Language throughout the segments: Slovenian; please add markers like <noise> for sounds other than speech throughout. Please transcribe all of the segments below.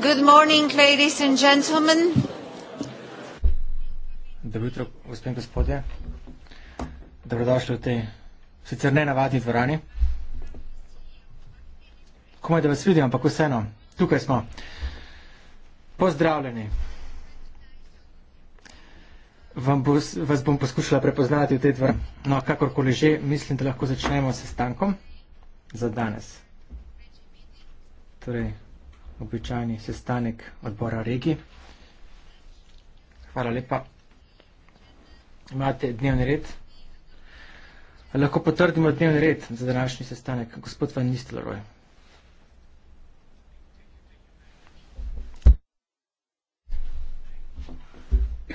Good morning, ladies and gentlemen. Dobro jutro, gospe in gospodje. Dobrodošli v tej sicer nenavadni dvorani. Komaj, da vas vidim, ampak vseeno, tukaj smo. Pozdravljeni vam bo, vas bom poskušala prepoznati v tej dvorani. No, kakorkoli že, mislim, da lahko začnemo s sestankom za danes. Torej, običajni sestanek odbora regi. Hvala lepa. Imate dnevni red? Lahko potrdimo dnevni red za današnji sestanek. Gospod Van Nistelrooy.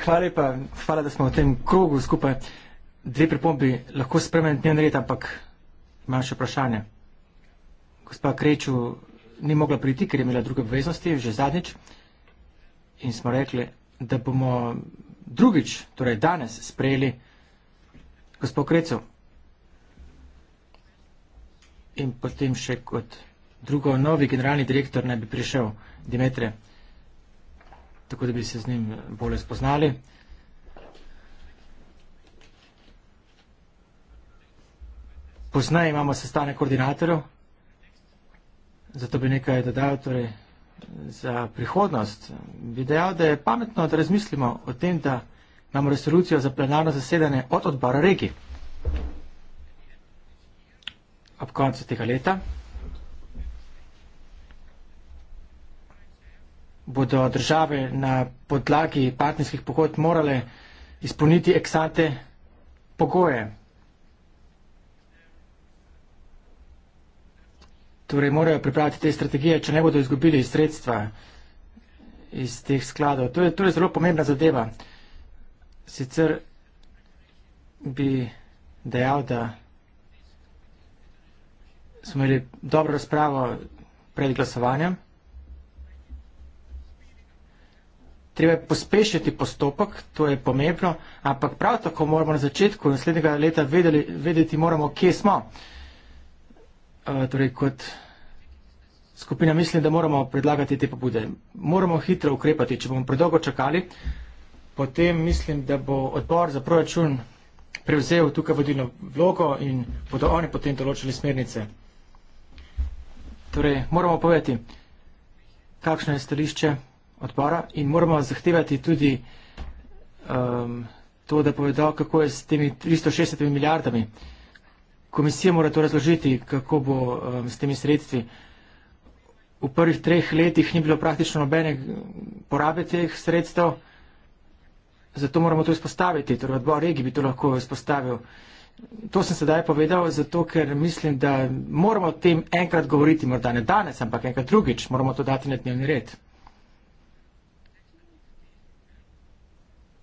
Hvala lepa, hvala, da smo v tem krogu skupaj. Dve pripombi lahko spremeniti njen red, ampak imam še vprašanje. Gospa Kreču ni mogla priti, ker je imela druge obveznosti, že zadnjič. In smo rekli, da bomo drugič, torej danes, sprejeli gospod Krecu. In potem še kot drugo, novi generalni direktor naj bi prišel, Dimitrije tako da bi se z njim bolje spoznali. Poznaj imamo sestane koordinatorjev, zato bi nekaj dodal torej, za prihodnost. Bi dejal, da je pametno, da razmislimo o tem, da imamo resolucijo za plenarno zasedanje od odbora regi ob koncu tega leta. bodo države na podlagi partnerskih pogodb morale izpolniti eksate pogoje. Torej morajo pripraviti te strategije, če ne bodo izgubili sredstva iz teh skladov. To je, to je zelo pomembna zadeva. Sicer bi dejal, da smo imeli dobro razpravo pred glasovanjem. treba je pospešiti postopek, to je pomembno, ampak prav tako moramo na začetku naslednjega leta vedeli, vedeti, moramo, kje smo. E, torej, kot skupina mislim, da moramo predlagati te pobude. Moramo hitro ukrepati, če bomo predolgo čakali, potem mislim, da bo odbor za proračun prevzel tukaj vodilno vlogo in bodo oni potem določili smernice. Torej, moramo povedati, kakšno je stališče odpora in moramo zahtevati tudi um, to, da povedo, kako je s temi 360 milijardami. Komisija mora to razložiti, kako bo um, s temi sredstvi. V prvih treh letih ni bilo praktično nobene porabe teh sredstev, zato moramo to izpostaviti, torej odbor regi bi to lahko izpostavil. To sem sedaj povedal, zato ker mislim, da moramo o tem enkrat govoriti, morda ne danes, ampak enkrat drugič, moramo to dati na dnevni red.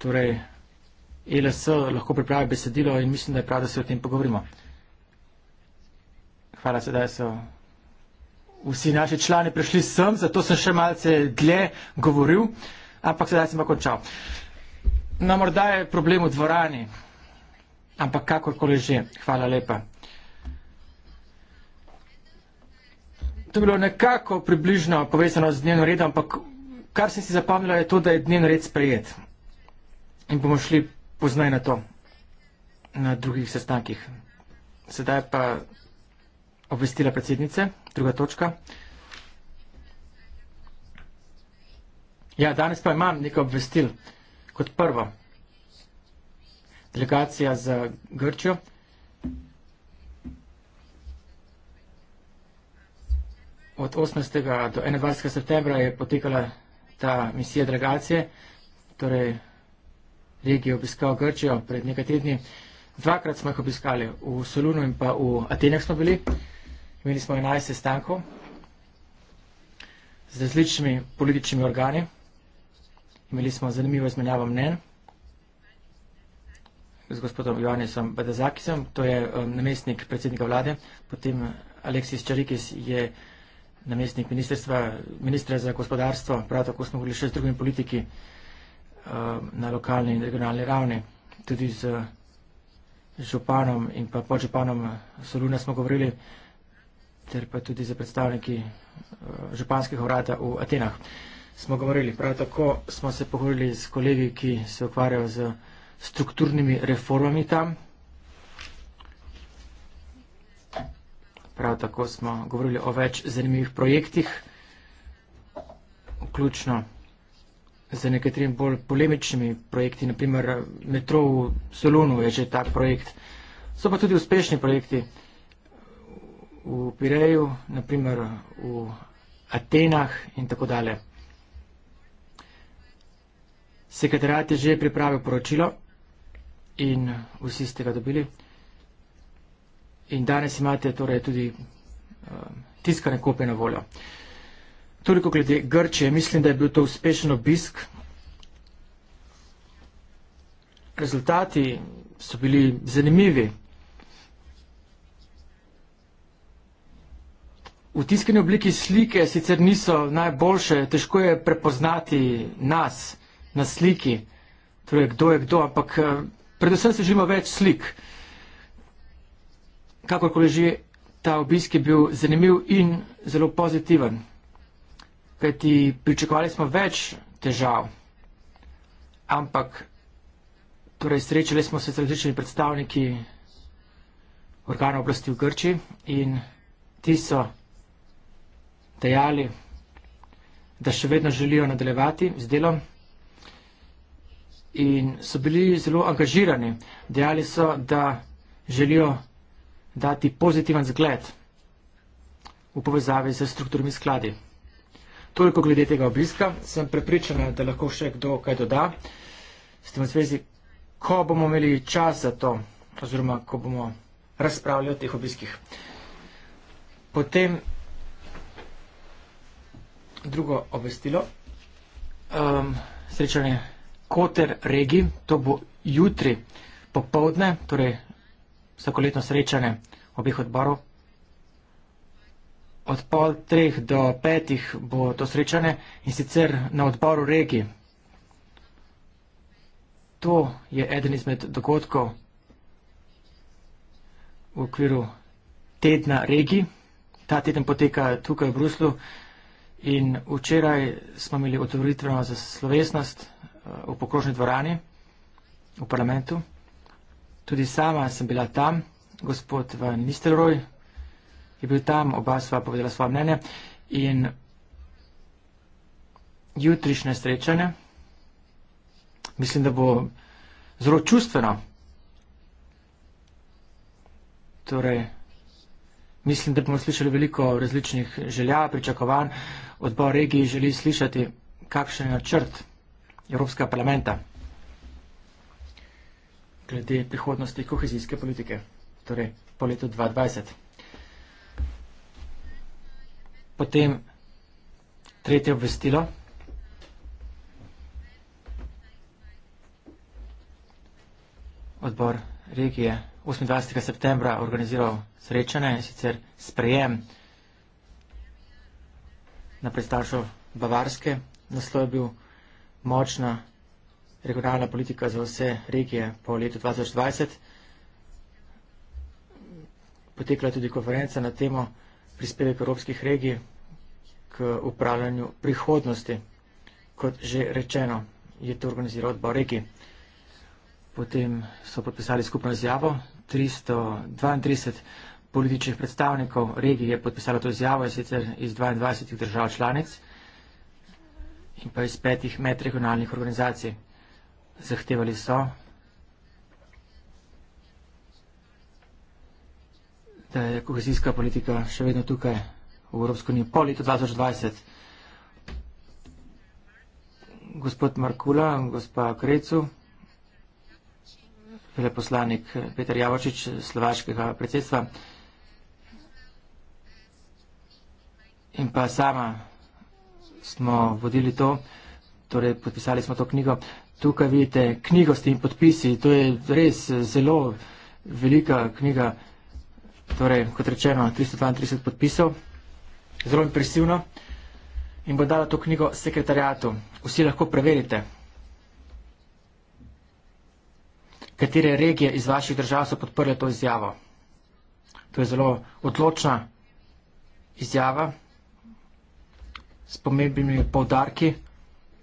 torej e LS lahko pripravi besedilo in mislim, da je prav, da se o tem pogovorimo. Hvala se, da so vsi naši člani prišli sem, zato sem še malce dlje govoril, ampak sedaj sem pa končal. No, morda je problem v dvorani, ampak kakorkoli že. Hvala lepa. To je bilo nekako približno povezano z dnevnim redom, ampak kar sem si zapomnila je to, da je dnevni red sprejet in bomo šli poznaj na to, na drugih sestankih. Sedaj pa obvestila predsednice, druga točka. Ja, danes pa imam nekaj obvestil. Kot prvo, delegacija za Grčjo. Od 18. do 21. septembra je potekala ta misija delegacije, torej regiji obiskal Grčijo pred nekaj tedni. Dvakrat smo jih obiskali, v Solunu in pa v Atenah smo bili. Imeli smo 11 sestankov z različnimi političnimi organi. Imeli smo zanimivo izmenjavo mnen z gospodom Ivanesom Badazakisom, to je um, namestnik predsednika vlade, potem Aleksis Čarikis je namestnik ministra za gospodarstvo, prav tako smo bili še z drugimi politiki. Eh, na lokalni in regionalni ravni. Tudi z županom in pa podžupanom Soluna smo govorili, ter pa tudi z predstavniki eh, županskih urada v Atenah smo govorili. Prav tako smo se pogovorili s kolegi, ki se ukvarjajo z strukturnimi reformami tam. Prav tako smo govorili o več zanimivih projektih, vključno z nekaterim bolj polemičnimi projekti, naprimer eh, metro v Solunu je že tak projekt. So pa tudi uspešni projekti v Pireju, naprimer v Atenah in tako dalje. Sekretarat je že pripravil poročilo in vsi ste ga dobili. In danes imate torej tudi eh, tiskane kope na voljo. Toliko glede Grčije, mislim, da je bil to uspešen obisk. Rezultati so bili zanimivi. V tiskani obliki slike sicer niso najboljše, težko je prepoznati nas na sliki, torej kdo je kdo, ampak eh, predvsem se želimo več slik. Kakorkoli že, ta obisk je bil zanimiv in zelo pozitiven kajti pričakovali smo več težav. Ampak, torej, srečali smo se z različnimi predstavniki organov oblasti v Grči in ti so dejali, da še vedno želijo nadaljevati z delom in so bili zelo angažirani. Dejali so, da želijo dati pozitiven zgled v povezavi z strukturnimi skladi. Toliko glede tega obiska. Sem prepričana, da lahko še kdo kaj doda. S tem v zvezi, ko bomo imeli čas za to, oziroma ko bomo razpravljali o teh obiskih. Potem drugo obvestilo. Um, srečanje Koter Regi, to bo jutri popovdne, torej vsakoletno srečanje obih odborov, od pol treh do petih bo to srečanje in sicer na odboru regi. To je eden izmed dogodkov v okviru tedna regi. Ta teden poteka tukaj v Bruslu in včeraj smo imeli otvoritveno za slovesnost eh, v pokrožni dvorani v parlamentu. Tudi sama sem bila tam, gospod Van Nistelrooy, je bil tam, oba sva povedala svoje mnenje in jutrišnje srečanje, mislim, da bo zelo čustveno. Torej, mislim, da bomo slišali veliko različnih želja, pričakovanj. Odbor regiji želi slišati, kakšen je načrt Evropskega parlamenta glede prihodnosti kohezijske politike, torej po letu 2020. Potem tretje obvestilo. Odbor regije 28. septembra organiziral srečanje in sicer sprejem na predstavšo Bavarske. Naslov je bil močna regionalna politika za vse regije po letu 2020. Potekla je tudi konferenca na temo prispevek evropskih regij k upravljanju prihodnosti. Kot že rečeno, je to organiziral odbor regij. Potem so podpisali skupno izjavo, 332 političnih predstavnikov regij je podpisalo to izjavo, in sicer iz 22 držav članic in pa iz petih medregionalnih organizacij. Zahtevali so, da je kohezijska politika še vedno tukaj v Evropsko unijo po letu 2020. Gospod Markula, gospa Krecu, veleposlanik Peter Javočič, slovaškega predsedstva in pa sama smo vodili to, torej podpisali smo to knjigo. Tukaj vidite knjigo s temi podpisi, to je res zelo velika knjiga. Torej, kot rečeno, 332 podpisov, zelo impresivno in bo dala to knjigo sekretarijatu. Vsi lahko preverite, katere regije iz vaših držav so podprle to izjavo. To je zelo odločna izjava s pomembnimi povdarki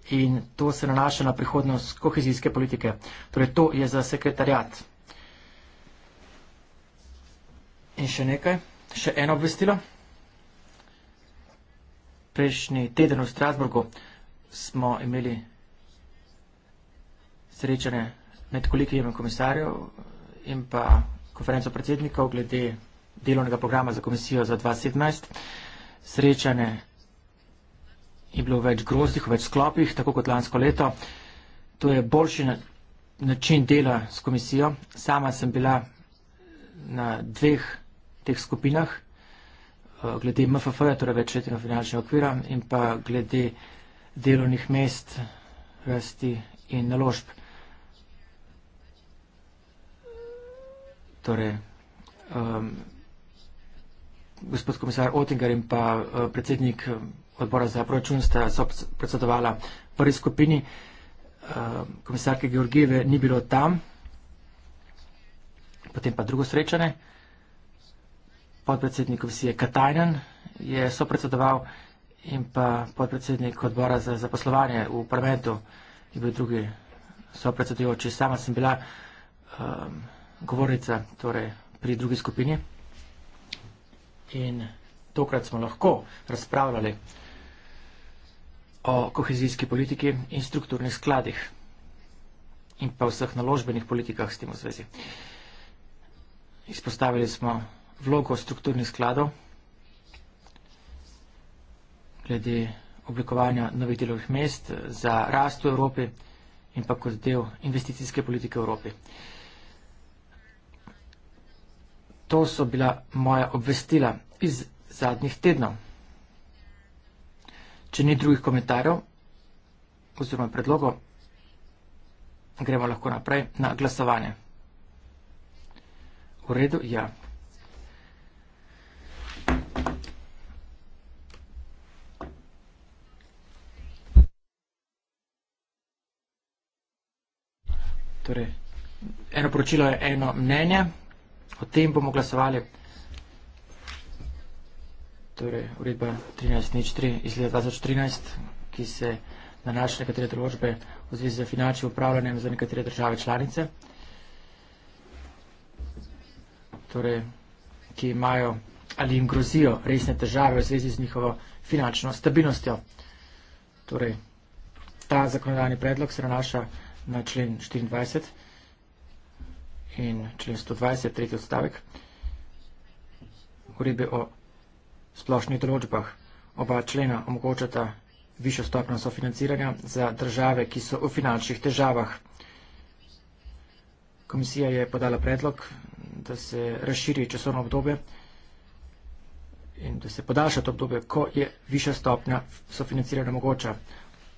in to se nanaša na prihodnost kohezijske politike. Torej, to je za sekretarijat. In še nekaj, še eno obvestilo. Prejšnji teden v Strasburgu smo imeli srečanje med kolikijem komisarjev in pa konferenco predsednikov glede delovnega programa za komisijo za 2017. Srečanje je bilo v več grozdih, v več sklopih, tako kot lansko leto. To je boljši način dela s komisijo. Sama sem bila na dveh teh skupinah, eh, glede MFF-ja, torej večletnega finančnega okvira in pa glede delovnih mest, rasti in naložb. Torej, um, gospod komisar Otinger in pa uh, predsednik eh, odbora za proračun sta so predsedovala prvi skupini. Komisarke Georgijeve ni bilo tam, potem pa drugo srečanje podpredsednik komisije Katajnen je sopredsedoval in pa podpredsednik odbora za zaposlovanje v parlamentu je bil drugi sopredsedujoči. Sama sem bila um, govorica torej, pri drugi skupini in tokrat smo lahko razpravljali o kohezijski politiki in strukturnih skladih in pa vseh naložbenih politikah s tem v zvezi. Izpostavili smo vlogo strukturnih skladov glede oblikovanja novih delovih mest za rast v Evropi in pa kot del investicijske politike v Evropi. To so bila moja obvestila iz zadnjih tednov. Če ni drugih komentarjev oziroma predlogov, gremo lahko naprej na glasovanje. V redu, ja. Torej, eno poročilo je eno mnenje, o tem bomo glasovali. Torej, uredba 13.03 iz leta 2013, ki se nanaša nekatere določbe v zvezi z finančnim upravljanjem za nekatere države članice, torej, ki imajo ali jim grozijo resne težave v zvezi z njihovo finančno stabilnostjo. Torej, ta zakonodajni predlog se nanaša na člen 24 in člen 120, tretji odstavek, uredbe o splošnih določbah. Oba člena omogočata višjo stopno sofinanciranja za države, ki so v finančnih težavah. Komisija je podala predlog, da se razširi časovno obdobje in da se podaljša to obdobje, ko je višja stopnja sofinanciranja mogoča.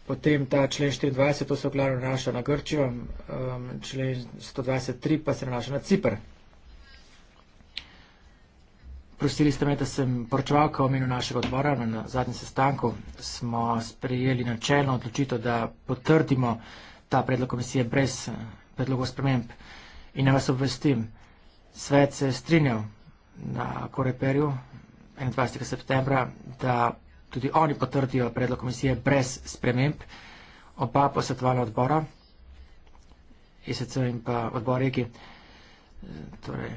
Potem ta člen 24, to se v glavnem nanaša na Grčijo, um, člen 123 pa se nanaša na Cipr. Prosili ste me, da sem poročevalka v imenu našega odbora. Na zadnjem sestanku smo sprejeli načelno odločitev, da potrdimo ta predlog komisije brez eh, predlogov sprememb. In naj vas obvestim, svet se je strinjal na Koreperju 21. septembra, da tudi oni potrdijo predlog komisije brez sprememb. Oba posvetovala odbora, ESC in pa odbor Regi, eh, torej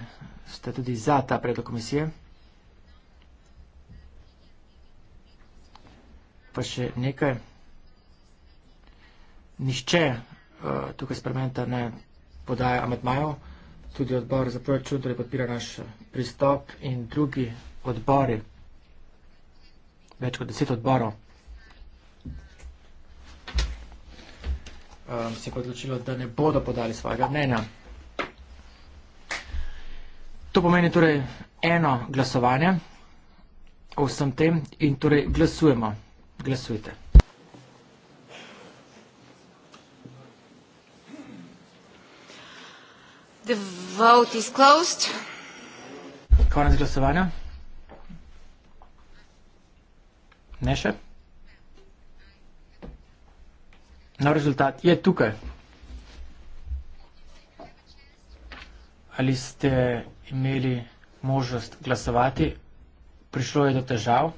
ste tudi za ta predlog komisije. Pa še nekaj. Nišče uh, eh, tukaj sprementa ne podaja amedmajev, tudi odbor za proračun, torej podpira naš pristop in drugi odbori več kot deset odborov. Um, se je pa odločilo, da ne bodo podali svojega mnenja. To pomeni torej eno glasovanje o vsem tem in torej glasujemo. Glasujte. The vote is closed. Konec glasovanja. Ne še? No, rezultat je tukaj. Ali ste imeli možnost glasovati? Prišlo je do težav?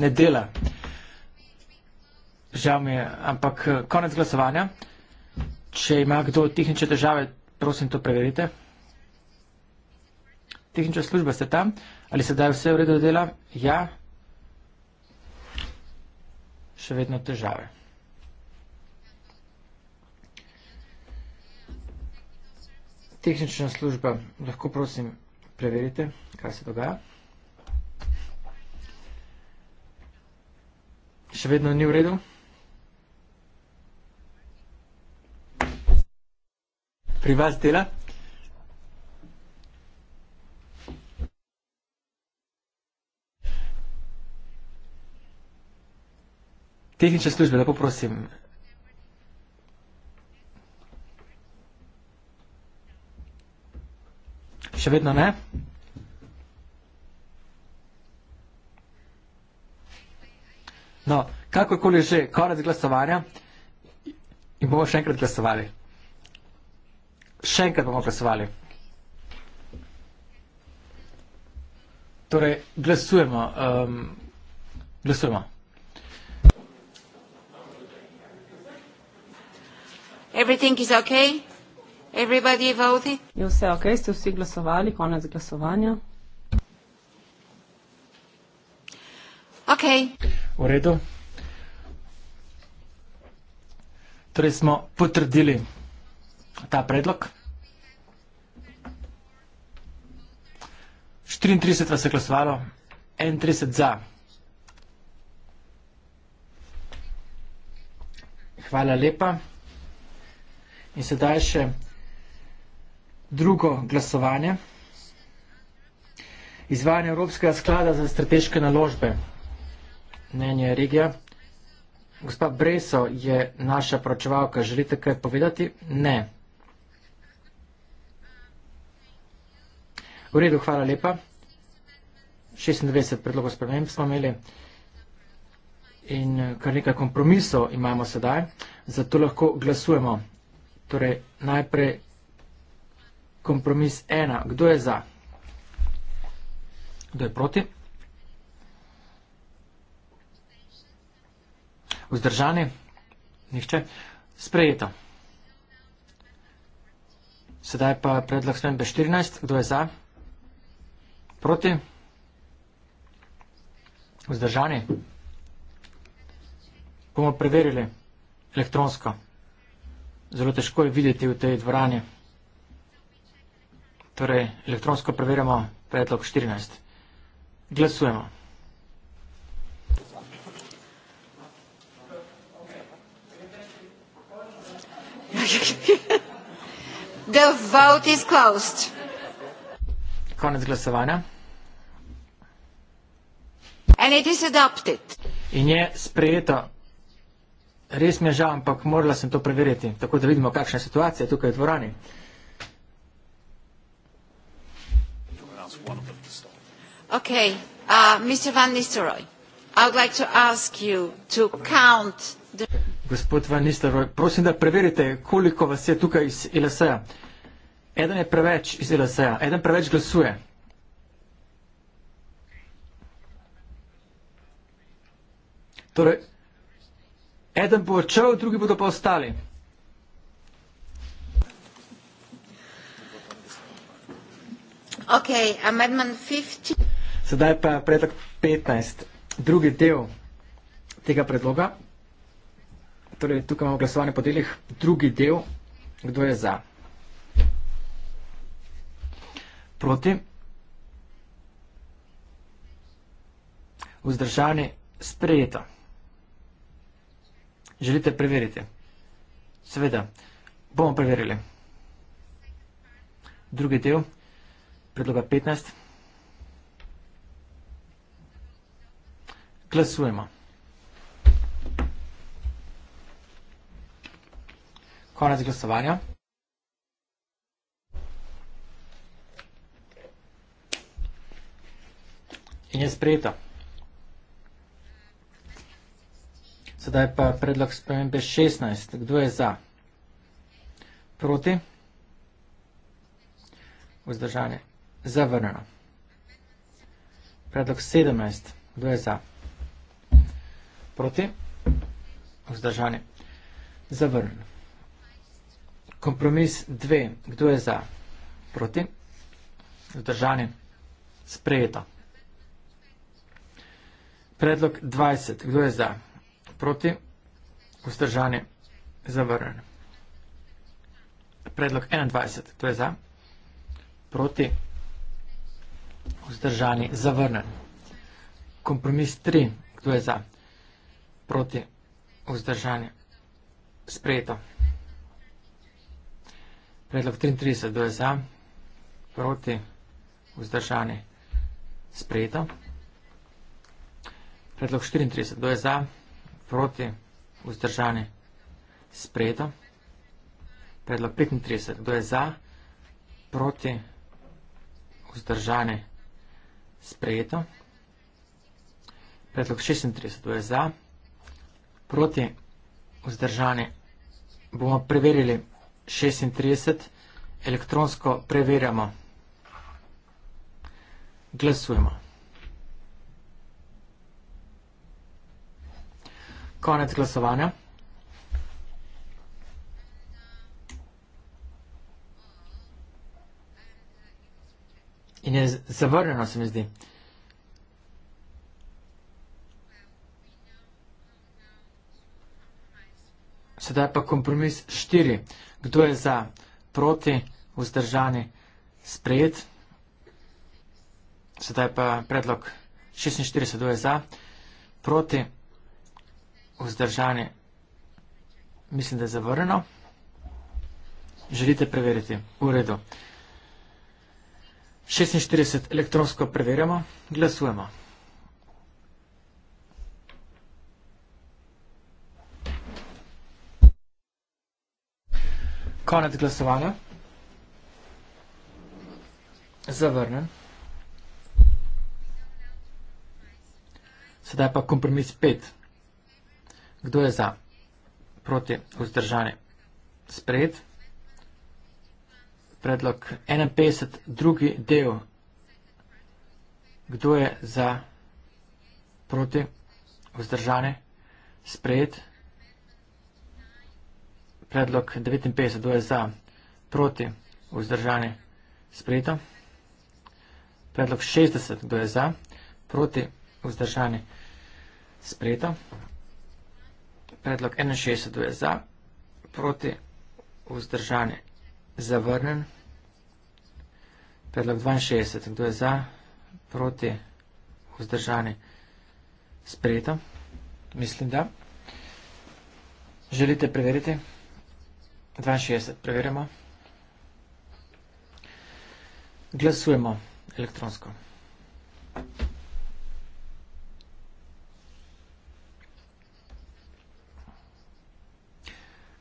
Ne dela. Žal mi je, ampak eh, konec glasovanja. Če ima kdo tehnične težave, prosim to preverite tehnična služba ste tam, ali se daje vse v redu dela? Ja, še vedno težave. Tehnična služba, lahko prosim preverite, kaj se dogaja. Še vedno ni v redu. Pri vas dela? tehnične službe, lepo prosim. Še vedno ne? No, kakorkoli že, konec glasovanja in bomo še enkrat glasovali. Še enkrat bomo glasovali. Torej, glasujemo. Um, glasujemo. Everything is okay? Everybody voted? Je vse ok, ste vsi glasovali, konec glasovanja. Ok. V redu. Torej smo potrdili ta predlog. 34 vas je glasovalo, 31 za. Hvala lepa. In sedaj še drugo glasovanje. Izvajanje Evropskega sklada za strateške naložbe. Mnenje regija. Gospa Breso je naša pročevalka. Želite kaj povedati? Ne. V redu, hvala lepa. 96 predlogov sprememb smo imeli in kar nekaj kompromisov imamo sedaj, zato lahko glasujemo. Torej, najprej kompromis ena. Kdo je za? Kdo je proti? Vzdržani? Nihče? Sprejeto. Sedaj pa predlog spremembe 14. Kdo je za? Proti? Vzdržani? Bomo preverili elektronsko zelo težko je videti v tej dvorani. Torej, elektronsko preverjamo predlog 14. Glasujemo. <laughs> The vote is closed. Konec glasovanja. And it is adopted. In je sprejeto. Res mi je žal, ampak morala sem to preveriti, tako da vidimo, kakšna je situacija tukaj v dvorani. Ok, uh, Mr. Van Nistelrooy, I would like to ask you to count the... Gospod Van Nistelrooy, prosim, da preverite, koliko vas je tukaj iz LSE-ja. Eden je preveč iz LSE-ja, eden preveč glasuje. Torej, eden bo odšel, drugi bodo pa ostali. Okay, amendment 15. Sedaj pa predlog 15. Drugi del tega predloga. Torej, tukaj imamo glasovanje po delih. Drugi del, kdo je za? Proti? Vzdržani? Sprejeto. Želite preveriti? Seveda, bomo preverili. Drugi del, predloga 15. Glasujemo. Konec glasovanja. In je sprejeto. Sedaj pa predlog spremembe 16. Kdo je za? Proti? Vzdržanje. Zavrneno. Predlog 17. Kdo je za? Proti? Vzdržanje. Zavrneno. Kompromis 2. Kdo je za? Proti? Vzdržanje. Sprejeto. Predlog 20. Kdo je za? Proti? Proti. Vzdržani. Zavrnjen. Predlog 21. To je za. Proti. Vzdržani. Zavrnjen. Kompromis 3. To je za. Proti. Vzdržani. Sprejeto. Predlog 33. To je za. Proti. Vzdržani. Sprejeto. Predlog 34. To je za. Proti proti, vzdržani, sprejeto. Predlog 35. Kdo je za, proti, vzdržani, sprejeto. Predlog 36. Kdo je za, proti, vzdržani, bomo preverili 36, elektronsko preverjamo. Glasujemo. Konec glasovanja. In je zavrnjeno, se mi zdi. Sedaj pa kompromis štiri. Kdo je za proti vzdržani sprejet? Sedaj pa predlog 46, kdo je za proti vzdržani sprejet? vzdržanje. Mislim, da je zavrnjeno. Želite preveriti? V redu. 46 elektronsko preverjamo, glasujemo. Konec glasovanja. Zavrnen. Sedaj pa kompromis 5. Kdo je za? Proti vzdržanje. Spred. Predlog 51, drugi del. Kdo je za? Proti vzdržanje. Spred. Predlog 59, kdo je za? Proti vzdržanje. Spred. Predlog 60, kdo je za? Proti vzdržanje. Spred predlog 61 za, proti vzdržanje zavrnen. Predlog 62, kdo je za, proti vzdržanje sprejeto. Mislim, da. Želite preveriti? 62, preverjamo. Glasujemo elektronsko. Thank you.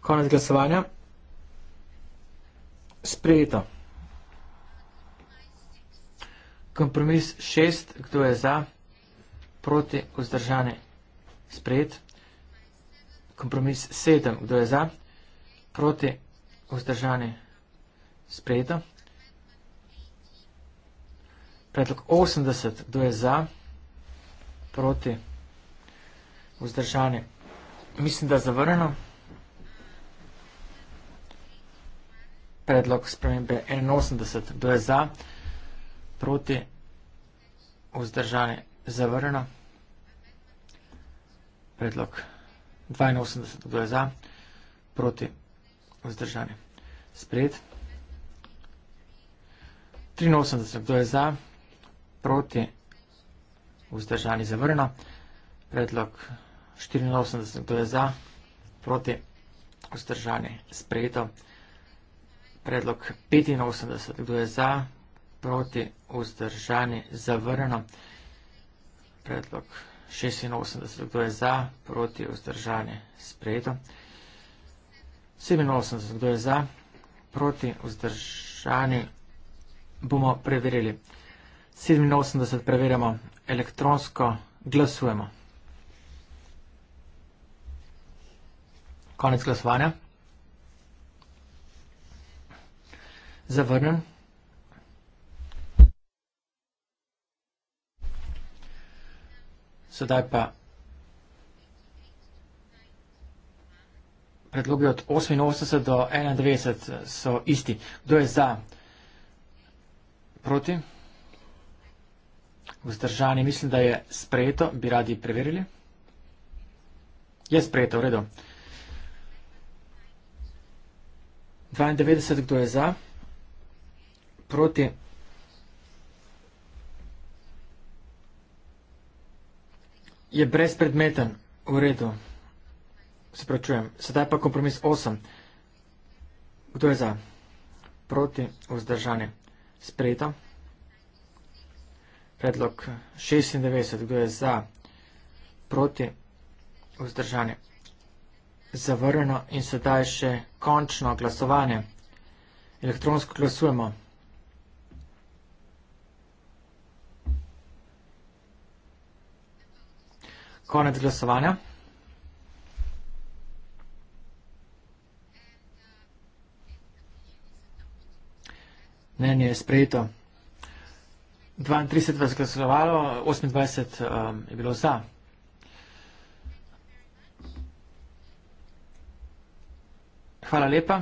Konec glasovanja. Sprejeto. Kompromis šest, kdo je za, proti, vzdržani, sprejet. Kompromis sedem, kdo je za, proti, vzdržani, sprejeto. Predlog 80, kdo je za, proti, vzdržani, mislim, da zavrneno. predlog spremembe 81, kdo je za, proti, vzdržane, zavrjeno. Predlog 82, kdo je za, proti, vzdržane, sprejet. 83, kdo je za, proti, vzdržane, zavrjeno. Predlog 84, kdo je za, proti, vzdržane, sprejeto predlog 85, kdo je za, proti, vzdržani, zavrno. Predlog 86, kdo je za, proti, vzdržani, sprejeto. 87, kdo je za, proti, vzdržani, bomo preverili. 87 preverjamo elektronsko, glasujemo. Konec glasovanja. Zavrnem. Sedaj pa predlogi od 88 do 91 so isti. Kdo je za? Proti? Vzdržani mislim, da je sprejeto, bi radi preverili. Je sprejeto, v redu. 92, kdo je za? proti je brezpredmeten. V redu. Se pravčujem. Sedaj pa kompromis 8. Kdo je za? Proti vzdržanje. Sprejeto. Predlog 96. Kdo je za? Proti vzdržanje. Zavrjeno in sedaj še končno glasovanje. Elektronsko glasujemo. Konec glasovanja. Mnenje je sprejeto. 32 vas glasovalo, 28 um, je bilo za. Hvala lepa.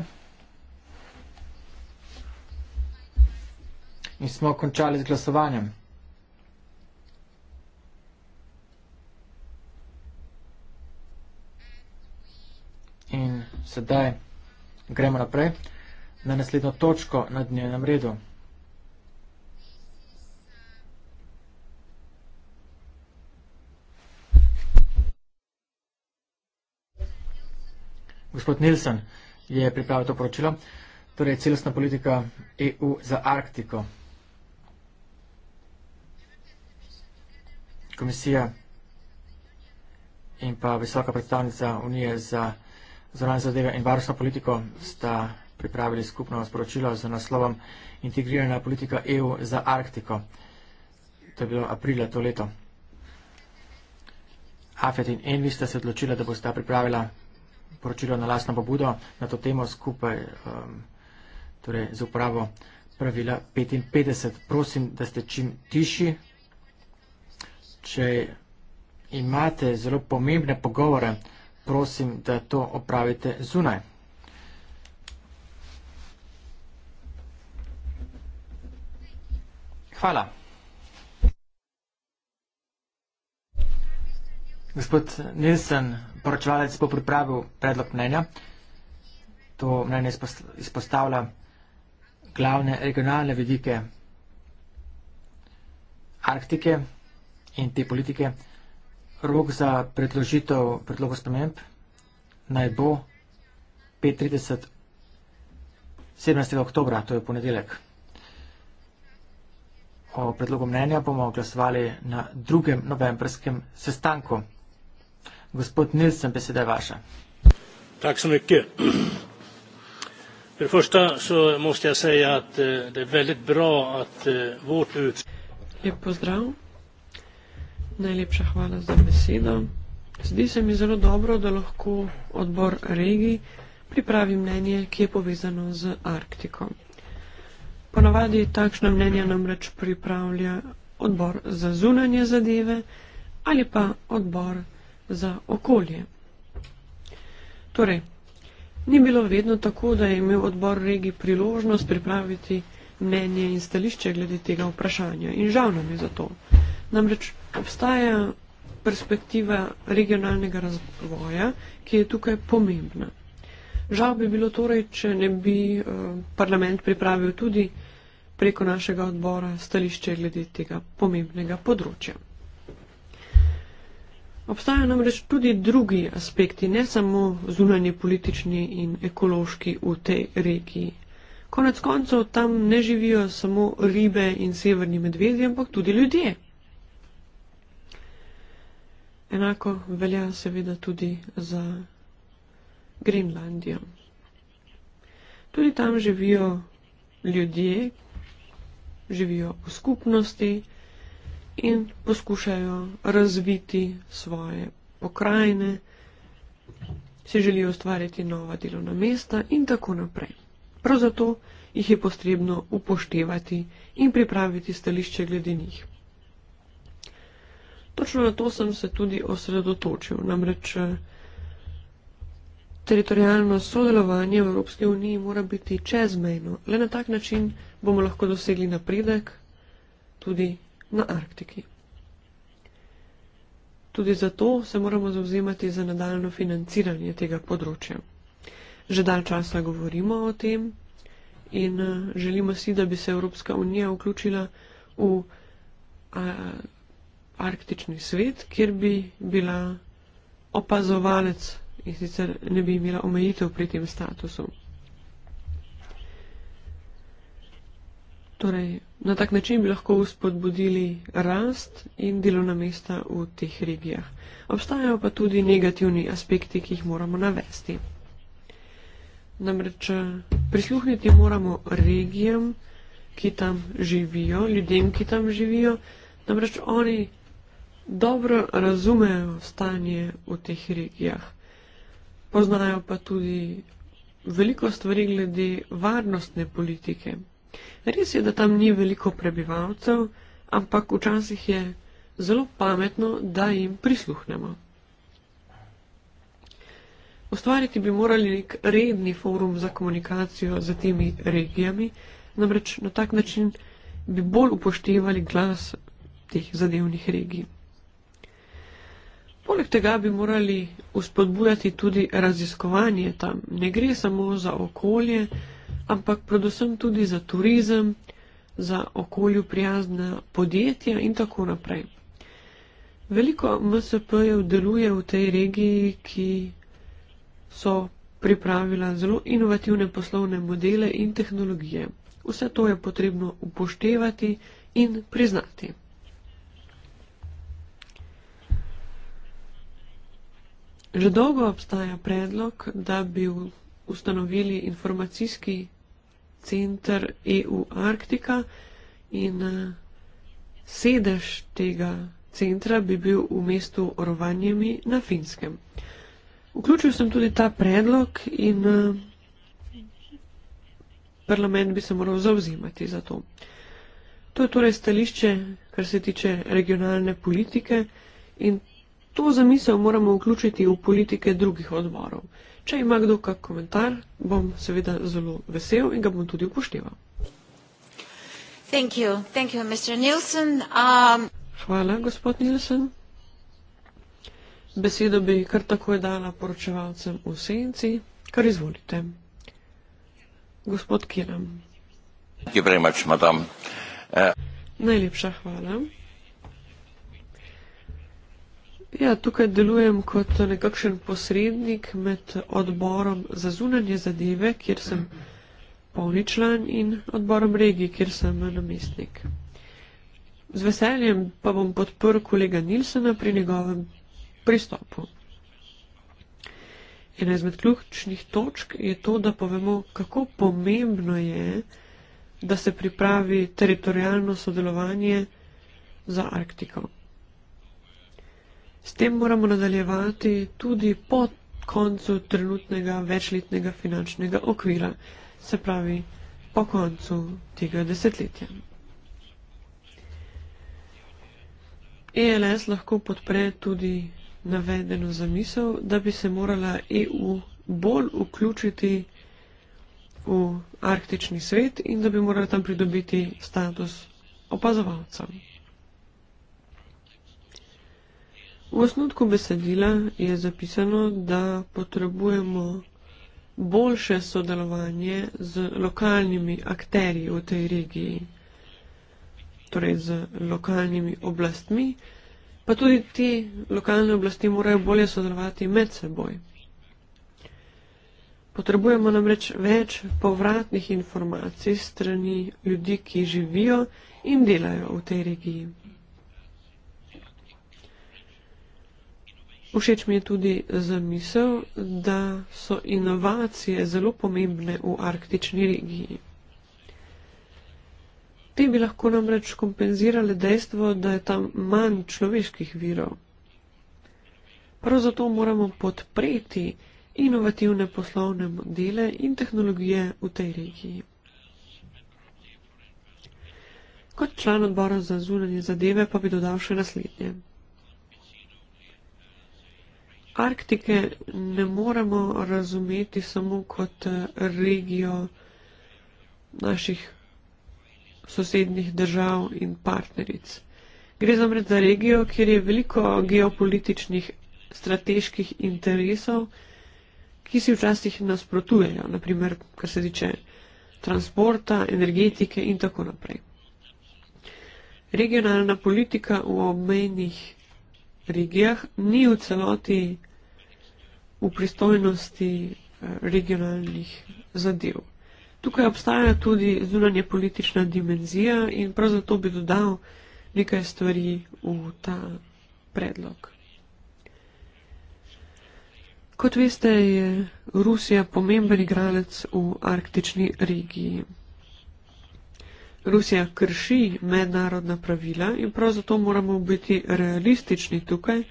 In smo končali z glasovanjem. sedaj gremo naprej na naslednjo točko na dnevnem redu. Gospod Nilsen je pripravil to poročilo, torej celostna politika EU za Arktiko. Komisija in pa visoka predstavnica Unije za Arktiko zunanje zadeve in varstvo politiko sta pripravili skupno sporočilo z naslovom Integrirana politika EU za Arktiko. To je bilo aprila to leto. Afet in Envi sta se odločila, da bosta pripravila poročilo na lastno pobudo na to temo skupaj um, torej z upravo pravila 55. Prosim, da ste čim tiši. Če imate zelo pomembne pogovore, prosim, da to opravite zunaj. Hvala. Gospod Nilsen, poročevalec, bo pripravil predlog mnenja. To mnenje izpostavlja glavne regionalne vidike Arktike in te politike Arktike rok za predložitev predlogo spremenb naj bo 35. 17. oktober, to je ponedeljek. O predlogu mnenja bomo glasovali na drugem novembrskem sestanku. Gospod Nilsen, beseda je vaša. Tak som mycket. För det första så måste jag säga att eh, det är väldigt bra att eh, vårt utskott... Lep pozdrav. Najlepša hvala za besedo. Zdi se mi zelo dobro, da lahko odbor regij pripravi mnenje, ki je povezano z Arktiko. Ponavadi takšno mnenje namreč pripravlja odbor za zunanje zadeve ali pa odbor za okolje. Torej, ni bilo vedno tako, da je imel odbor regij priložnost pripraviti mnenje in stališče glede tega vprašanja in žal nam je za to. Namreč obstaja perspektiva regionalnega razvoja, ki je tukaj pomembna. Žal bi bilo torej, če ne bi eh, parlament pripravil tudi preko našega odbora stališče glede tega pomembnega področja. Obstajajo namreč tudi drugi aspekti, ne samo zunanje politični in ekološki v tej regiji. Konec koncev tam ne živijo samo ribe in severni medvedi, ampak tudi ljudje. Enako velja seveda tudi za Grenlandijo. Tudi tam živijo ljudje, živijo v skupnosti in poskušajo razviti svoje pokrajine, si želijo ustvariti nova delovna mesta in tako naprej. Prav zato jih je potrebno upoštevati in pripraviti stališče glede njih. Točno na to sem se tudi osredotočil, namreč eh, teritorijalno sodelovanje v Evropske uniji mora biti čezmejno. Le na tak način bomo lahko dosegli napredek tudi na Arktiki. Tudi zato se moramo zauzemati za nadaljno financiranje tega področja. Že dalj časa govorimo o tem in eh, želimo si, da bi se Evropska unija vključila v. A, eh, arktični svet, kjer bi bila opazovalec in sicer ne bi imela omejitev pri tem statusu. Torej, na tak način bi lahko uspodbudili rast in delovna mesta v teh regijah. Obstajajo pa tudi negativni aspekti, ki jih moramo navesti. Namreč prisluhniti moramo regijam, ki tam živijo, ljudem, ki tam živijo, namreč oni dobro razumejo stanje v teh regijah. Poznajo pa tudi veliko stvari glede varnostne politike. Res je, da tam ni veliko prebivalcev, ampak včasih je zelo pametno, da jim prisluhnemo. Ustvariti bi morali nek redni forum za komunikacijo z temi regijami, namreč na tak način bi bolj upoštevali glas teh zadevnih regij. Poleg tega bi morali uspodbujati tudi raziskovanje tam. Ne gre samo za okolje, ampak predvsem tudi za turizem, za okolju prijazna podjetja in tako naprej. Veliko MSP-jev deluje v tej regiji, ki so pripravila zelo inovativne poslovne modele in tehnologije. Vse to je potrebno upoštevati in priznati. Že dolgo obstaja predlog, da bi ustanovili informacijski center EU Arktika in eh, sedež tega centra bi bil v mestu Orovanjemi na Finskem. Vključil sem tudi ta predlog in eh, parlament bi se moral zauzimati za to. To je torej stališče, kar se tiče regionalne politike in To zamisel moramo vključiti v politike drugih odborov. Če ima kdo kak komentar, bom seveda zelo vesel in ga bom tudi upošteval. Thank you. Thank you, Mr. Nielsen. Um... Hvala, gospod Nielsen. Besedo bi kar takoj dala poročevalcem v senci, kar izvolite. Gospod Kiram. Thank you very much, madam. Uh... Najlepša hvala. Ja, tukaj delujem kot nekakšen posrednik med odborom za zunanje zadeve, kjer sem polni član in odborom regij, kjer sem namestnik. Z veseljem pa bom podprl kolega Nilsena pri njegovem pristopu. Ena izmed ključnih točk je to, da povemo, kako pomembno je, da se pripravi teritorijalno sodelovanje za Arktiko. S tem moramo nadaljevati tudi po koncu trenutnega večletnega finančnega okvira, se pravi po koncu tega desetletja. ELS lahko podpre tudi navedeno zamisel, da bi se morala EU bolj vključiti v arktični svet in da bi morala tam pridobiti status opazovalcev. V osnutku besedila je zapisano, da potrebujemo boljše sodelovanje z lokalnimi akterji v tej regiji, torej z lokalnimi oblastmi, pa tudi ti lokalne oblasti morajo bolje sodelovati med seboj. Potrebujemo namreč več povratnih informacij strani ljudi, ki živijo in delajo v tej regiji. Všeč mi je tudi zamisel, da so inovacije zelo pomembne v arktični regiji. Te bi lahko namreč kompenzirale dejstvo, da je tam manj človeških virov. Prav zato moramo podpreti inovativne poslovne modele in tehnologije v tej regiji. Kot član odbora za zunanje zadeve pa bi dodal še naslednje. Arktike ne moremo razumeti samo kot eh, regijo naših sosednjih držav in partneric. Gre zamre za regijo, kjer je veliko geopolitičnih strateških interesov, ki si včasih nasprotujejo, naprimer, kar se tiče transporta, energetike in tako naprej. Regionalna politika v obmejnih regijah, ni v celoti v pristojnosti eh, regionalnih zadev. Tukaj obstaja tudi zunanje politična dimenzija in prav zato bi dodal nekaj stvari v ta predlog. Kot veste, je Rusija pomemben igralec v arktični regiji. Rusija krši mednarodna pravila in prav zato moramo biti realistični tukaj,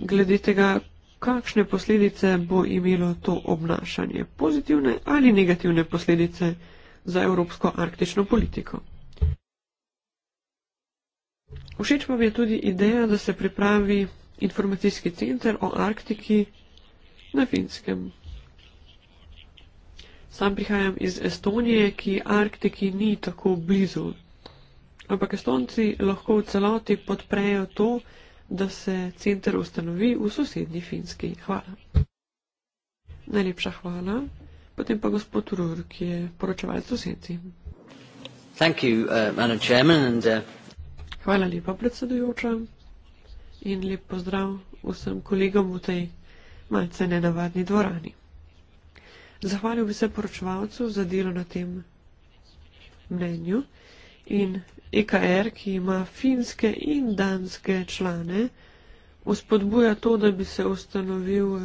glede tega, kakšne posledice bo imelo to obnašanje, pozitivne ali negativne posledice za evropsko arktično politiko. Všeč pa mi je tudi ideja, da se pripravi informacijski center o Arktiki na finskem. Sam prihajam iz Estonije, ki Arktiki ni tako blizu. Ampak Estonci lahko v celoti podprejo to, da se center ustanovi v sosednji Finski. Hvala. Najlepša hvala. Potem pa gospod Rur, ki je poročevalec v senci. Thank you, uh, Chairman, and, uh... Hvala lepa, predsedujoča. In lep pozdrav vsem kolegom v tej malce nenavadni dvorani. Zahvalil bi se poročevalcu za delo na tem mnenju in EKR, ki ima finske in danske člane, uspodbuja to, da bi se ustanovil eh,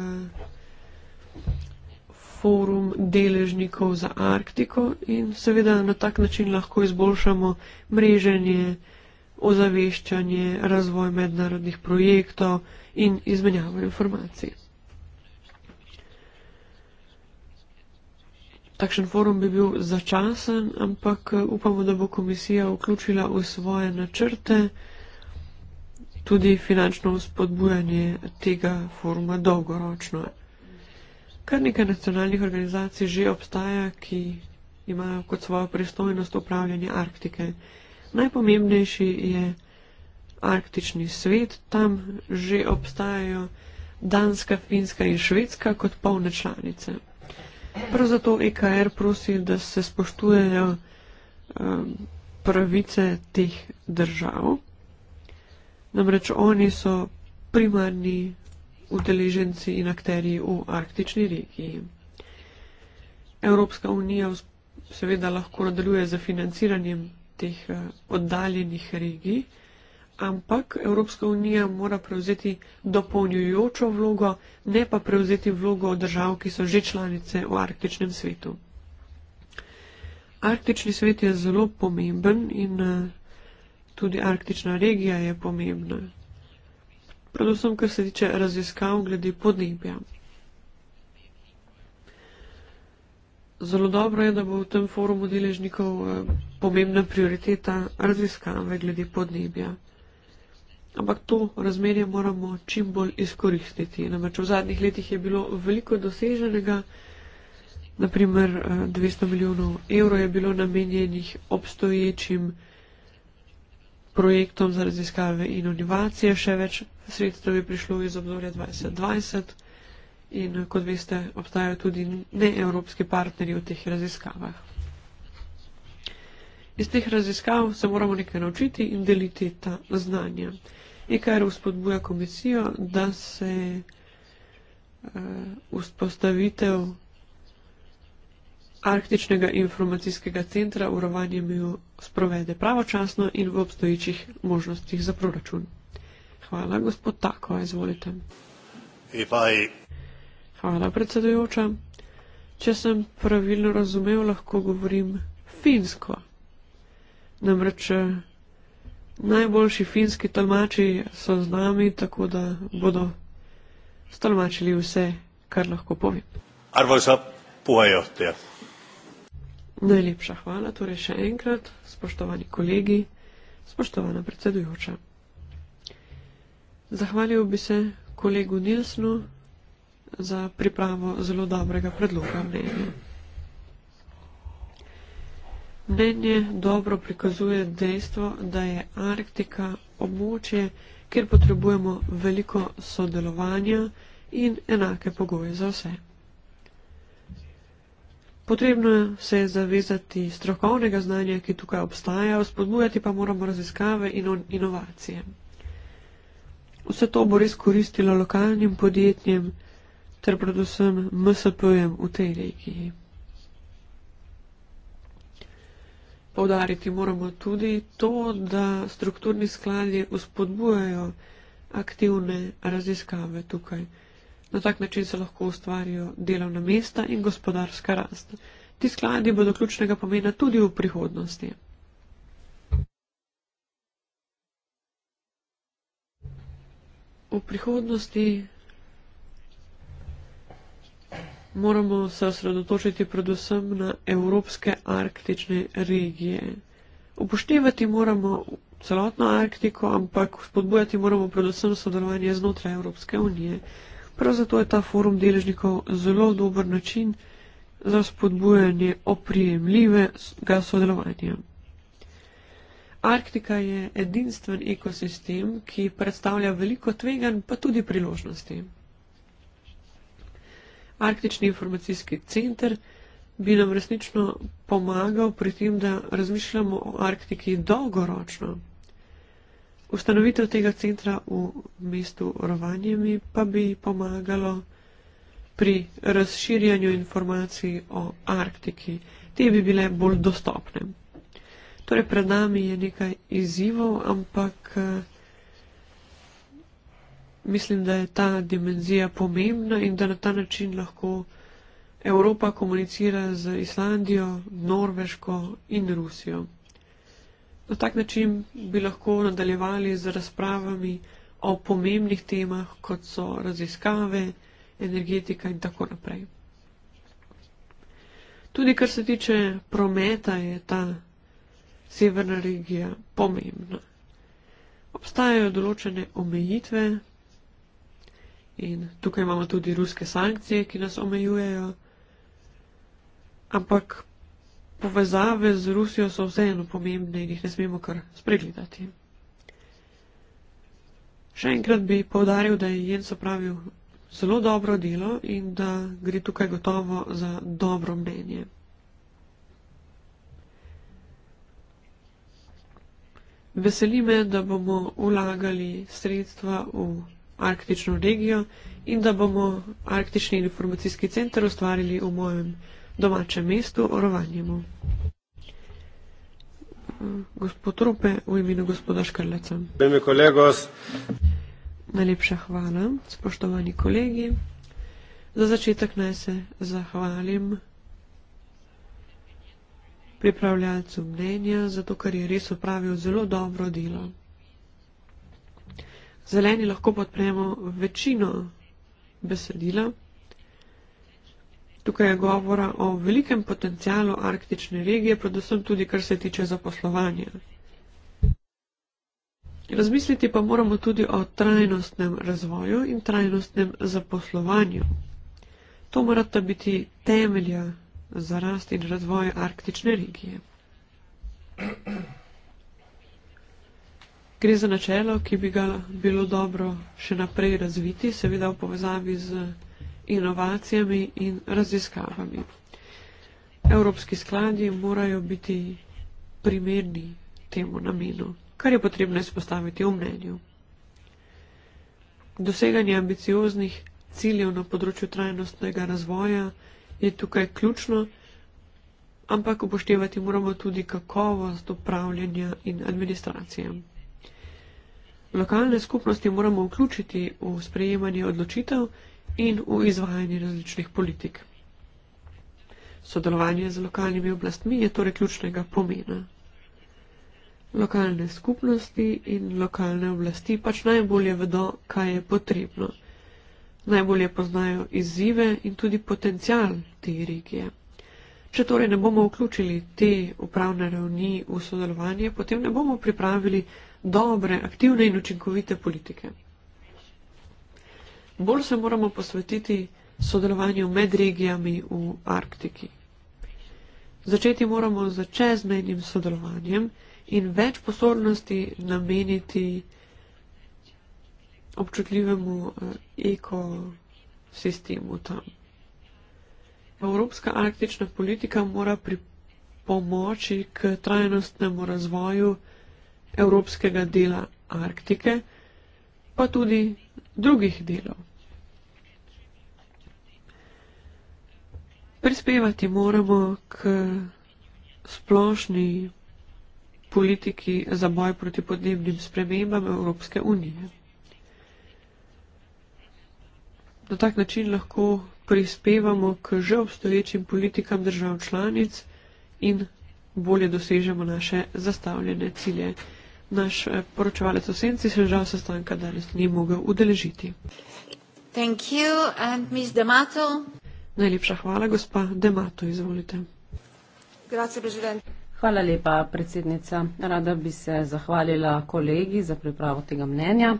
forum deležnikov za Arktiko in seveda na tak način lahko izboljšamo mreženje, ozaveščanje, razvoj mednarodnih projektov in izmenjavo informacij. takšen forum bi bil začasen, ampak eh, upamo, da bo komisija vključila v svoje načrte tudi finančno spodbujanje tega foruma dolgoročno. Kar nekaj nacionalnih organizacij že obstaja, ki imajo kot svojo pristojnost upravljanje Arktike. Najpomembnejši je Arktični svet, tam že obstajajo Danska, Finska in Švedska kot polne članice. Prav zato EKR prosi, da se spoštujejo um, pravice teh držav. Namreč oni so primarni udeleženci in akteri v arktični regiji. Evropska unija seveda lahko nadaljuje za financiranjem teh uh, oddaljenih regij ampak Evropska unija mora prevzeti dopolnjujočo vlogo, ne pa prevzeti vlogo držav, ki so že članice v arktičnem svetu. Arktični svet je zelo pomemben in eh, tudi arktična regija je pomembna, predvsem kar se tiče raziskav glede podnebja. Zelo dobro je, da bo v tem forumu deležnikov eh, pomembna prioriteta raziskave glede podnebja ampak to razmerje moramo čim bolj izkoristiti. Namreč v zadnjih letih je bilo veliko doseženega, naprimer 200 eh, milijonov evrov je bilo namenjenih obstoječim projektom za raziskave in inovacije, še več sredstev je prišlo iz obdobja 2020 in eh, kot veste, obstajajo tudi neevropski partnerji v teh raziskavah. Iz teh raziskav se moramo nekaj naučiti in deliti ta znanja. IKR vzpodbuja komisijo, da se eh, vzpostavitev arktičnega informacijskega centra v rovanju miru sprovede pravočasno in v obstoječih možnostih za proračun. Hvala, gospod Tako, izvolite. Hvala, predsedujoča. Če sem pravilno razumel, lahko govorim finsko. Namreč eh, Najboljši finski tolmači so z nami, tako da bodo stolmačili vse, kar lahko povem. Arvoisa puheenjohtaja. Najlepša hvala, torej še enkrat, spoštovani kolegi, spoštovana predsedujoča. Zahvalil bi se kolegu Nilsnu za pripravo zelo dobrega predloga mnenja mnenje dobro prikazuje dejstvo, da je Arktika območje, kjer potrebujemo veliko sodelovanja in enake pogoje za vse. Potrebno se je zavezati strokovnega znanja, ki tukaj obstaja, spodbujati pa moramo raziskave in inovacije. Vse to bo res koristilo lokalnim podjetjem ter predvsem MSP-jem v tej regiji. Povdariti moramo tudi to, da strukturni skladi uspodbujajo aktivne raziskave tukaj. Na tak način se lahko ustvarijo delovna mesta in gospodarska rast. Ti skladi bodo ključnega pomena tudi v prihodnosti. V prihodnosti moramo se osredotočiti predvsem na evropske arktične regije. Upoštevati moramo celotno Arktiko, ampak spodbujati moramo predvsem sodelovanje znotraj Evropske unije. Prav zato je ta forum deležnikov zelo dober način za spodbujanje oprijemljivega sodelovanja. Arktika je edinstven ekosistem, ki predstavlja veliko tvegan, pa tudi priložnosti. Arktični informacijski center bi nam resnično pomagal pri tem, da razmišljamo o Arktiki dolgoročno. Ustanovitev tega centra v mestu Rovanjemi pa bi pomagalo pri razširjanju informacij o Arktiki. Te bi bile bolj dostopne. Torej, pred nami je nekaj izzivov, ampak. Eh, mislim, da je ta dimenzija pomembna in da na ta način lahko Evropa komunicira z Islandijo, Norveško in Rusijo. Na tak način bi lahko nadaljevali z razpravami o pomembnih temah, kot so raziskave, energetika in tako naprej. Tudi kar se tiče prometa, je ta severna regija pomembna. Obstajajo določene omejitve, In tukaj imamo tudi ruske sankcije, ki nas omejujejo. Ampak povezave z Rusijo so vseeno pomembne in jih ne smemo kar spregledati. Še enkrat bi povdaril, da je Jens opravil zelo dobro delo in da gre tukaj gotovo za dobro mnenje. Veseli me, da bomo ulagali sredstva v arktično regijo in da bomo arktični informacijski center ustvarili v mojem domačem mestu Orovanjemu. Gospod Rupe, v imenu gospoda Škrleca. Najlepša hvala, spoštovani kolegi. Za začetek naj se zahvalim pripravljalcu mnenja, zato ker je res opravil zelo dobro delo zeleni lahko podpremo večino besedila. Tukaj je govora o velikem potencijalu arktične regije, predvsem tudi kar se tiče zaposlovanja. Razmisliti pa moramo tudi o trajnostnem razvoju in trajnostnem zaposlovanju. To morata biti temelja za rast in razvoj arktične regije. Gre za načelo, ki bi ga bilo dobro še naprej razviti, seveda v povezavi z inovacijami in raziskavami. Evropski skladi morajo biti primerni temu namenu, kar je potrebno izpostaviti v mnenju. Doseganje ambicioznih ciljev na področju trajnostnega razvoja je tukaj ključno, ampak upoštevati moramo tudi kakovost upravljanja in administracije. Lokalne skupnosti moramo vključiti v sprejemanje odločitev in v izvajanje različnih politik. Sodelovanje z lokalnimi oblastmi je torej ključnega pomena. Lokalne skupnosti in lokalne oblasti pač najbolje vedo, kaj je potrebno. Najbolje poznajo izzive in tudi potencial te regije. Če torej ne bomo vključili te upravne ravni v sodelovanje, potem ne bomo pripravili dobre, aktivne in učinkovite politike. Bolj se moramo posvetiti sodelovanju med regijami v Arktiki. Začeti moramo z čezmejnim sodelovanjem in več pozornosti nameniti občutljivemu eh, ekosistemu tam. Evropska arktična politika mora pri pomoči k trajnostnemu razvoju evropskega dela Arktike, pa tudi drugih delov. Prispevati moramo k splošni politiki za boj proti podnebnim spremembam Evropske unije. Na tak način lahko prispevamo k že obstoječim politikam držav članic in bolje dosežemo naše zastavljene cilje. Naš eh, poročevalec v senci se žal sestanka danes ni mogel udeležiti. Thank you, and Ms. D'Amato. Najlepša hvala, gospa D'Amato, izvolite. Hvala lepa, predsednica. Rada bi se zahvalila kolegi za pripravo tega mnenja.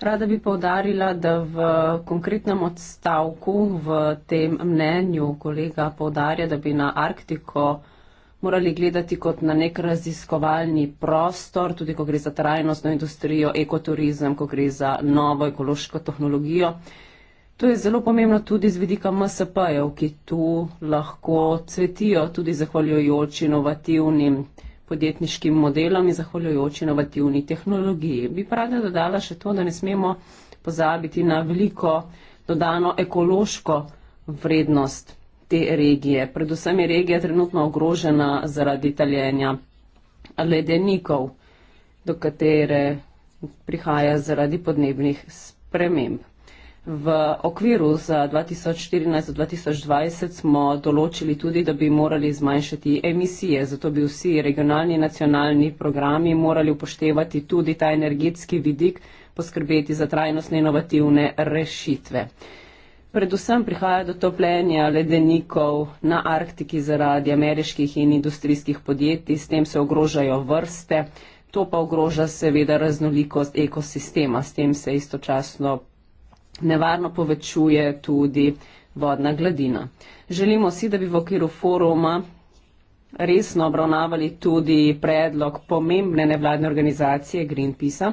Rada bi povdarila, da v konkretnem odstavku v tem mnenju kolega povdarja, da bi na Arktiko morali gledati kot na nek raziskovalni prostor, tudi ko gre za trajnostno industrijo, ekoturizem, ko gre za novo ekološko tehnologijo. To je zelo pomembno tudi z vidika MSP-jev, ki tu lahko cvetijo tudi zahvaljujoč inovativnim podjetniškim modelom in zahvaljujoč inovativni tehnologiji. Bi pa rada dodala še to, da ne smemo pozabiti na veliko dodano ekološko vrednost te regije. Predvsem je regija trenutno ogrožena zaradi taljenja ledenikov, do katere prihaja zaradi podnebnih sprememb. V okviru za 2014-2020 smo določili tudi, da bi morali zmanjšati emisije, zato bi vsi regionalni in nacionalni programi morali upoštevati tudi ta energetski vidik, poskrbeti za trajnostne inovativne rešitve predvsem prihaja do topljenja ledenikov na Arktiki zaradi ameriških in industrijskih podjetij, s tem se ogrožajo vrste, to pa ogroža seveda raznolikost ekosistema, s tem se istočasno nevarno povečuje tudi vodna gladina. Želimo si, da bi v okviru foruma resno obravnavali tudi predlog pomembne nevladne organizacije Greenpeace. -a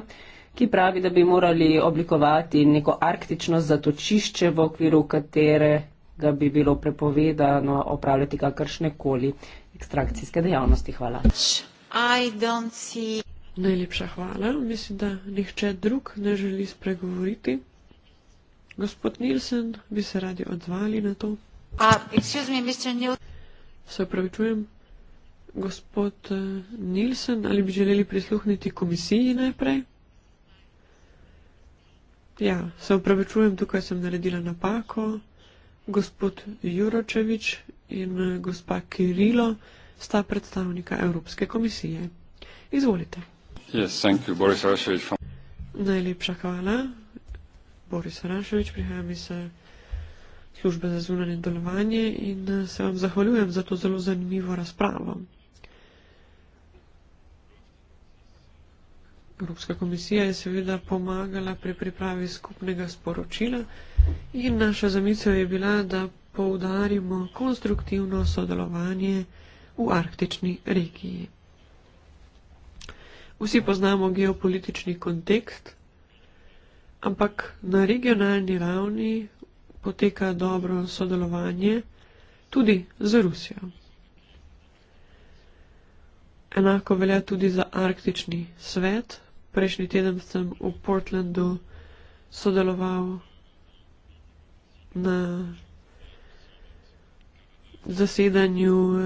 ki pravi, da bi morali oblikovati neko arktično zatočišče, v okviru katerega bi bilo prepovedano opravljati kakršne koli ekstrakcijske dejavnosti. Hvala. Najlepša hvala. Mislim, da nihče drug ne želi spregovoriti. Gospod Nilsen, bi se radi odzvali na to? Uh, me, se upravičujem. Gospod eh, Nilsen, ali bi želeli prisluhniti komisiji najprej? Ja, se upravičujem, tukaj sem naredila napako. Gospod Juročevič in eh, gospa Kirilo sta predstavnika Evropske komisije. Izvolite. Yes, thank you, Boris Raševič. Najlepša hvala. Boris Raševič, prihajam iz eh, službe za zunanje delovanje in eh, se vam zahvaljujem za to zelo zanimivo razpravo. Evropska komisija je seveda pomagala pri pripravi skupnega sporočila in naša zamisel je bila, da poudarimo konstruktivno sodelovanje v arktični regiji. Vsi poznamo geopolitični kontekst, ampak na regionalni ravni poteka dobro sodelovanje tudi z Rusijo. Enako velja tudi za arktični svet, prejšnji teden sem v Portlandu sodeloval na zasedanju eh,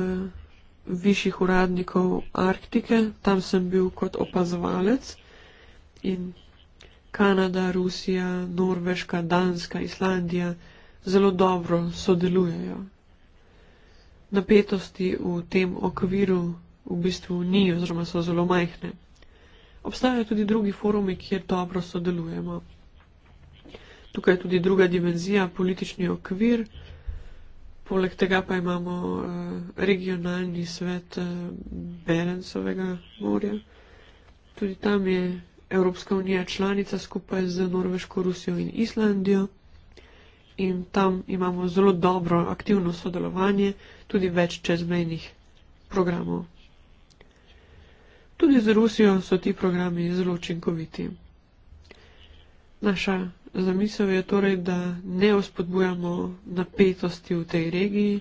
višjih uradnikov Arktike. Tam sem bil kot opazovalec in Kanada, Rusija, Norveška, Danska, Islandija zelo dobro sodelujejo. Napetosti v tem okviru v bistvu ni oziroma so zelo majhne. Obstajajo tudi drugi forumi, kjer dobro sodelujemo. Tukaj je tudi druga dimenzija, politični okvir. Poleg tega pa imamo eh, regionalni svet eh, Berencovega morja. Tudi tam je Evropska unija članica skupaj z Norveško, Rusijo in Islandijo. In tam imamo zelo dobro aktivno sodelovanje, tudi več čezmejnih programov. Tudi z Rusijo so ti programi zelo učinkoviti. Naša zamisel je torej, da ne ospodbujamo napetosti v tej regiji,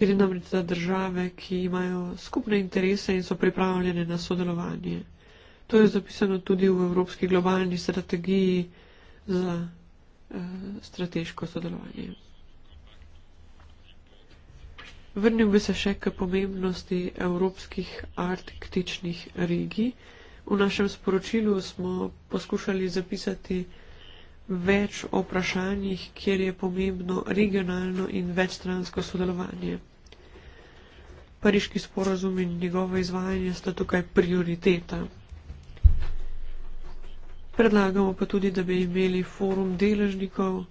ker je namreč za države, ki imajo skupne interese in so pripravljene na sodelovanje. To je zapisano tudi v Evropski globalni strategiji za eh, strateško sodelovanje. Vrnil bi se še k pomembnosti evropskih arktičnih regij. V našem sporočilu smo poskušali zapisati več o vprašanjih, kjer je pomembno regionalno in večstransko sodelovanje. Pariški sporozum in njegovo izvajanje sta tukaj prioriteta. Predlagamo pa tudi, da bi imeli forum deležnikov,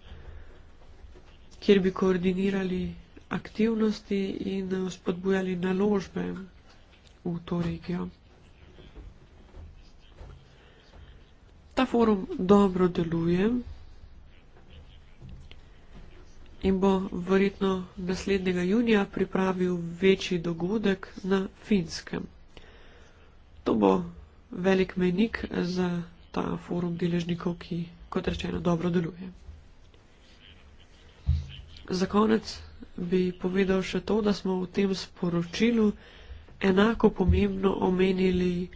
kjer bi koordinirali aktivnosti in eh, spodbujali naložbe v to regijo. Ta forum dobro deluje in bo verjetno naslednjega junija pripravil večji dogodek na Finskem. To bo velik menik za ta forum deležnikov, ki, kot rečeno, dobro deluje. Za konec bi povedal še to, da smo v tem sporočilu enako pomembno omenili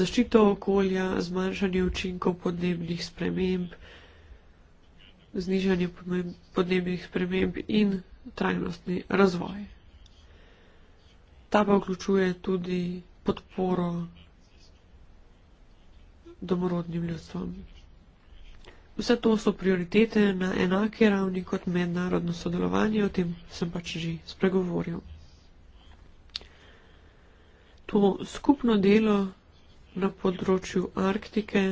zaščito okolja, zmanjšanje učinkov podnebnih sprememb, znižanje podnebnih sprememb in trajnostni razvoj. Ta pa vključuje tudi podporo domorodnim ljudstvom. Vse to so prioritete na enaki ravni kot mednarodno sodelovanje, o tem sem pač že spregovoril. To skupno delo na področju Arktike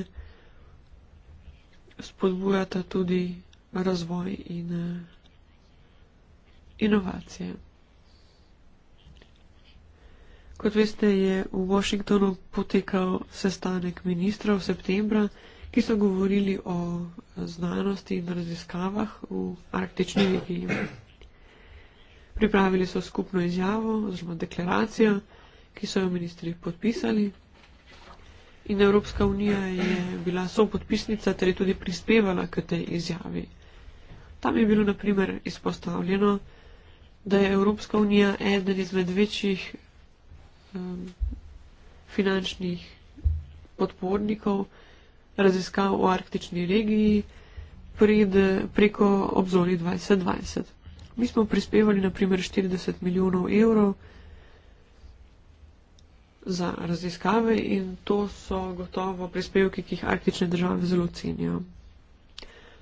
spodbujata tudi razvoj in eh, inovacije. Kot veste, je v Washingtonu potekal sestanek ministrov v septembru ki so govorili o znanosti in raziskavah v arktični regiji. Pripravili so skupno izjavo oziroma deklaracijo, ki so jo ministri podpisali. In Evropska unija je bila sopodpisnica, ter je tudi prispevala k tej izjavi. Tam je bilo naprimer izpostavljeno, da je Evropska unija eden izmed večjih um, finančnih podpornikov raziskav v arktični regiji pride preko obzori 2020. Mi smo prispevali naprimer 40 milijonov evrov za raziskave in to so gotovo prispevki, ki jih arktične države zelo cenijo.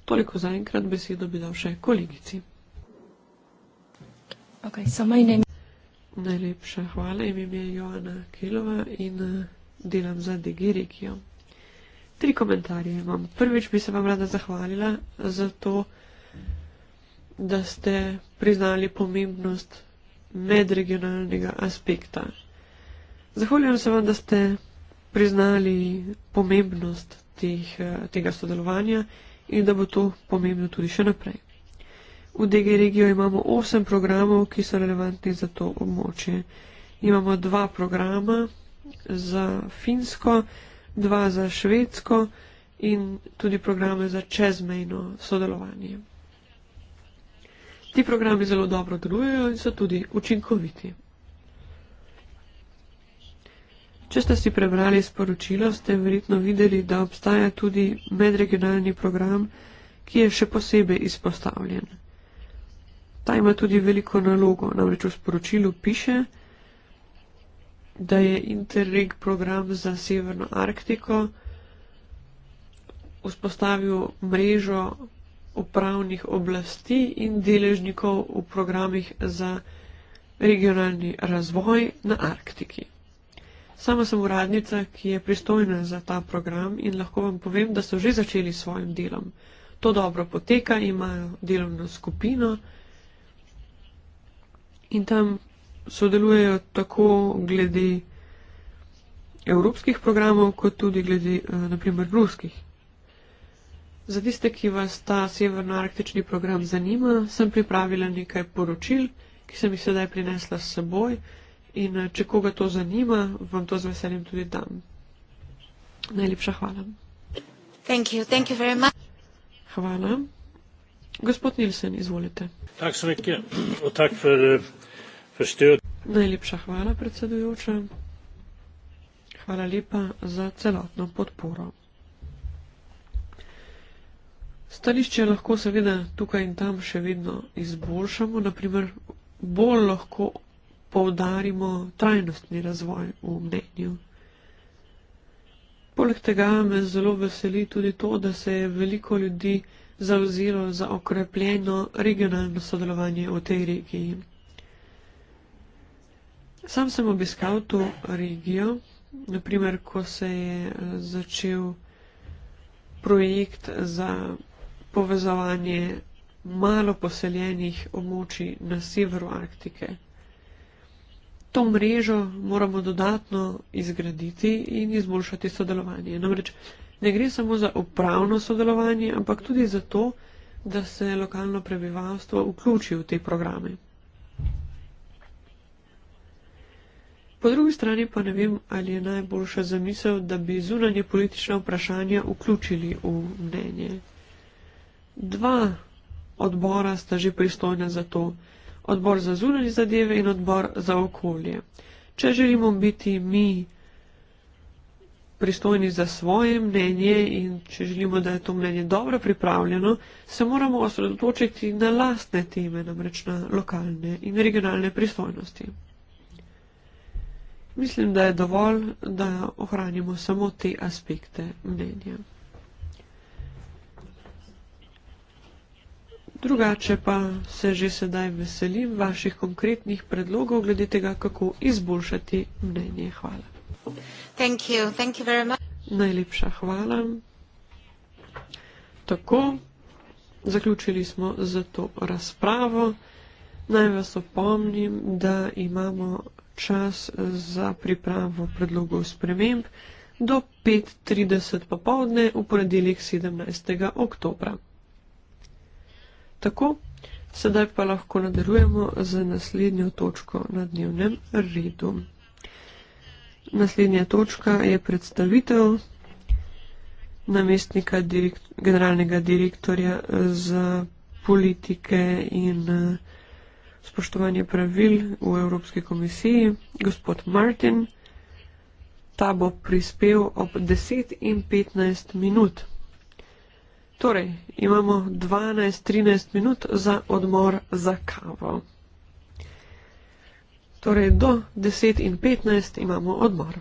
Toliko za enkrat besedo bi dal še kolegici. Okay, so my name. Najlepša hvala, imam je Joana Kelova in eh, delam za DG Regijo tri komentarje imam. Prvič bi se vam rada zahvalila za to, da ste priznali pomembnost medregionalnega aspekta. Zahvaljujem se vam, da ste priznali pomembnost teh, tega sodelovanja in da bo to pomembno tudi še naprej. V DG regijo imamo osem programov, ki so relevantni za to območje. Imamo dva programa za Finsko, dva za Švedsko in tudi programe za čezmejno sodelovanje. Ti programi zelo dobro delujejo in so tudi učinkoviti. Če ste si prebrali sporočilo, ste verjetno videli, da obstaja tudi medregionalni program, ki je še posebej izpostavljen. Ta ima tudi veliko nalogo, namreč v sporočilu piše, da da je Interreg program za Severno Arktiko vzpostavil mrežo upravnih oblasti in deležnikov v programih za regionalni razvoj na Arktiki. Sama sem uradnica, ki je pristojna za ta program in lahko vam povem, da so že začeli s svojim delom. To dobro poteka, imajo delovno skupino in tam sodelujejo tako glede evropskih programov, kot tudi glede eh, naprimer ruskih. Za tiste, ki vas ta severnoarktični program zanima, sem pripravila nekaj poročil, ki sem jih sedaj prinesla s seboj in eh, če koga to zanima, vam to z veseljem tudi dam. Najlepša hvala. Thank you. Thank you very much. Hvala. Gospod Nilsen, izvolite. Tak, spoštil. Najlepša hvala, predsedujoča. Hvala lepa za celotno podporo. Stališče lahko seveda tukaj in tam še vedno izboljšamo, naprimer bolj lahko povdarimo trajnostni razvoj v mnenju. Poleg tega me zelo veseli tudi to, da se je veliko ljudi zauzelo za okrepljeno regionalno sodelovanje v tej regiji. Sam sem obiskal to regijo, naprimer, ko se je eh, začel projekt za povezovanje malo poseljenih območij na severu Arktike. To mrežo moramo dodatno izgraditi in izboljšati sodelovanje. Namreč ne gre samo za upravno sodelovanje, ampak tudi za to, da se lokalno prebivalstvo vključi v te programe. Po drugi strani pa ne vem, ali je najboljša zamisel, da bi zunanje politična vprašanja vključili v mnenje. Dva odbora sta že pristojna za to. Odbor za zunanje zadeve in odbor za okolje. Če želimo biti mi pristojni za svoje mnenje in če želimo, da je to mnenje dobro pripravljeno, se moramo osredotočiti na lastne teme, namreč na lokalne in regionalne pristojnosti. Mislim, da je dovolj, da ohranimo samo te aspekte mnenja. Drugače pa se že sedaj veselim vaših konkretnih predlogov glede tega, kako izboljšati mnenje. Hvala. Thank you. Thank you very much. Najlepša hvala. Tako, zaključili smo za to razpravo. Naj vas opomnim, da imamo čas za pripravo predlogov sprememb do 5.30 popovdne v ponedeljek 17. oktobra. Tako, sedaj pa lahko nadaljujemo z naslednjo točko na dnevnem redu. Naslednja točka je predstavitev namestnika direkt, generalnega direktorja za politike in uh, spoštovanje pravil v Evropski komisiji, gospod Martin. Ta bo prispel ob 10 in 15 minut. Torej, imamo 12-13 minut za odmor za kavo. Torej, do 10 in 15 imamo odmor.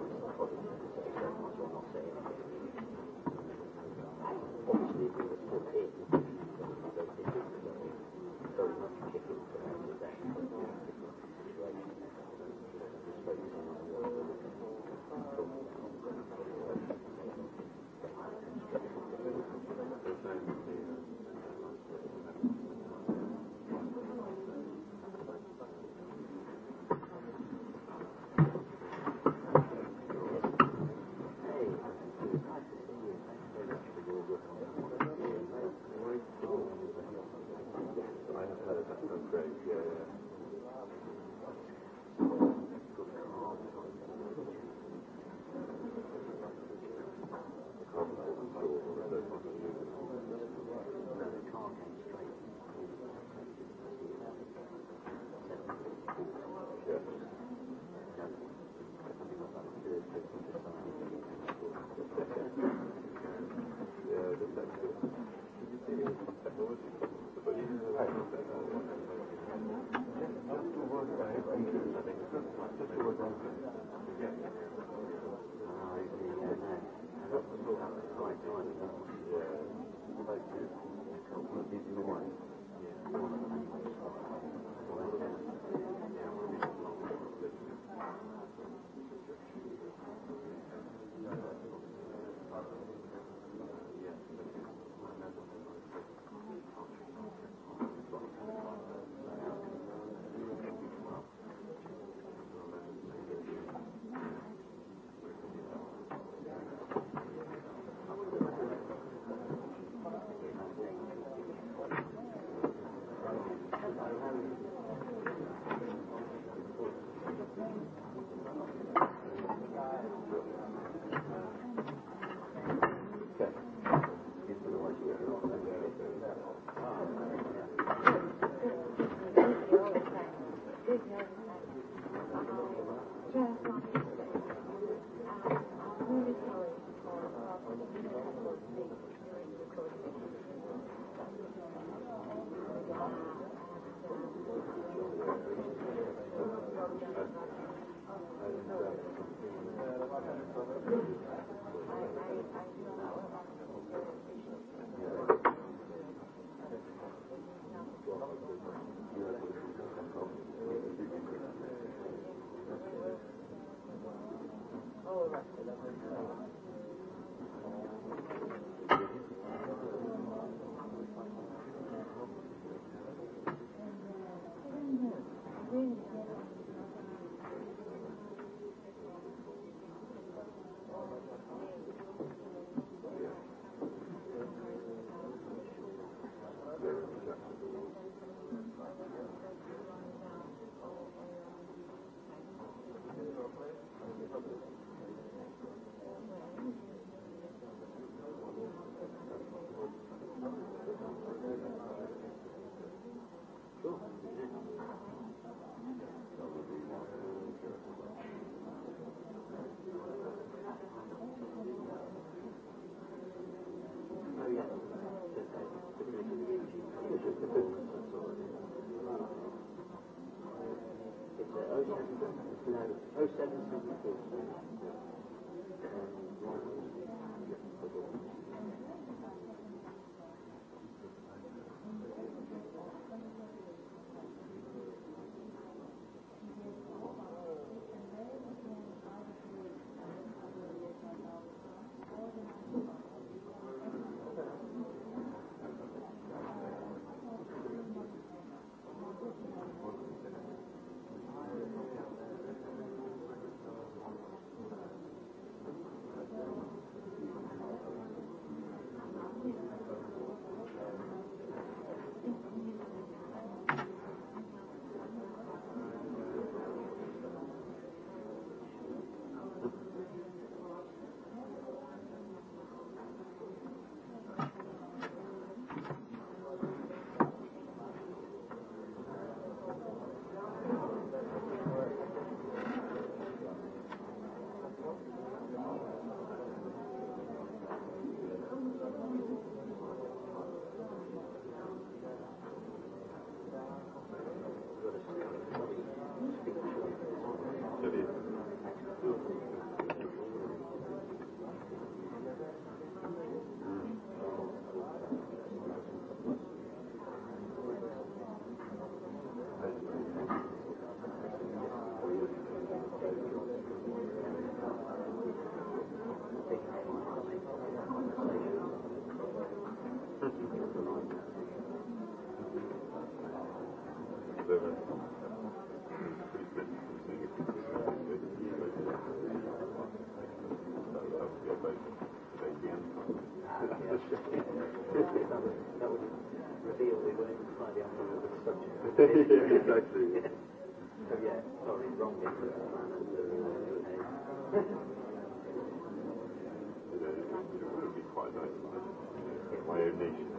tonight, 0774. Yeah, exactly. <laughs> Yeah, sorry, wrong. It would be quite nice if I had my own nation.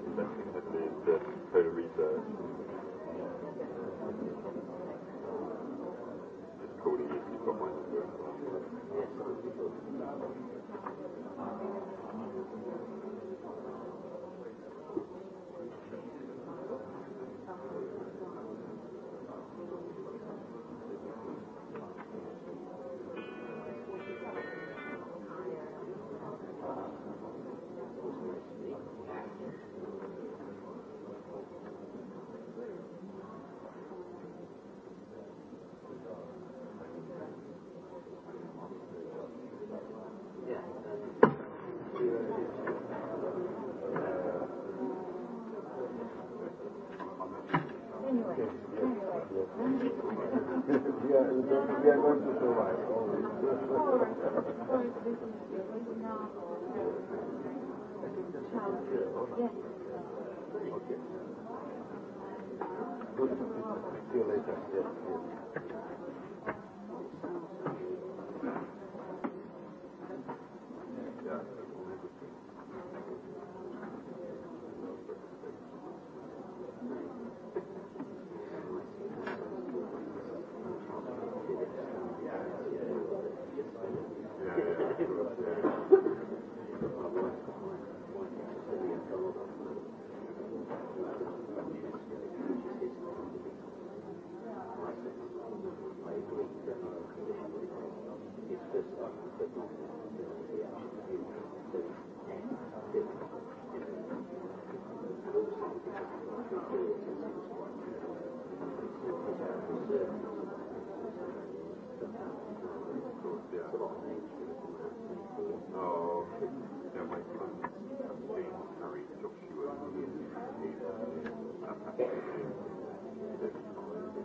Yes. Okay. Good. See you later. Yes, yes.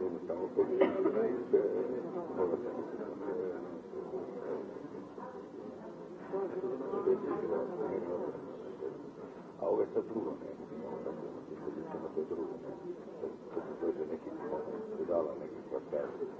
come stiamo facendo noi, cioè, cosa stiamo facendo. A ovest a Trurone, abbiamo detto che si chiama Trurone, che si chiama Trurone, che si chiama Trurone, che si chiama Trurone, che si chiama Trurone,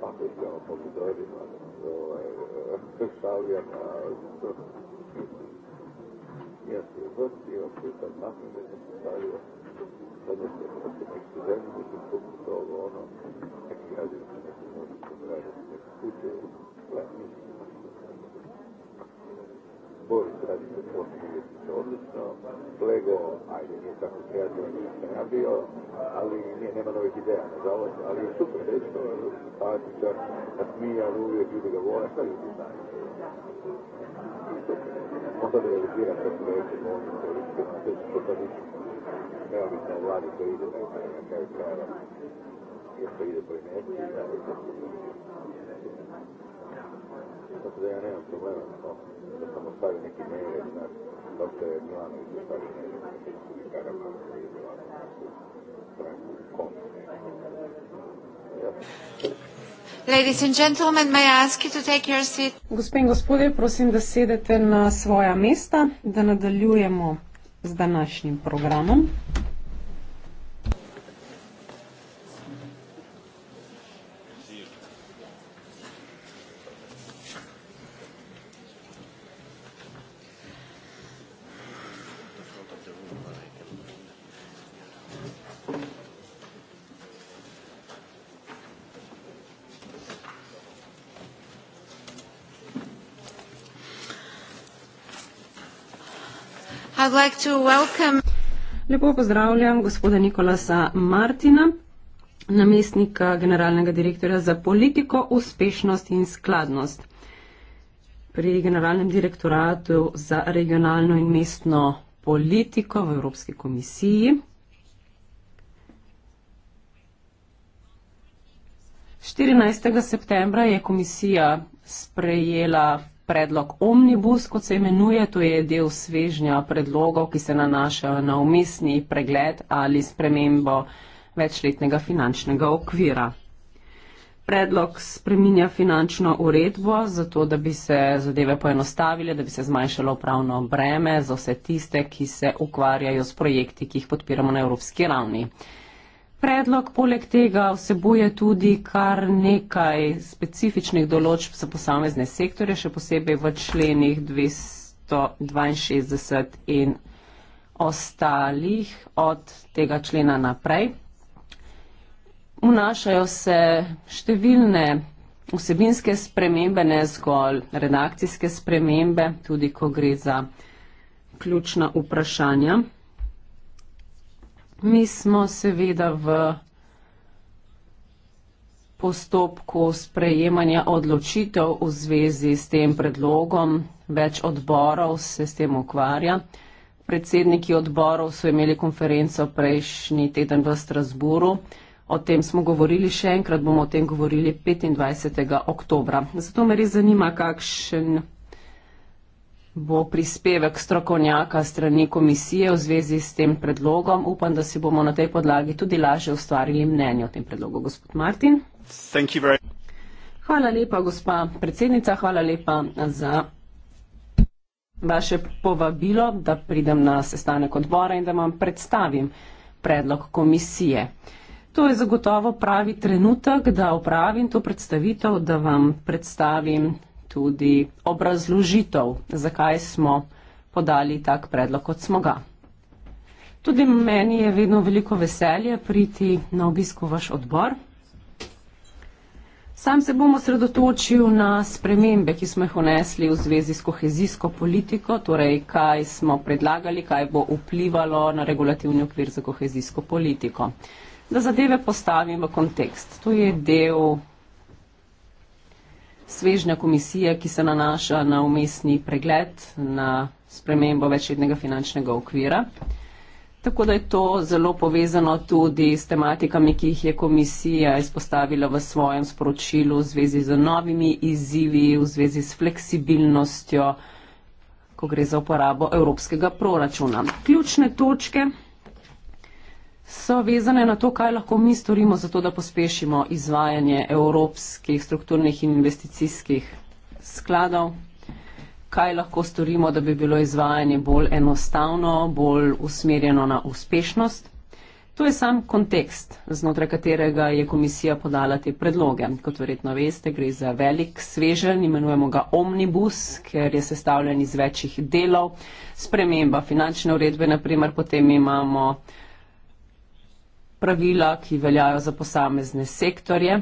papirjama, pomidorima, eh, šaljama, eh, jaz je vrstio, pitan papirje, da se stavio, da ne se prosim eksperimenti, da se kupi to ovo, ono, neki jazim, neki možete pravi, neki kuće, gledam, mislim, zbor izgradi se posljednje vjetnice odlično. Lego, ajde, nije tako kreativno nije ja bio, ali nije, nema novih ideja, nažalost, ali je super dečko, simpatičar, nasmija, uvijek ljudi ga vole, sve ljudi znaju. On sad realizira sve su veće, on je to sve su to sad ići. Evo bih na vladi to ide, na kraju krajeva, jer to ide po inerciji, da je to tako da ja nemam problema na to. Da samo stavim neki mail, jer znaš, doktor je Milano i postavio mail, da se mi kada malo da ide ovako na svu stranku kontu. Ja. Ladies and gentlemen, may I ask you to take your seat? Gospe in gospodje, prosim, da sedete na svoja mesta, da nadaljujemo z današnjim programom. like welcome... Lepo pozdravljam gospoda Nikolasa Martina, namestnika generalnega direktorja za politiko, uspešnost in skladnost pri generalnem direktoratu za regionalno in mestno politiko v Evropski komisiji. 14. septembra je komisija sprejela Predlog omnibus, kot se imenuje, to je del svežnja predlogov, ki se nanašajo na umestni pregled ali spremembo večletnega finančnega okvira. Predlog spreminja finančno uredbo, zato da bi se zadeve poenostavile, da bi se zmanjšalo pravno breme za vse tiste, ki se ukvarjajo s projekti, ki jih podpiramo na evropski ravni predlog poleg tega vsebuje tudi kar nekaj specifičnih določb za posamezne sektore, še posebej v členih 262 in ostalih od tega člena naprej. Vnašajo se številne vsebinske spremembe, ne zgolj redakcijske spremembe, tudi ko gre za ključna vprašanja. Mi smo seveda v postopku sprejemanja odločitev v zvezi s tem predlogom. Več odborov se s tem ukvarja. Predsedniki odborov so imeli konferenco prejšnji teden v Strasburu. O tem smo govorili še enkrat, bomo o tem govorili 25. oktobra. Zato me res zanima, kakšen bo prispevek strokovnjaka strani komisije v zvezi s tem predlogom. Upam, da si bomo na tej podlagi tudi laže ustvarili mnenje o tem predlogu. Gospod Martin. Hvala lepa, gospa predsednica. Hvala lepa za vaše povabilo, da pridem na sestanek odbora in da vam predstavim predlog komisije. To je zagotovo pravi trenutek, da upravim to predstavitev, da vam predstavim tudi obrazložitev, zakaj smo podali tak predlog, kot smo ga. Tudi meni je vedno veliko veselje priti na obisko vaš odbor. Sam se bom osredotočil na spremembe, ki smo jih unesli v zvezi s kohezijsko politiko, torej kaj smo predlagali, kaj bo vplivalo na regulativni okvir za kohezijsko politiko. Da zadeve postavim v kontekst. To je del svežnja komisije, ki se nanaša na umestni pregled, na spremembo večletnega finančnega okvira. Tako da je to zelo povezano tudi s tematikami, ki jih je komisija izpostavila v svojem sporočilu v zvezi z novimi izzivi, v zvezi s fleksibilnostjo, ko gre za uporabo evropskega proračuna. Ključne točke so vezane na to, kaj lahko mi storimo za to, da pospešimo izvajanje evropskih strukturnih in investicijskih skladov, kaj lahko storimo, da bi bilo izvajanje bolj enostavno, bolj usmerjeno na uspešnost. To je sam kontekst, znotraj katerega je komisija podala te predloge. Kot verjetno veste, gre za velik svežen, imenujemo ga omnibus, ker je sestavljen iz večjih delov. Sprememba finančne uredbe, naprimer, potem imamo uh, pravila, ki veljajo za posamezne sektorje.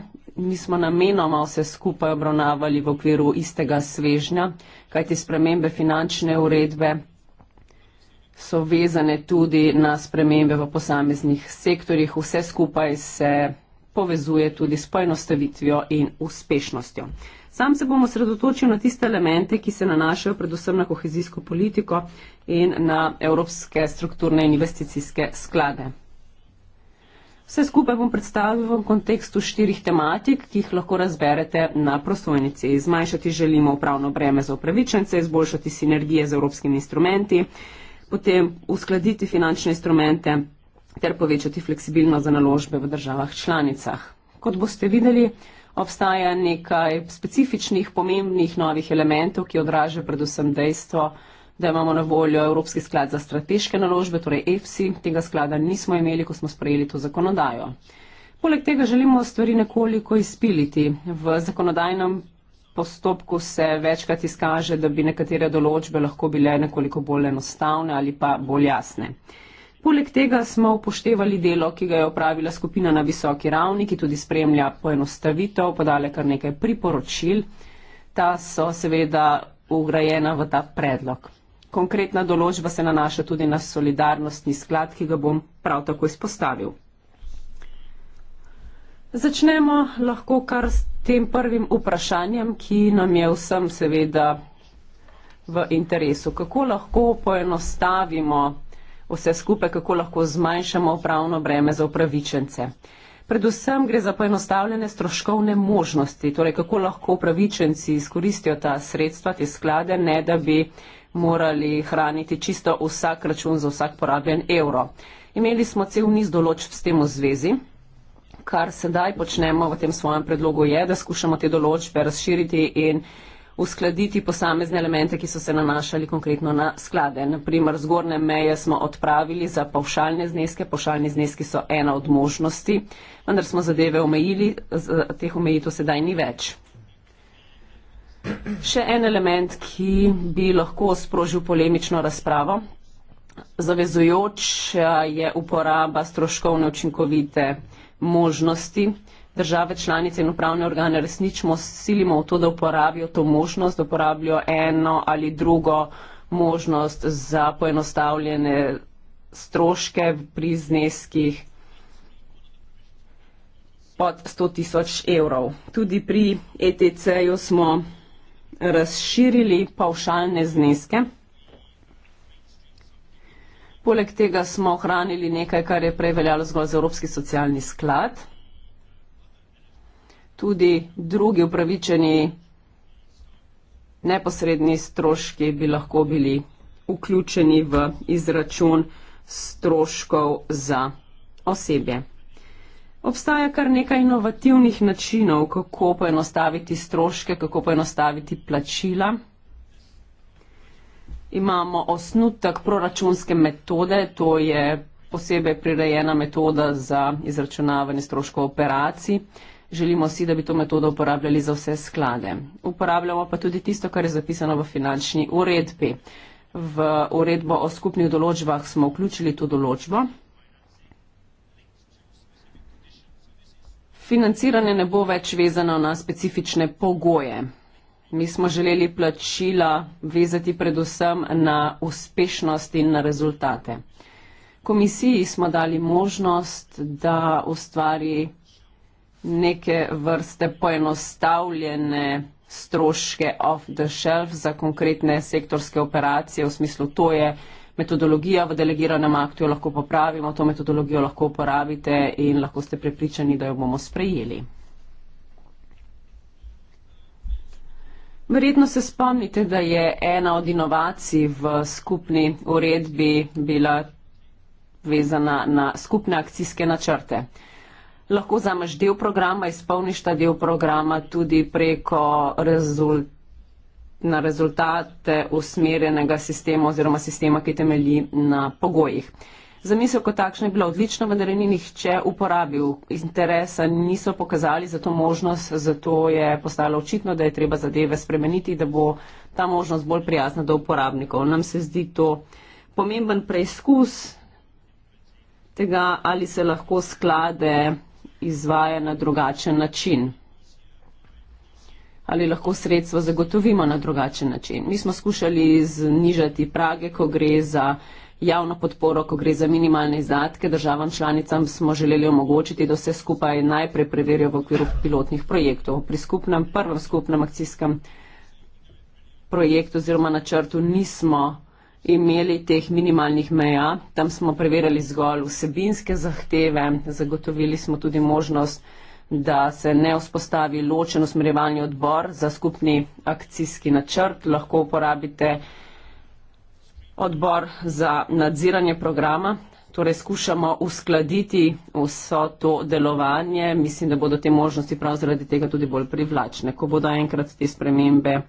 Mi smo namenoma vse skupaj obravnavali v okviru istega svežnja, kajti spremembe finančne uredbe so vezane tudi na spremembe v posameznih sektorjih. Vse skupaj se povezuje tudi s poenostavitvijo in uspešnostjo. Sam se bom osredotočil na tiste elemente, ki se nanašajo predvsem na kohezijsko politiko in na evropske strukturne investicijske sklade. Vse skupaj bom predstavil v kontekstu štirih tematik, ki jih lahko razberete na prosojnici. Zmanjšati želimo upravno breme za upravičence, izboljšati sinergije z evropskimi instrumenti, potem uskladiti finančne instrumente ter povečati fleksibilnost za naložbe v državah članicah. Kot boste videli, obstaja nekaj specifičnih, pomembnih novih elementov, ki odražajo predvsem dejstvo, da imamo na voljo Evropski sklad za strateške naložbe, torej EFSI. Tega sklada nismo imeli, ko smo sprejeli to zakonodajo. Poleg tega želimo stvari nekoliko izpiliti. V zakonodajnem postopku se večkrat izkaže, da bi nekatere določbe lahko bile nekoliko bolj enostavne ali pa bolj jasne. Poleg tega smo upoštevali delo, ki ga je opravila skupina na visoki ravni, ki tudi spremlja poenostavitev, podale kar nekaj priporočil. Ta so seveda ugrajena v ta predlog. Konkretna določba se nanaša tudi na solidarnostni sklad, ki ga bom prav tako izpostavil. Začnemo lahko kar s tem prvim vprašanjem, ki nam je vsem seveda v interesu. Kako lahko poenostavimo vse skupaj, kako lahko zmanjšamo upravno breme za upravičence? Predvsem gre za poenostavljene stroškovne možnosti, torej kako lahko upravičenci izkoristijo ta sredstva, te sklade, ne da bi morali hraniti čisto vsak račun za vsak porabljen evro. Imeli smo cel niz določb s tem v zvezi. Kar sedaj počnemo v tem svojem predlogu je, da skušamo te določbe razširiti in uskladiti posamezne elemente, ki so se nanašali konkretno na sklade. Naprimer, zgornje meje smo odpravili za pavšalne zneske, pavšalni zneski so ena od možnosti, vendar smo zadeve omejili, teh omejitev sedaj ni več. Še en element, ki bi lahko sprožil polemično razpravo. Zavezujoča eh, je uporaba stroškovne učinkovite možnosti. Države članice in upravne organe resnično silimo v to, da uporabijo to možnost, da uporabljajo eno ali drugo možnost za poenostavljene stroške pri zneskih pod 100 tisoč evrov. Tudi pri ETC-ju smo razširili pavšalne zneske. Poleg tega smo ohranili nekaj, kar je prej veljalo zgolj za Evropski socialni sklad. Tudi drugi upravičeni neposredni stroški bi lahko bili vključeni v izračun stroškov za osebje. Obstaja kar nekaj inovativnih načinov, kako poenostaviti stroške, kako poenostaviti plačila. Imamo osnutek proračunske metode, to je posebej prirejena metoda za izračunavanje stroškov operacij. Želimo si, da bi to metodo uporabljali za vse sklade. Uporabljamo pa tudi tisto, kar je zapisano v finančni uredbi. V uredbo o skupnih določbah smo vključili to določbo. financiranje ne bo več vezano na specifične pogoje. Mi smo želeli plačila vezati predvsem na uspešnost in na rezultate. Komisiji smo dali možnost, da ustvari neke vrste poenostavljene stroške off the shelf za konkretne sektorske operacije v smislu to je, metodologija v delegiranem aktu, jo lahko popravimo, to metodologijo lahko uporabite in lahko ste prepričani, da jo bomo sprejeli. Verjetno se spomnite, da je ena od inovacij v skupni uredbi bila vezana na skupne akcijske načrte. Lahko zamaš del programa, izpolniš ta del programa tudi preko rezultatov na rezultate usmerjenega sistema oziroma sistema, ki temelji na pogojih. Zamisel kot takšna je bila odlična, vendar ni nihče uporabil. Interesa niso pokazali za to možnost, zato je postalo očitno, da je treba zadeve spremeniti, da bo ta možnost bolj prijazna do uporabnikov. Nam se zdi to pomemben preizkus tega, ali se lahko sklade izvaja na drugačen način ali lahko sredstva zagotovimo na drugačen način. Mi smo skušali znižati prage, ko gre za javno podporo, ko gre za minimalne izdatke. Državam članicam smo želeli omogočiti, da vse skupaj najprej preverijo v okviru pilotnih projektov. Pri skupnem, prvem skupnem akcijskem projektu oziroma načrtu nismo imeli teh minimalnih meja. Tam smo preverjali zgolj vsebinske zahteve, zagotovili smo tudi možnost da se ne vzpostavi ločen usmerjevalni odbor za skupni akcijski načrt. Lahko uporabite odbor za nadziranje programa. Torej skušamo uskladiti vso to delovanje. Mislim, da bodo te možnosti prav zaradi tega tudi bolj privlačne, ko bodo enkrat te spremembe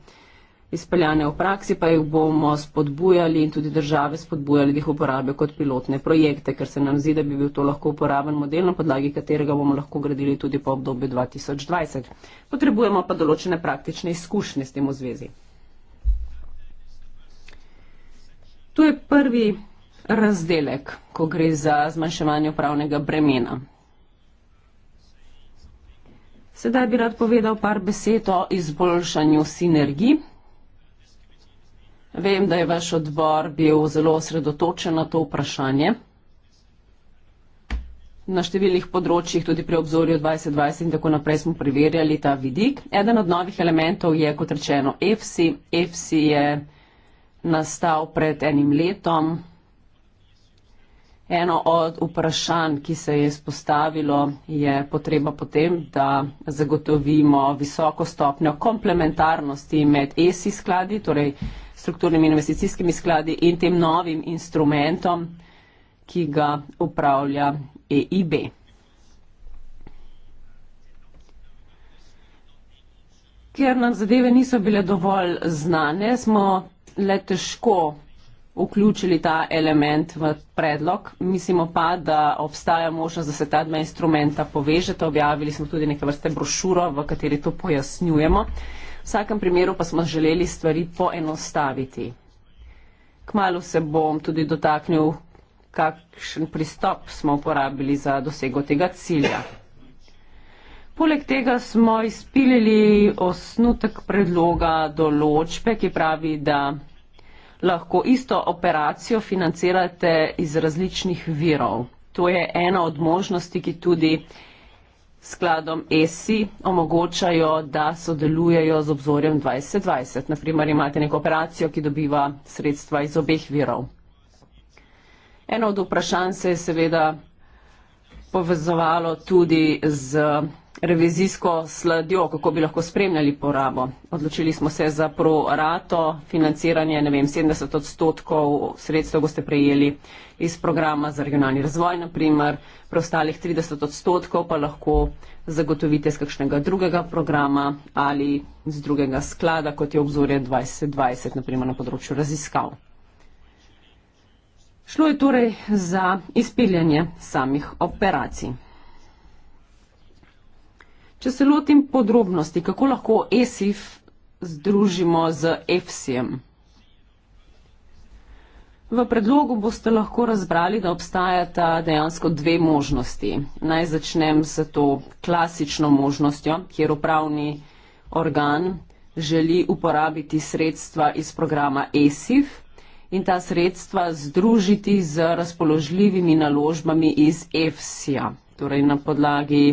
izpeljane v praksi, pa jih bomo spodbujali in tudi države spodbujali, da jih uporabijo kot pilotne projekte, ker se nam zdi, da bi bil to lahko uporaben model, na podlagi katerega bomo lahko gradili tudi po obdobju 2020. Potrebujemo pa določene praktične izkušnje s tem v zvezi. Tu je prvi razdelek, ko gre za zmanjševanje upravnega bremena. Sedaj bi rad povedal par besed o izboljšanju sinergij Vem, da je vaš odbor bil zelo osredotočen na to vprašanje. Na številnih področjih, tudi pri obzorju 2020 in tako naprej, smo preverjali ta vidik. Eden od novih elementov je, kot rečeno, EFSI. EFSI je nastal pred enim letom. Eno od vprašanj, ki se je spostavilo, je potreba potem, da zagotovimo visoko stopnjo komplementarnosti med ESI skladi, torej strukturnimi investicijskimi skladi in tem novim instrumentom, ki ga upravlja EIB. Ker nam zadeve niso bile dovolj znane, smo le težko vključili ta element v predlog. Mislimo pa, da obstaja možnost, da se ta dva instrumenta povežeta. Objavili smo tudi neke vrste brošuro, v kateri to pojasnjujemo. V vsakem primeru pa smo želeli stvari poenostaviti. Kmalo se bom tudi dotaknil, kakšen pristop smo uporabili za dosego tega cilja. Poleg tega smo izpilili osnutek predloga določbe, ki pravi, da lahko isto operacijo financirate iz različnih virov. To je ena od možnosti, ki tudi skladom ESI omogočajo, da sodelujejo z obzorjem 2020. Naprimer imate neko operacijo, ki dobiva sredstva iz obeh virov. Eno od vprašanj se je seveda povezovalo tudi z revizijsko sladjo, kako bi lahko spremljali porabo. Odločili smo se za prorato, financiranje, ne vem, 70 odstotkov sredstev boste prejeli iz programa za regionalni razvoj, naprimer, preostalih 30 odstotkov pa lahko zagotovite z kakšnega drugega programa ali z drugega sklada, kot je obzorje 2020, naprimer na področju raziskav. Šlo je torej za izpiljanje samih operacij. Če se lotim podrobnosti, kako lahko ESIF združimo z EFSIM? V predlogu boste lahko razbrali, da obstajata dejansko dve možnosti. Naj začnem s to klasično možnostjo, kjer upravni organ želi uporabiti sredstva iz programa ESIF in ta sredstva združiti z razpoložljivimi naložbami iz EFSIA, torej na podlagi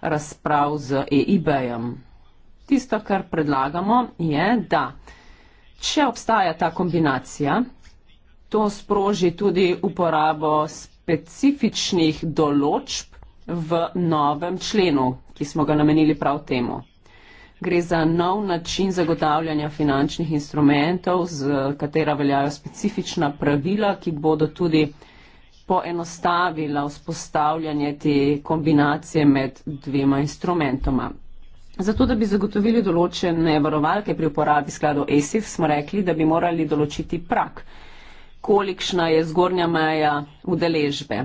razprav z EIB-jem. Tisto, kar predlagamo, je, da če obstaja ta kombinacija, to sproži tudi uporabo specifičnih določb v novem členu, ki smo ga namenili prav temu. Gre za nov način zagotavljanja finančnih instrumentov, z katera veljajo specifična pravila, ki bodo tudi poenostavila vzpostavljanje te kombinacije med dvema instrumentoma. Zato, da bi zagotovili določene varovalke pri uporabi skladov ESIF, smo rekli, da bi morali določiti prak, kolikšna je zgornja meja udeležbe.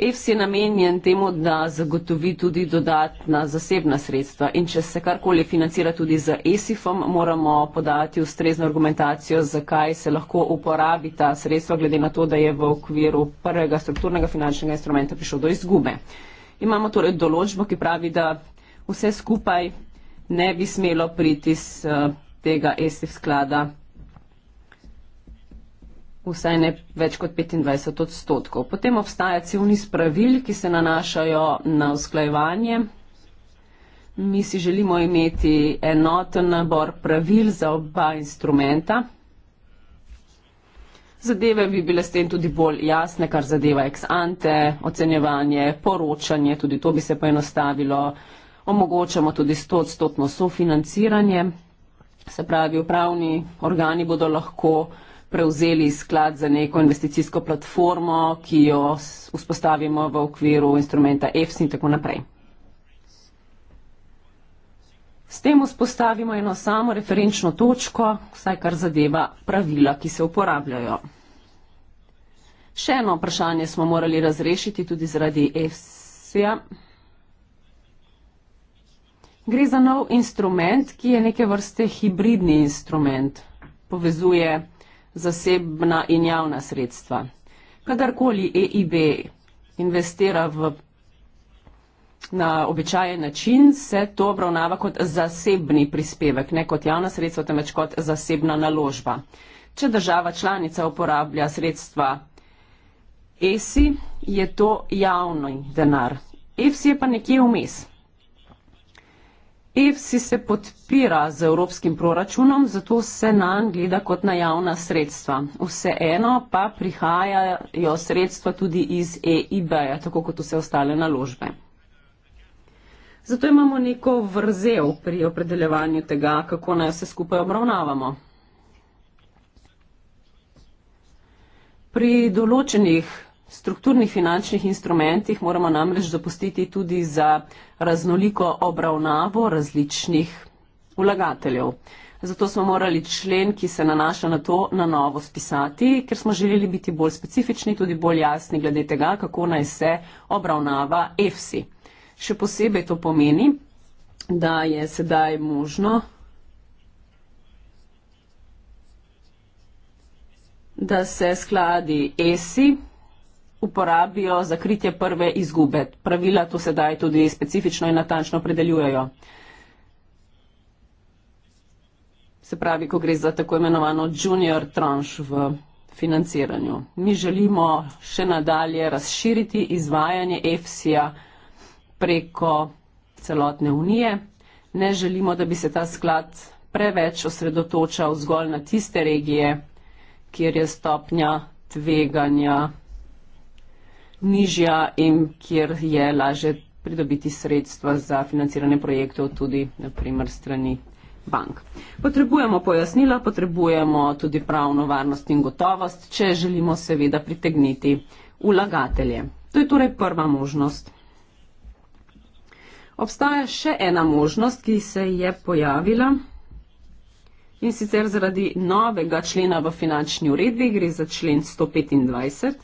EFS je namenjen temu, da zagotovi tudi dodatna zasebna sredstva in če se karkoli financira tudi z ESIF-om, moramo podati ustrezno argumentacijo, zakaj se lahko uporabi ta sredstva, glede na to, da je v okviru prvega strukturnega finančnega instrumenta prišlo do izgube. Imamo torej določbo, ki pravi, da vse skupaj ne bi smelo priti z eh, tega ESIF sklada vsaj ne več kot 25 odstotkov. Potem obstaja cel niz pravil, ki se nanašajo na usklajevanje. Mi si želimo imeti enoten nabor pravil za oba instrumenta. Zadeve bi bile s tem tudi bolj jasne, kar zadeva ex ante, ocenjevanje, poročanje, tudi to bi se poenostavilo. Omogočamo tudi 100-odstotno sofinanciranje, se pravi upravni organi bodo lahko prevzeli sklad za neko investicijsko platformo, ki jo vzpostavimo v okviru instrumenta EFS in tako naprej. S tem vzpostavimo eno samo referenčno točko, vsaj kar zadeva pravila, ki se uporabljajo. Še eno vprašanje smo morali razrešiti tudi zaradi EFSA. Gre za nov instrument, ki je neke vrste hibridni instrument. Povezuje zasebna in javna sredstva. Kadarkoli EIB investira v, na običajen način, se to obravnava kot zasebni prispevek, ne kot javna sredstva, temveč kot zasebna naložba. Če država članica uporablja sredstva ESI, je to javni denar. EFSI je pa nekje vmes. EFSI se podpira z evropskim proračunom, zato se na njega gleda kot na javna sredstva. Vseeno pa prihajajo sredstva tudi iz EIB-ja, tako kot vse ostale naložbe. Zato imamo neko vrzel pri opredeljevanju tega, kako naj vse skupaj obravnavamo. Pri določenih strukturnih finančnih instrumentih moramo namreč zapustiti tudi za raznoliko obravnavo različnih vlagateljev. Zato smo morali člen, ki se nanaša na to, na novo spisati, ker smo želeli biti bolj specifični, tudi bolj jasni glede tega, kako naj se obravnava EFSI. Še posebej to pomeni, da je sedaj možno, da se skladi ESI uporabijo za kritje prve izgube. Pravila tu sedaj tudi specifično in natančno predeljujejo. Se pravi, ko gre za tako imenovano junior tranš v financiranju. Mi želimo še nadalje razširiti izvajanje EFSI-ja preko celotne unije. Ne želimo, da bi se ta sklad preveč osredotočal zgolj na tiste regije, kjer je stopnja tveganja nižja in kjer je laže pridobiti sredstva za financiranje projektov tudi naprimer strani bank. Potrebujemo pojasnila, potrebujemo tudi pravno varnost in gotovost, če želimo seveda pritegniti ulagatelje. To je torej prva možnost. Obstaja še ena možnost, ki se je pojavila in sicer zaradi novega člena v finančni uredbi, gre za člen 125,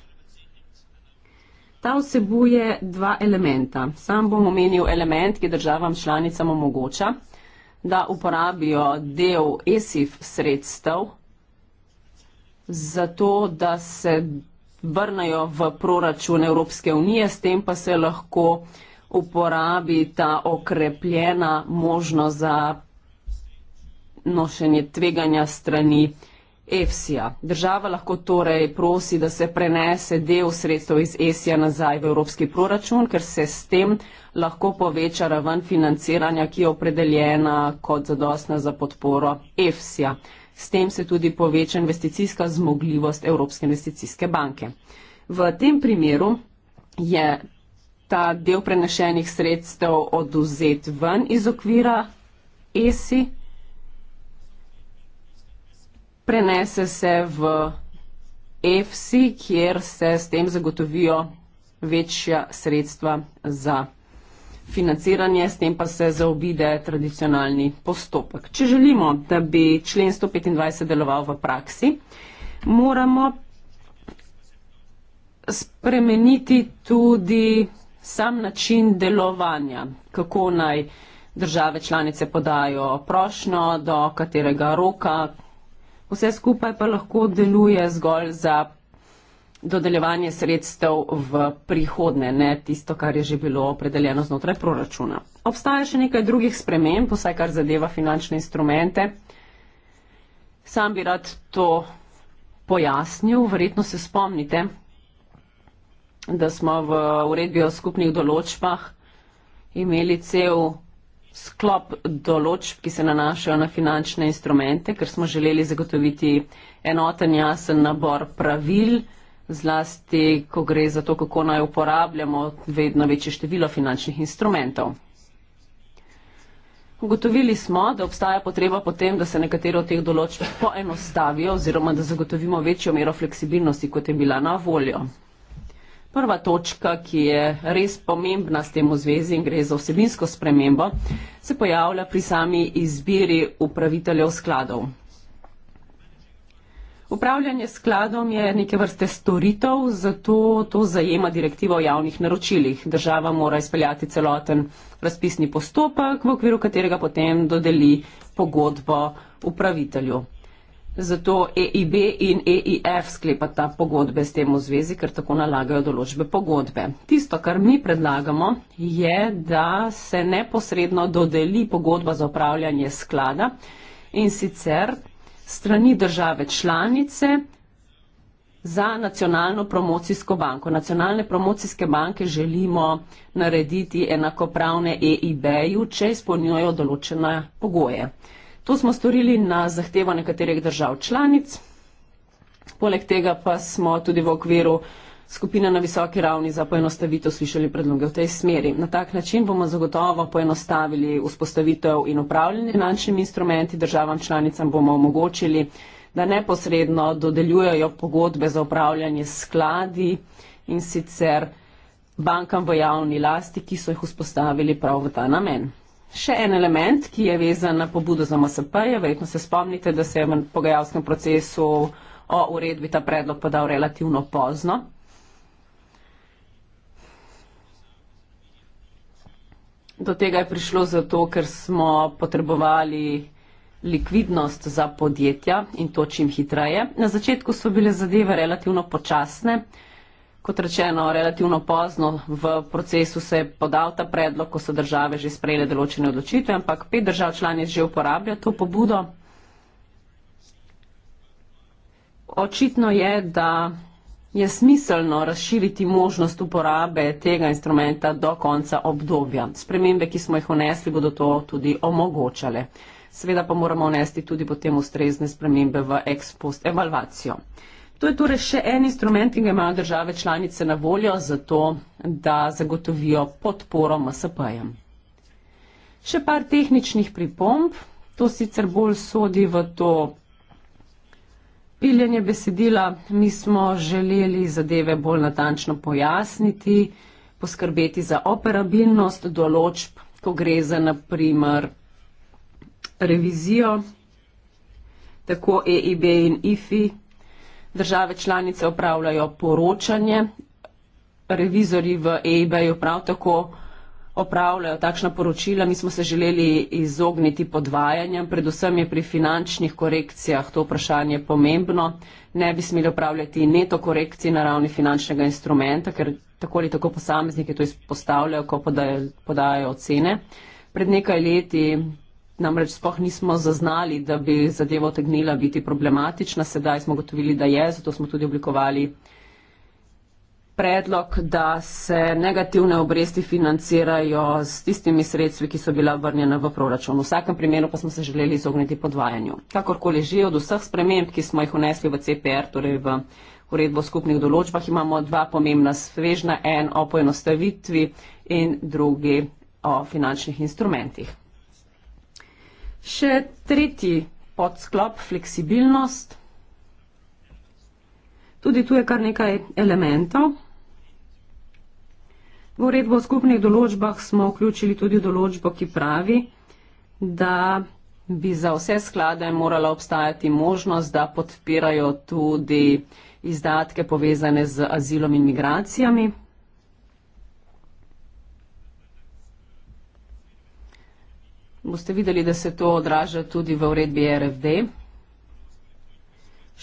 Ta vsebuje dva elementa. Sam bom omenil element, ki državam članicam omogoča, da uporabijo del ESIF sredstev za to, da se vrnajo v proračun Evropske unije, s tem pa se lahko uporabi ta okrepljena možnost za nošenje tveganja strani EFSI-ja. Država lahko torej prosi, da se prenese del sredstev iz EFSI-ja nazaj v evropski proračun, ker se s tem lahko poveča raven financiranja, ki je opredeljena kot zadostna za podporo EFSI-ja. S tem se tudi poveča investicijska zmogljivost Evropske investicijske banke. V tem primeru je ta del prenešenih sredstev oduzet ven iz okvira ESI, prenese se v EFSI, kjer se s tem zagotovijo večja sredstva za financiranje, s tem pa se zaobide tradicionalni postopek. Če želimo, da bi člen 125 deloval v praksi, moramo spremeniti tudi sam način delovanja, kako naj države članice podajo prošno, do katerega roka, vse skupaj pa lahko deluje zgolj za dodeljevanje sredstev v prihodne, ne tisto, kar je že bilo opredeljeno znotraj proračuna. Obstaja še nekaj drugih sprememb, vsaj kar zadeva finančne instrumente. Sam bi rad to pojasnil. Verjetno se spomnite, da smo v uredbi o skupnih določbah imeli cel sklop določb, ki se nanašajo na finančne instrumente, ker smo želeli zagotoviti enoten, jasen nabor pravil, zlasti, ko gre za to, kako naj uporabljamo vedno večje število finančnih instrumentov. Ugotovili smo, da obstaja potreba potem, da se nekatere od teh določb poenostavijo oziroma da zagotovimo večjo mero fleksibilnosti, kot je bila na voljo. Prva točka, ki je res pomembna s tem v zvezi in gre za vsebinsko spremembo, se pojavlja pri sami izbiri upraviteljev skladov. Upravljanje skladom je neke vrste storitev, zato to zajema direktivo o javnih naročilih. Država mora izpeljati celoten razpisni postopek, v okviru katerega potem dodeli pogodbo upravitelju. Zato EIB in EIF sklepata pogodbe s tem v zvezi, ker tako nalagajo določbe pogodbe. Tisto, kar mi predlagamo, je, da se neposredno dodeli pogodba za upravljanje sklada in sicer strani države članice za nacionalno promocijsko banko. Nacionalne promocijske banke želimo narediti enakopravne EIB-ju, če izpolnjujejo določene pogoje. To smo storili na zahtevo nekaterih držav članic. Poleg tega pa smo tudi v okviru skupine na visoki ravni za poenostavitev slišali predloge v tej smeri. Na tak način bomo zagotovo poenostavili vzpostavitev in upravljanje finančnimi instrumenti. Državam članicam bomo omogočili, da neposredno dodeljujejo pogodbe za upravljanje skladi in sicer bankam v javni lasti, ki so jih vzpostavili prav v ta namen. Še en element, ki je vezan na pobudo za MSP, je verjetno se spomnite, da se je v pogajalskem procesu o uredbi ta predlog podal relativno pozno. Do tega je prišlo zato, ker smo potrebovali likvidnost za podjetja in to čim hitreje. Na začetku so bile zadeve relativno počasne. Kot rečeno, relativno pozno v procesu se je podal ta predlog, ko so države že sprejele določene odločitve, ampak pet držav članic že uporablja to pobudo. Očitno je, da je smiselno razširiti možnost uporabe tega instrumenta do konca obdobja. Spremembe, ki smo jih vnesli, bodo to tudi omogočale. Seveda pa moramo vnesti tudi potem ustrezne spremembe v ex post evalvacijo. To je torej še en instrument, ki ga imajo države članice na voljo za to, da zagotovijo podporo MSP-jem. Še par tehničnih pripomb, to sicer bolj sodi v to piljenje besedila. Mi smo želeli zadeve bolj natančno pojasniti, poskrbeti za operabilnost določb, ko gre za naprimer revizijo, tako EIB in IFI, Države članice upravljajo poročanje, revizori v EIB-ju prav tako opravljajo takšna poročila. Mi smo se želeli izogniti podvajanjem, predvsem je pri finančnih korekcijah to vprašanje pomembno. Ne bi smeli upravljati neto korekcij na ravni finančnega instrumenta, ker tako ali tako posamezniki to izpostavljajo, ko podajo, podajo ocene. Pred nekaj leti Namreč spoh nismo zaznali, da bi zadevo tegnila biti problematična, sedaj smo gotovili, da je, zato smo tudi oblikovali predlog, da se negativne obresti financirajo s tistimi sredstvi, ki so bila vrnjena v proračun. V vsakem primeru pa smo se želeli izogniti podvajanju. Kakorkoli že od vseh sprememb, ki smo jih unesli v CPR, torej v uredbo o skupnih določbah, imamo dva pomembna svežna, en o poenostavitvi in drugi o finančnih instrumentih. Še tretji podsklop, fleksibilnost. Tudi tu je kar nekaj elementov. V uredbo o skupnih določbah smo vključili tudi določbo, ki pravi, da bi za vse sklade morala obstajati možnost, da podpirajo tudi izdatke povezane z azilom in migracijami. Boste videli, da se to odraža tudi v uredbi RFD.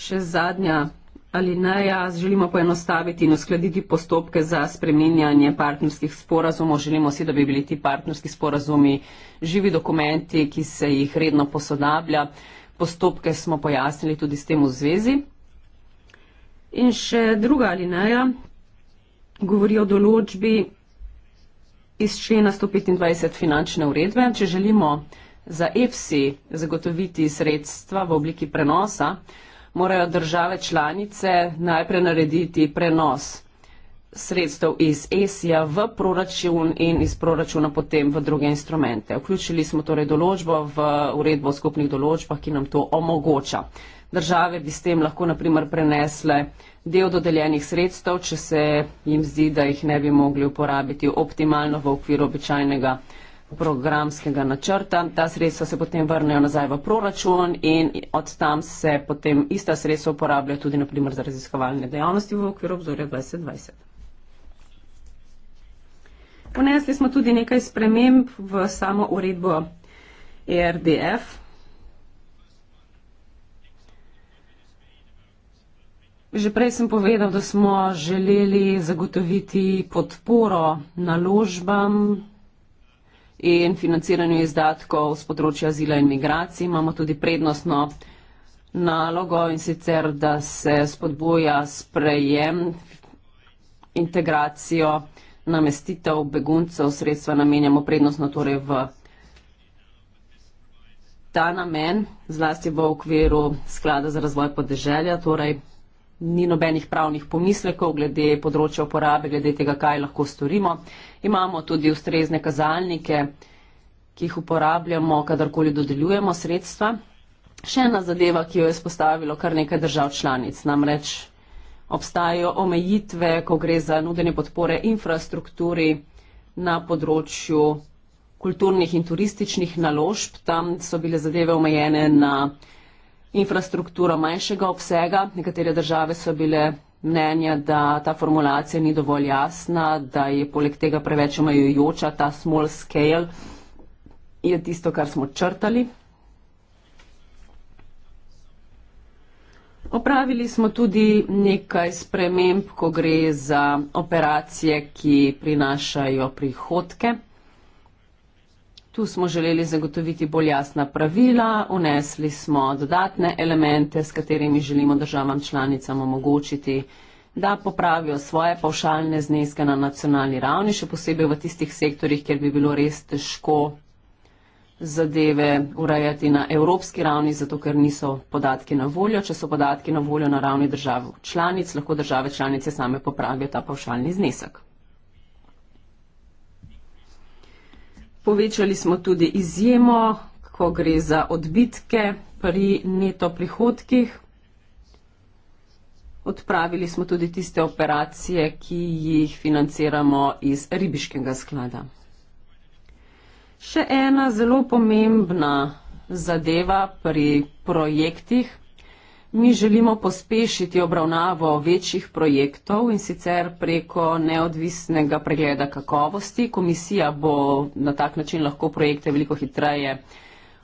Še zadnja ali naj jaz želimo poenostaviti in uskladiti postopke za spreminjanje partnerskih sporazumov. Želimo si, da bi bili ti partnerski sporazumi živi dokumenti, ki se jih redno posodablja. Postopke smo pojasnili tudi s tem v zvezi. In še druga alineja govori o določbi iz člena 125 finančne uredbe, če želimo za EFSI zagotoviti sredstva v obliki prenosa, morajo države članice najprej narediti prenos sredstev iz ESIA v proračun in iz proračuna potem v druge instrumente. Vključili smo torej določbo v uredbo o skupnih določbah, ki nam to omogoča. Države bi s tem lahko naprimer prenesle del dodeljenih sredstev, če se jim zdi, da jih ne bi mogli uporabiti optimalno v okviru običajnega programskega načrta. Ta sredstva se potem vrnejo nazaj v proračun in od tam se potem ista sredstva uporablja tudi naprimer za raziskovalne dejavnosti v okviru obzorja 2020. Ponesli smo tudi nekaj sprememb v samo uredbo ERDF, Že prej sem povedal, da smo želeli zagotoviti podporo naložbam in financiranju izdatkov z področja azila in migracij. Imamo tudi prednostno nalogo in sicer, da se spodboja sprejem integracijo namestitev beguncev, sredstva namenjamo prednostno torej v ta namen, zlasti v okviru sklada za razvoj podeželja, torej ni nobenih pravnih pomislekov glede področja uporabe, glede tega, kaj lahko storimo. Imamo tudi ustrezne kazalnike, ki jih uporabljamo, kadarkoli dodeljujemo sredstva. Še ena zadeva, ki jo je spostavilo kar nekaj držav članic, namreč obstajajo omejitve, ko gre za nudenje podpore infrastrukturi na področju kulturnih in turističnih naložb. Tam so bile zadeve omejene na infrastrukturo manjšega obsega. Nekatere države so bile mnenja, da ta formulacija ni dovolj jasna, da je poleg tega preveč omejujoča, ta small scale je tisto, kar smo črtali. Opravili smo tudi nekaj sprememb, ko gre za operacije, ki prinašajo prihodke. Tu smo želeli zagotoviti bolj jasna pravila, unesli smo dodatne elemente, s katerimi želimo državam članicam omogočiti, da popravijo svoje pavšalne zneske na nacionalni ravni, še posebej v tistih sektorjih, kjer bi bilo res težko zadeve urejati na evropski ravni, zato ker niso podatki na voljo. Če so podatki na voljo na ravni držav članic, lahko države članice same popravijo ta pavšalni znesek. Povečali smo tudi izjemo, ko gre za odbitke pri neto prihodkih. Odpravili smo tudi tiste operacije, ki jih financiramo iz ribiškega sklada. Še ena zelo pomembna zadeva pri projektih Mi želimo pospešiti obravnavo večjih projektov in sicer preko neodvisnega pregleda kakovosti. Komisija bo na tak način lahko projekte veliko hitreje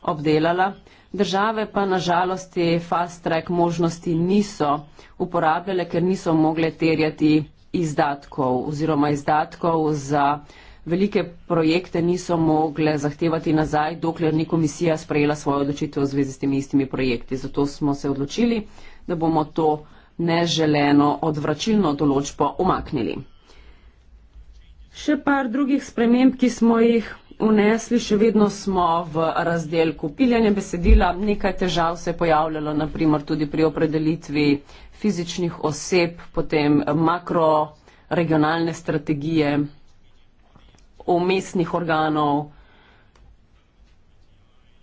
obdelala. Države pa na žalost te fast track možnosti niso uporabljale, ker niso mogle terjati izdatkov oziroma izdatkov za velike projekte niso mogle zahtevati nazaj, dokler ni komisija sprejela svojo odločitev v zvezi s temi istimi projekti. Zato smo se odločili, da bomo to neželeno odvračilno določbo omaknili. Še par drugih sprememb, ki smo jih unesli, še vedno smo v razdelku piljanja besedila. Nekaj težav se je pojavljalo, naprimer tudi pri opredelitvi fizičnih oseb, potem makroregionalne strategije, umestnih organov,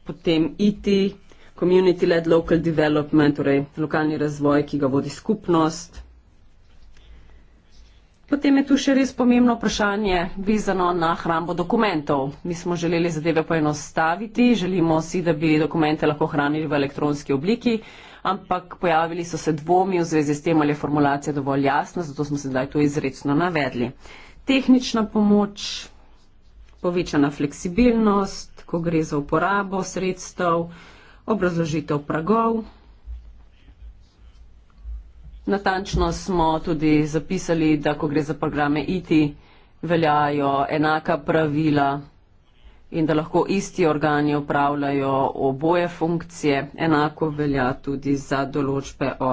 potem ITI, Community-led local development, torej lokalni razvoj, ki ga vodi skupnost. Potem je tu še res pomembno vprašanje vezano na hrambo dokumentov. Mi smo želeli zadeve poenostaviti, želimo si, da bi dokumente lahko hranili v elektronski obliki, ampak pojavili so se dvomi v zvezi s tem, ali je formulacija dovolj jasna, zato smo se zdaj tu izredno navedli. Tehnična pomoč povečana fleksibilnost, ko gre za uporabo sredstev, obrazložitev pragov. Natančno smo tudi zapisali, da ko gre za programe ITI, veljajo enaka pravila in da lahko isti organi upravljajo oboje funkcije. Enako velja tudi za določbe o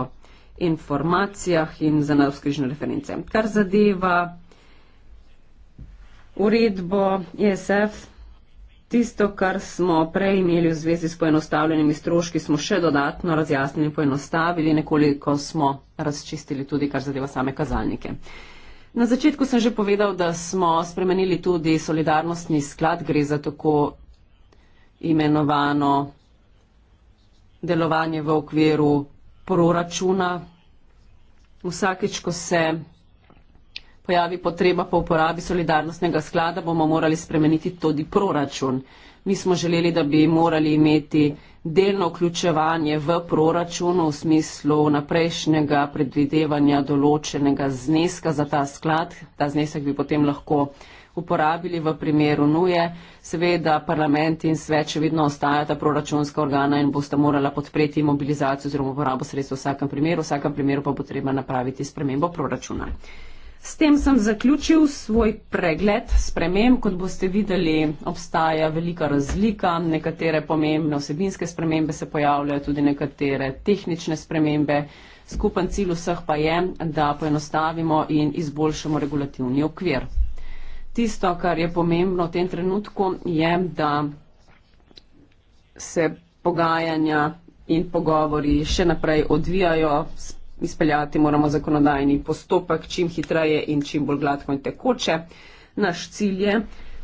informacijah in za neuskrižne reference. Kar zadeva uredbo ESF. Tisto, kar smo prej imeli v zvezi s poenostavljenimi stroški, smo še dodatno razjasnili, poenostavili, nekoliko smo razčistili tudi, kar zadeva same kazalnike. Na začetku sem že povedal, da smo spremenili tudi solidarnostni sklad, gre za tako imenovano delovanje v okviru proračuna. Vsakeč, ko se pojavi potreba po uporabi solidarnostnega sklada, bomo morali spremeniti tudi proračun. Mi smo želeli, da bi morali imeti delno vključevanje v proračunu v smislu naprejšnjega predvidevanja določenega zneska za ta sklad. Ta znesek bi potem lahko uporabili v primeru nuje. Seveda parlament in sveč vedno ostajata proračunska organa in boste morala podpreti mobilizacijo oziroma uporabo sredstva v vsakem primeru. V vsakem primeru pa potreba napraviti spremembo proračuna. S tem sem zaključil svoj pregled sprememb. Kot boste videli, obstaja velika razlika. Nekatere pomembne osebinske spremembe se pojavljajo, tudi nekatere tehnične spremembe. Skupen cilj vseh pa je, da poenostavimo in izboljšamo regulativni okvir. Tisto, kar je pomembno v tem trenutku, je, da se pogajanja in pogovori še naprej odvijajo s izpeljati moramo zakonodajni postopek čim hitreje in čim bolj gladko in tekoče. Naš cilj je,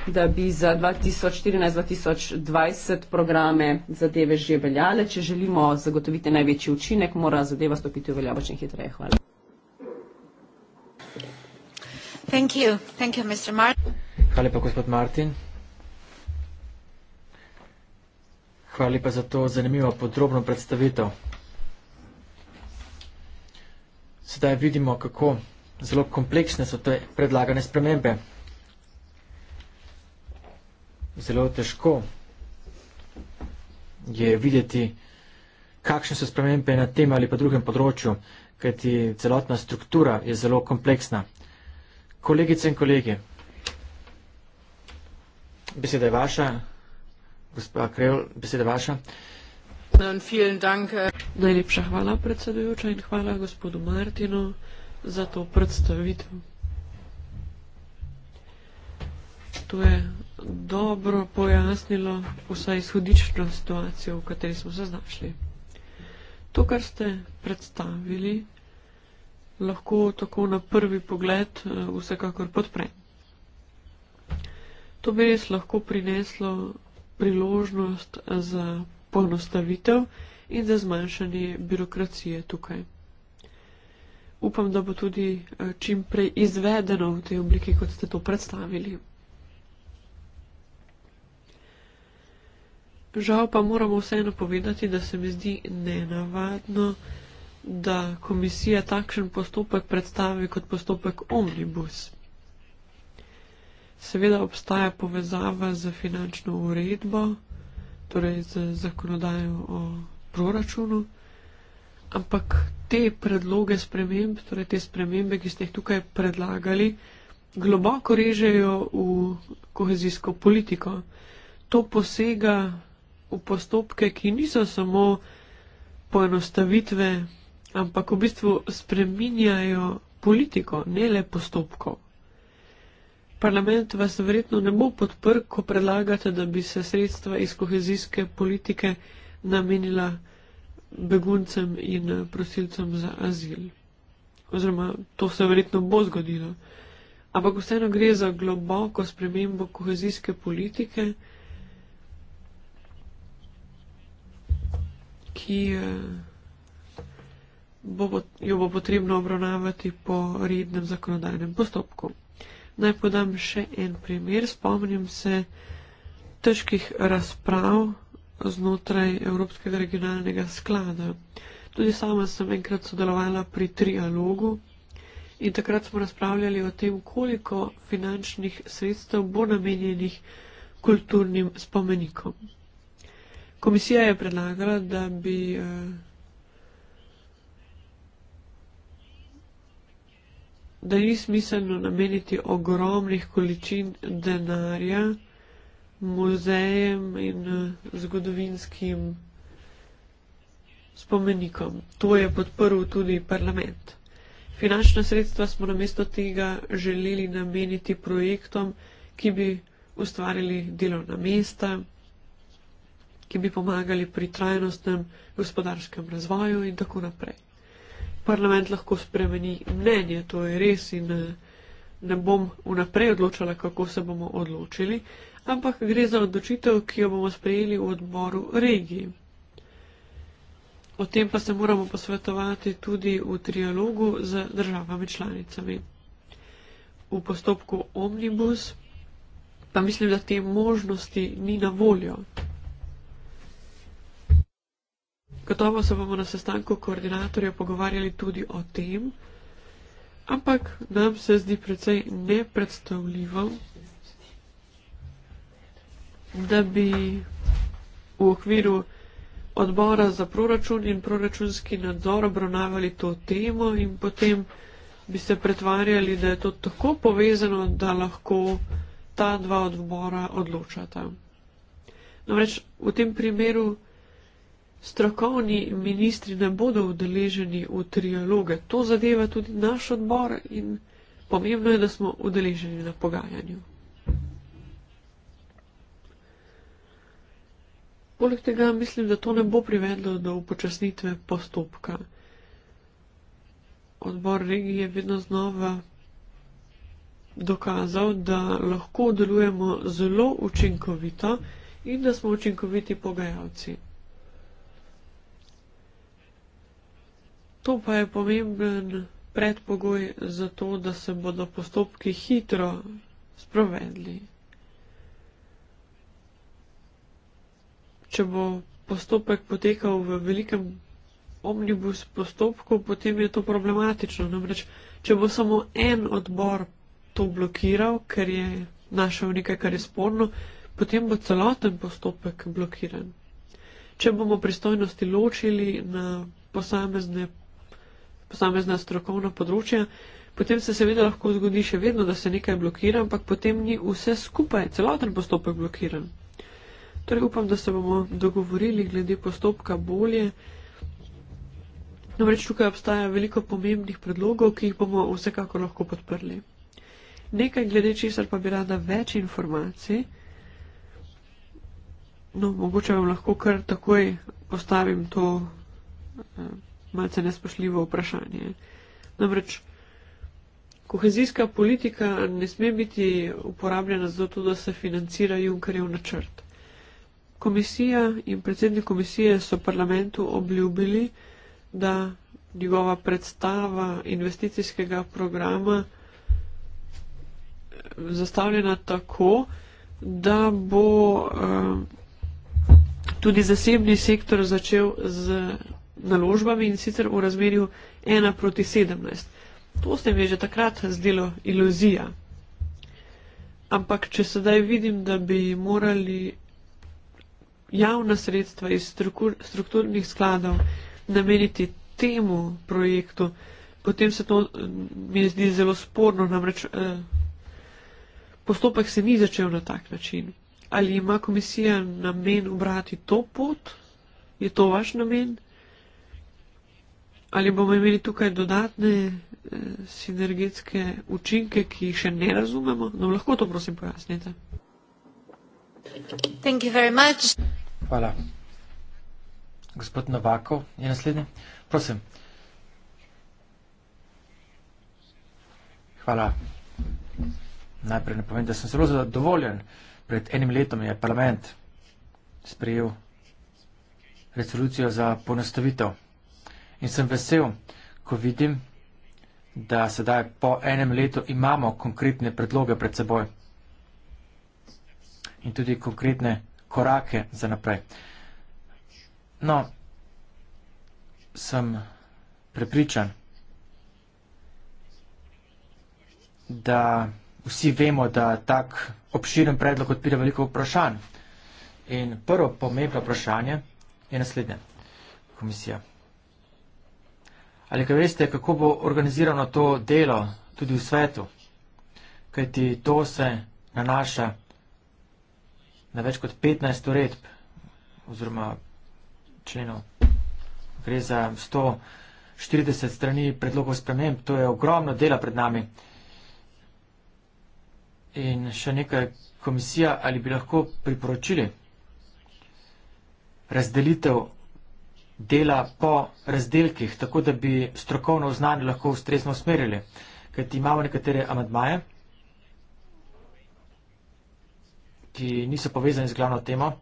da bi za 2014-2020 programe zadeve že veljale. Če želimo zagotoviti največji učinek, mora zadeva stopiti v veljavo čim hitreje. Hvala. Thank you. Thank you, Mr. Martin. Hvala lepa, gospod Martin. Hvala lepa za to zanimivo podrobno predstavitev. Sedaj vidimo, kako zelo kompleksne so te predlagane spremembe. Zelo težko je videti, kakšne so spremembe na tem ali pa drugem področju, kajti celotna struktura je zelo kompleksna. Kolegice in kolegi, beseda je vaša, gospod Krejl, beseda je vaša. Äh, Najlepša hvala, predsedujoča, in hvala gospodu Martinu za to predstavitev. To je dobro pojasnilo vsa izhodično situacijo, v kateri smo se znašli. To, kar ste predstavili, lahko tako na prvi pogled eh, vsekakor podprem. To bi res lahko prineslo priložnost za poenostavitev in za zmanjšanje birokracije tukaj. Upam, da bo tudi eh, čim prej izvedeno v tej obliki, kot ste to predstavili. Žal pa moramo vseeno povedati, da se mi zdi nenavadno, da komisija takšen postopek predstavi kot postopek omnibus. Seveda obstaja povezava z finančno uredbo torej z zakonodajo o proračunu, ampak te predloge sprememb, torej te spremembe, ki ste jih tukaj predlagali, globoko režejo v kohezijsko politiko. To posega v postopke, ki niso samo poenostavitve, ampak v bistvu spreminjajo politiko, ne le postopkov parlament vas verjetno ne bo podprl, ko predlagate, da bi se sredstva iz kohezijske politike namenila beguncem in prosilcem za azil. Oziroma, to se verjetno bo zgodilo. Ampak vseeno gre za globoko spremembo kohezijske politike, ki eh, bo, jo bo potrebno obravnavati po rednem zakonodajnem postopku. Naj podam še en primer. Spomnim se težkih razprav znotraj Evropskega regionalnega sklada. Tudi sama sem enkrat sodelovala pri trialogu in takrat smo razpravljali o tem, koliko finančnih sredstev bo namenjenih kulturnim spomenikom. Komisija je predlagala, da bi eh, da ni smiselno nameniti ogromnih količin denarja muzejem in eh, zgodovinskim spomenikom. To je podprl tudi parlament. Finančna sredstva smo namesto tega želeli nameniti projektom, ki bi ustvarili delovna mesta, ki bi pomagali pri trajnostnem gospodarskem razvoju in tako naprej parlament lahko spremeni mnenje, to je res in ne, eh, ne bom vnaprej odločala, kako se bomo odločili, ampak gre za odločitev, ki jo bomo sprejeli v odboru regiji. O tem pa se moramo posvetovati tudi v trialogu z državami članicami. V postopku omnibus pa mislim, da te možnosti ni na voljo. Gotovo se bomo na sestanku koordinatorja pogovarjali tudi o tem, ampak nam se zdi precej nepredstavljivo, da bi v okviru odbora za proračun in proračunski nadzor obravnavali to temo in potem bi se pretvarjali, da je to tako povezano, da lahko ta dva odbora odločata. Namreč v tem primeru strokovni ministri ne bodo udeleženi v trialoge. To zadeva tudi naš odbor in pomembno je, da smo udeleženi na pogajanju. Poleg tega mislim, da to ne bo privedlo do upočasnitve postopka. Odbor regije je vedno znova dokazal, da lahko delujemo zelo učinkovito in da smo učinkoviti pogajalci. To pa je pomemben predpogoj za to, da se bodo postopki hitro sprovedli. Če bo postopek potekal v velikem omnibus postopku, potem je to problematično. Namreč, če bo samo en odbor to blokiral, ker je našel nekaj, kar je sporno, potem bo celoten postopek blokiran. Če bomo pristojnosti ločili na posamezne posamezna strokovna področja, potem se seveda lahko zgodi še vedno, da se nekaj blokira, ampak potem ni vse skupaj, celoten postopek blokiran. Torej upam, da se bomo dogovorili glede postopka bolje. Namreč tukaj obstaja veliko pomembnih predlogov, ki jih bomo vsekako lahko podprli. Nekaj glede česar pa bi rada več informacij. No, mogoče vam lahko kar takoj postavim to. Eh, malce nespošljivo vprašanje. Namreč kohezijska politika ne sme biti uporabljena za to, da se financira Junkerjev načrt. Komisija in predsednik komisije so parlamentu obljubili, da njegova predstava investicijskega programa eh, zastavljena tako, da bo um, tudi zasebni sektor začel z naložbami in sicer v razmerju 1 proti 17. To se mi je že takrat zdelo iluzija. Ampak, če sedaj vidim, da bi morali javna sredstva iz strukturnih skladov nameniti temu projektu, potem se to eh, mi zdi zelo sporno, namreč eh, postopek se ni začel na tak način. Ali ima komisija namen obrati to pot? Je to vaš namen? ali bomo imeli tukaj dodatne eh, sinergetske učinke, ki jih še ne razumemo? Nam no, lahko to prosim pojasnite? Hvala. Gospod Novakov je naslednji. Prosim. Hvala. Najprej ne povem, da sem zelo zadovoljen. Pred enim letom je parlament sprejel resolucijo za ponastavitev In sem vesel, ko vidim, da sedaj po enem letu imamo konkretne predloge pred seboj in tudi konkretne korake za naprej. No, sem prepričan, da vsi vemo, da tak obširen predlog odpira veliko vprašanj. In prvo pomembno vprašanje je naslednje. Komisija. Ali ga veste, kako bo organizirano to delo tudi v svetu? Kaj ti to se nanaša na več kot 15 uredb oziroma členov. Gre za 140 strani predlogov sprememb, to je ogromno dela pred nami. In še nekaj komisija, ali bi lahko priporočili razdelitev dela po razdelkih, tako da bi strokovno znanje lahko ustrezno usmerili, ker imamo nekatere amadmaje, ki niso povezani z glavno temo.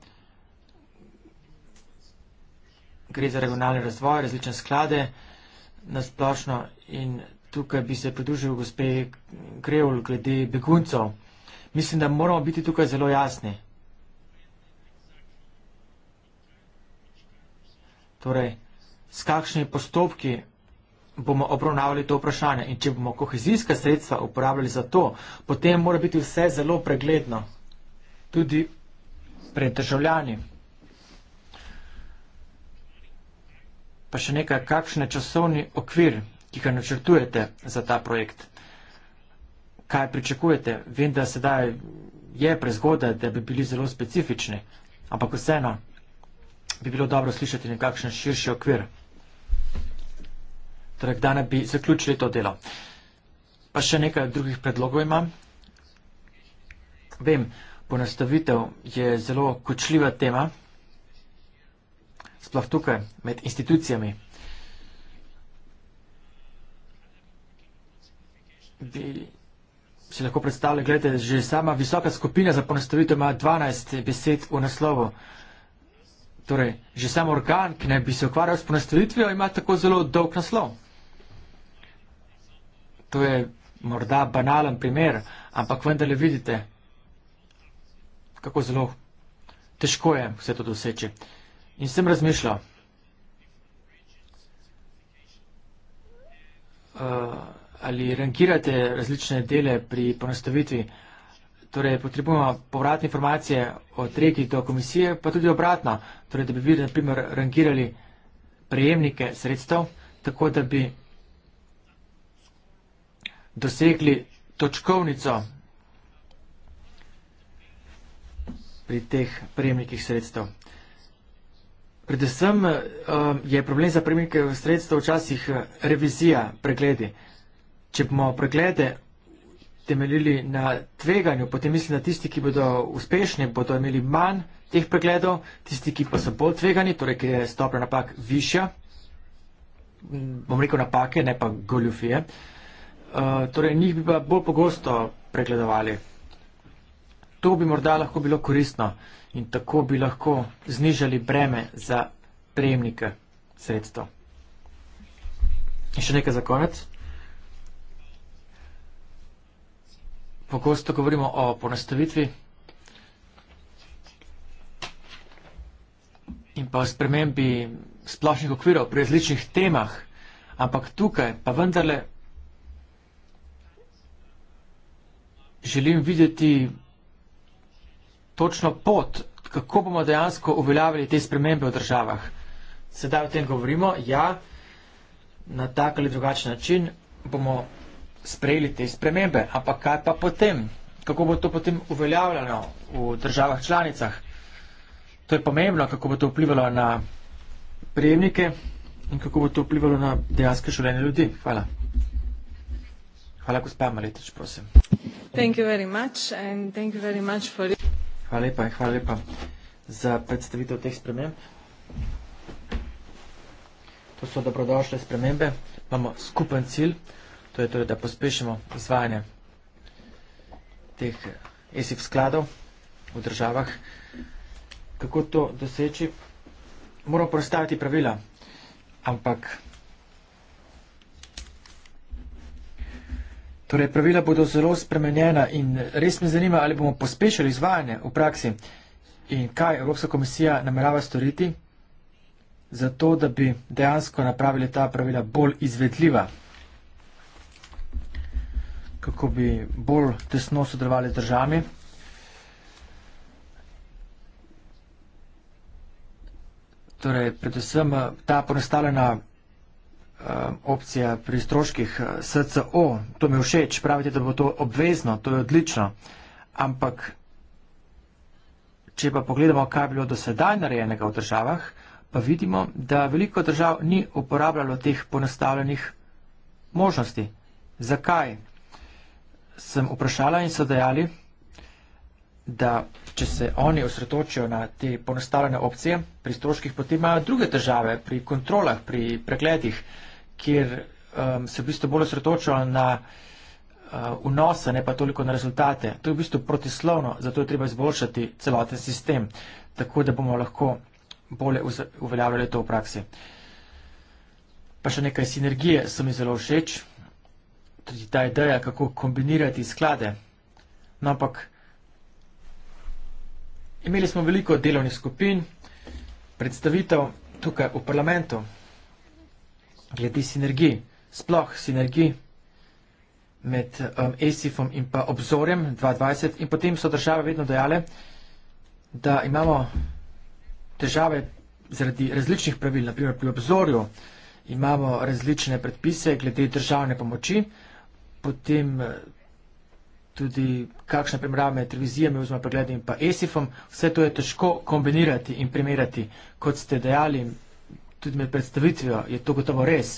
Gre za regionalni razvoj, različne sklade na splošno in tukaj bi se pridružil gospe Greul glede beguncov. Mislim, da moramo biti tukaj zelo jasni. Torej, s kakšnimi postopki bomo obravnavali to vprašanje in če bomo kohezijska sredstva uporabljali za to, potem mora biti vse zelo pregledno, tudi pred državljani. Pa še nekaj, kakšen je časovni okvir, ki ga načrtujete za ta projekt? Kaj pričakujete? Vem, da sedaj je prezgodaj, da bi bili zelo specifični, ampak vseeno bi bilo dobro slišati nekakšen širši okvir. Torej, kdaj bi zaključili to delo. Pa še nekaj drugih predlogov imam. Vem, ponastavitev je zelo kočljiva tema, sploh tukaj, med institucijami. Bi si lahko predstavljali, gledajte, že sama visoka skupina za ponastavitev ima 12 besed v naslovu. Torej, že sam organ, ki ne bi se ukvarjal s ponastavitvijo, ima tako zelo dolg naslov. To je morda banalen primer, ampak vendar le vidite, kako zelo težko je vse to doseči. In sem razmišljal. Uh, ali rankirate različne dele pri ponastavitvi? Uh, Torej, potrebujemo povratne informacije od regij do komisije, pa tudi obratno, torej, da bi videli, naprimer, rangirali prejemnike sredstev, tako da bi dosegli točkovnico pri teh prejemnikih sredstev. Predvsem eh, je problem za prejemnike sredstev včasih eh, revizija, pregledi. Če bomo preglede temeljili na tveganju, potem mislim, da tisti, ki bodo uspešni, bodo imeli manj teh pregledov, tisti, ki pa so bolj tvegani, torej, ki je stopna napak višja, bom rekel napake, ne pa goljufije, eh, torej, njih bi pa bolj pogosto pregledovali. To bi morda lahko bilo koristno in tako bi lahko znižali breme za prejemnike sredstva. In še nekaj za konec. Pogosto govorimo o ponastavitvi in pa o spremembi splošnih okvirov pri različnih temah, ampak tukaj pa vendarle želim videti točno pot, kako bomo dejansko uveljavili te spremembe v državah. Sedaj o tem govorimo, ja, na tak ali drugačen način bomo sprejeli te spremembe. Ampak kaj pa potem? Kako bo to potem uveljavljeno v državah članicah? To je pomembno, kako bo to vplivalo na prejemnike in kako bo to vplivalo na dejansko življenje ljudi. Hvala. Hvala, gospa Maletič, prosim. For... Hvala lepa in hvala lepa za predstavitev teh sprememb. To so dobrodošle spremembe. Imamo skupen cilj to je torej, da pospešimo izvajanje teh eh, ESIF skladov v državah. Kako to doseči? Moramo prostaviti pravila, ampak torej, pravila bodo zelo spremenjena in res me zanima, ali bomo pospešili izvajanje v praksi in kaj Evropska komisija namerava storiti, zato da bi dejansko napravili ta pravila bolj izvedljiva kako bi bolj tesno sodelovali z državami. Torej, predvsem eh, ta ponestavljena eh, opcija pri stroških eh, SCO, to mi všeč, pravite, da bo to obvezno, to je odlično, ampak če pa pogledamo, kaj je bilo do sedaj narejenega v državah, pa vidimo, da veliko držav ni uporabljalo teh ponestavljenih možnosti. Zakaj? sem vprašala in so dejali, da če se oni osredotočijo na te ponastavljene opcije pri stroških, potem imajo druge težave pri kontrolah, pri pregledih, kjer um, se v bistvu bolj osredotočijo na uh, vnose, ne pa toliko na rezultate. To je v bistvu protislovno, zato je treba izboljšati celoten sistem, tako da bomo lahko bolje uveljavljali to v praksi. Pa še nekaj sinergije so mi zelo všeč tudi ta ideja, kako kombinirati sklade. No, ampak imeli smo veliko delovnih skupin, predstavitev tukaj v parlamentu, glede sinergij, sploh sinergij med um, ESIF-om in pa obzorjem 2020 in potem so države vedno dejale, da imamo težave zaradi različnih pravil, naprimer pri obzorju imamo različne predpise glede državne pomoči, potem eh, tudi kakšne primerjave med televizijami oziroma pregledi in pa ESIF-om. Vse to je težko kombinirati in primerjati, kot ste dejali, tudi med predstavitvijo, je to gotovo res.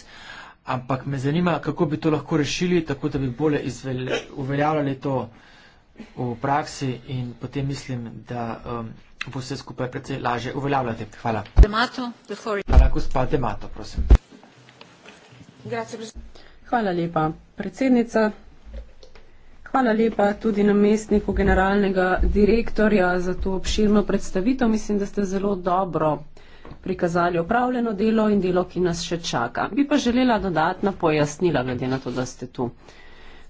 Ampak me zanima, kako bi to lahko rešili, tako da bi bolje uveljavljali to v praksi in potem mislim, da um, bo vse skupaj precej lažje uveljavljati. Hvala. Demato, Hvala, gospod Demato, prosim. Grazie, Hvala lepa, predsednica. Hvala lepa tudi namestniku generalnega direktorja za to obširno predstavitev. Mislim, da ste zelo dobro prikazali opravljeno delo in delo, ki nas še čaka. Bi pa želela dodatna pojasnila, glede na to, da ste tu.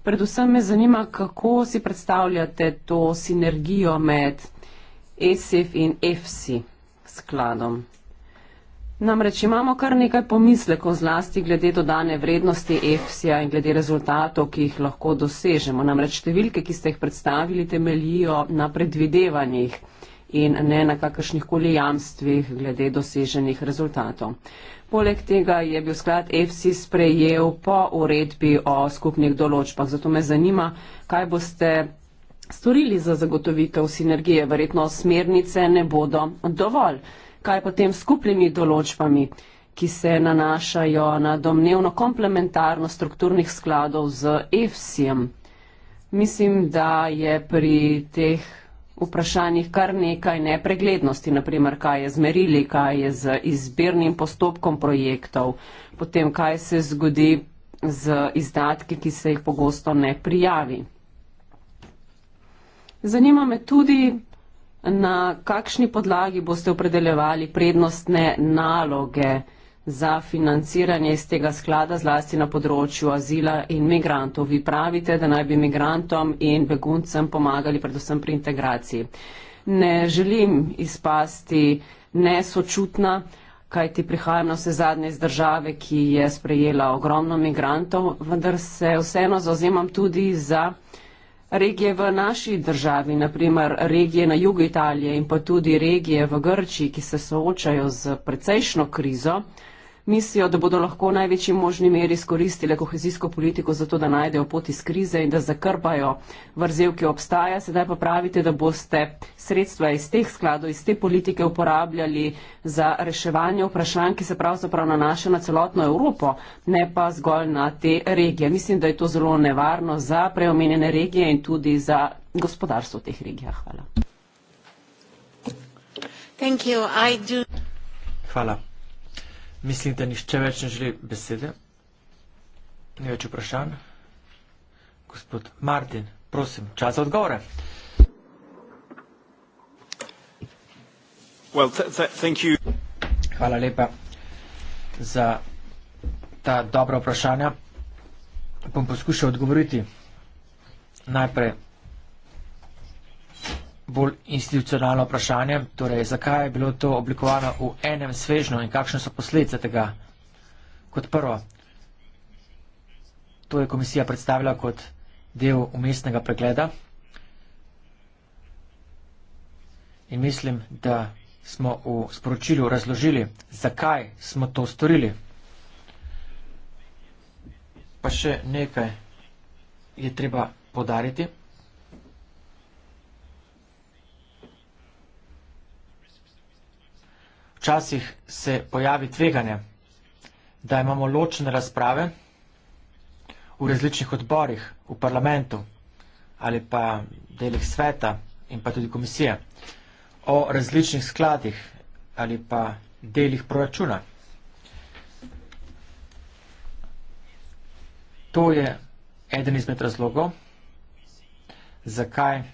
Predvsem me zanima, kako si predstavljate to sinergijo med ESIF e in EFSI skladom. Namreč imamo kar nekaj pomislekov zlasti glede dodane vrednosti EFSI-ja in glede rezultatov, ki jih lahko dosežemo. Namreč številke, ki ste jih predstavili, temeljijo na predvidevanjih in ne na kakršnihkoli jamstvih glede doseženih rezultatov. Poleg tega je bil sklad EFSI sprejel po uredbi o skupnih določbah. Zato me zanima, kaj boste storili za zagotovitev sinergije. Verjetno smernice ne bodo dovolj kaj potem s skupnimi določbami, ki se nanašajo na domnevno komplementarno strukturnih skladov z EFSI-jem. Mislim, da je pri teh vprašanjih kar nekaj nepreglednosti, naprimer, kaj je z merili, kaj je z izbirnim postopkom projektov, potem kaj se zgodi z izdatki, ki se jih pogosto ne prijavi. Zanima me tudi, Na kakšni podlagi boste opredeljevali prednostne naloge za financiranje iz tega sklada, zlasti na področju azila in migrantov? Vi pravite, da naj bi migrantom in beguncem pomagali predvsem pri integraciji. Ne želim izpasti nesočutna, kajti prihajam na vse zadnje iz države, ki je sprejela ogromno migrantov, vendar se vseeno zauzemam tudi za Regije v naši državi, naprimer regije na jugu Italije in pa tudi regije v Grčiji, ki se soočajo z precejšno krizo, mislijo, da bodo lahko v največji možni meri izkoristile kohezijsko politiko za to, da najdejo pot iz krize in da zakrpajo vrzel, ki obstaja. Sedaj pa pravite, da boste sredstva iz teh skladov, iz te politike uporabljali za reševanje vprašanj, ki se pravzaprav nanaša na celotno Evropo, ne pa zgolj na te regije. Mislim, da je to zelo nevarno za preomenjene regije in tudi za gospodarstvo teh regij. Hvala. Hvala. Mislim, da nišče več ne želi besede. Ne več vprašanj. Gospod Martin, prosim, čas za odgovore. Well, Hvala lepa za ta dobra vprašanja. Bom poskušal odgovoriti najprej bolj institucionalno vprašanje, torej zakaj je bilo to oblikovano v enem svežnju in kakšne so posledice tega. Kot prvo, to je komisija predstavila kot del umestnega pregleda in mislim, da smo v sporočilju razložili, zakaj smo to storili. Pa še nekaj je treba podariti. včasih se pojavi tveganje, da imamo ločene razprave v različnih odborih, v parlamentu ali pa delih sveta in pa tudi komisije o različnih skladih ali pa delih proračuna. To je eden izmed razlogov, zakaj je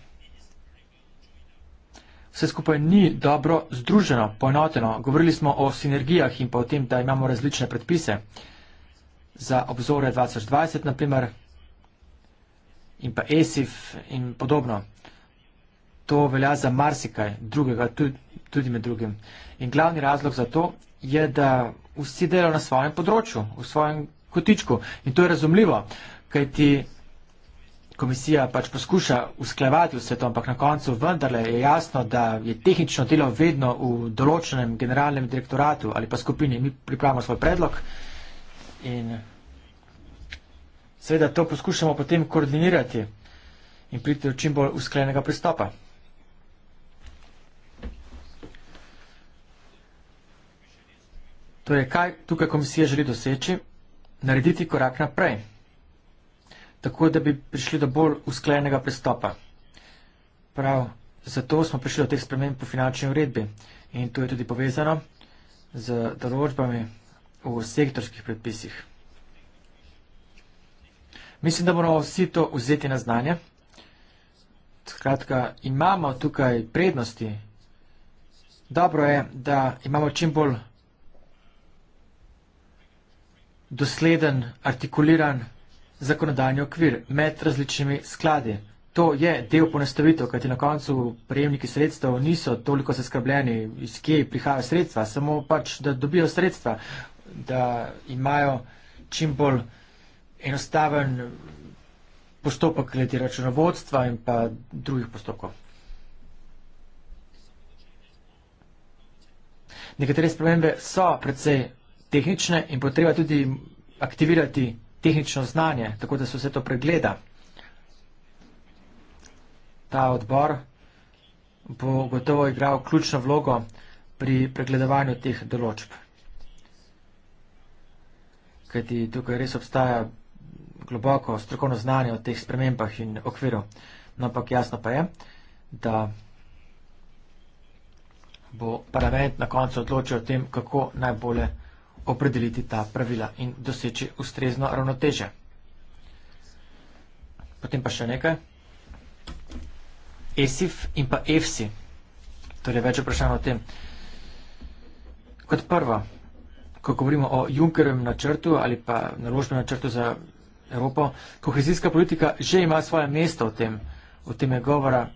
vse skupaj ni dobro združeno, poenoteno. Govorili smo o sinergijah in pa o tem, da imamo različne predpise za obzore 2020, naprimer, in pa ESIF in podobno. To velja za marsikaj drugega, tudi, tudi med drugim. In glavni razlog za to je, da vsi delajo na svojem področju, v svojem kotičku. In to je razumljivo, kajti komisija pač poskuša usklevati vse to, ampak na koncu vendarle je jasno, da je tehnično delo vedno v določenem generalnem direktoratu ali pa skupini. Mi pripravimo svoj predlog in seveda to poskušamo potem koordinirati in priti do čim bolj usklenega pristopa. Torej, kaj tukaj komisija želi doseči? Narediti korak naprej tako da bi prišli do bolj usklenega pristopa. Prav zato smo prišli do teh sprememb po finančni uredbi in to je tudi povezano z določbami v sektorskih predpisih. Mislim, da moramo vsi to vzeti na znanje. Skratka, imamo tukaj prednosti. Dobro je, da imamo čim bolj dosleden, artikuliran zakonodajni okvir med različnimi skladi. To je del ponestavitev, kajti na koncu prejemniki sredstev niso toliko zaskrbljeni, iz kje prihajajo sredstva, samo pač, da dobijo sredstva, da imajo čim bolj enostaven postopek glede računovodstva in pa drugih postopkov. Nekatere spremembe so predvsej tehnične in potreba tudi aktivirati tehnično znanje, tako da se vse to pregleda. Ta odbor bo gotovo igral ključno vlogo pri pregledovanju teh določb. Kajti tukaj res obstaja globoko strokovno znanje o teh spremembah in okviru. No, ampak jasno pa je, da bo parlament na koncu odločil o tem, kako najbolje opredeliti ta pravila in doseči ustrezno ravnoteže. Potem pa še nekaj. ESIF in pa EFSI. Torej več vprašanj o tem. Kot prvo, ko govorimo o Junckerjem načrtu ali pa naložbenem načrtu za Evropo, kohezijska politika že ima svoje mesto o tem. O tem je govora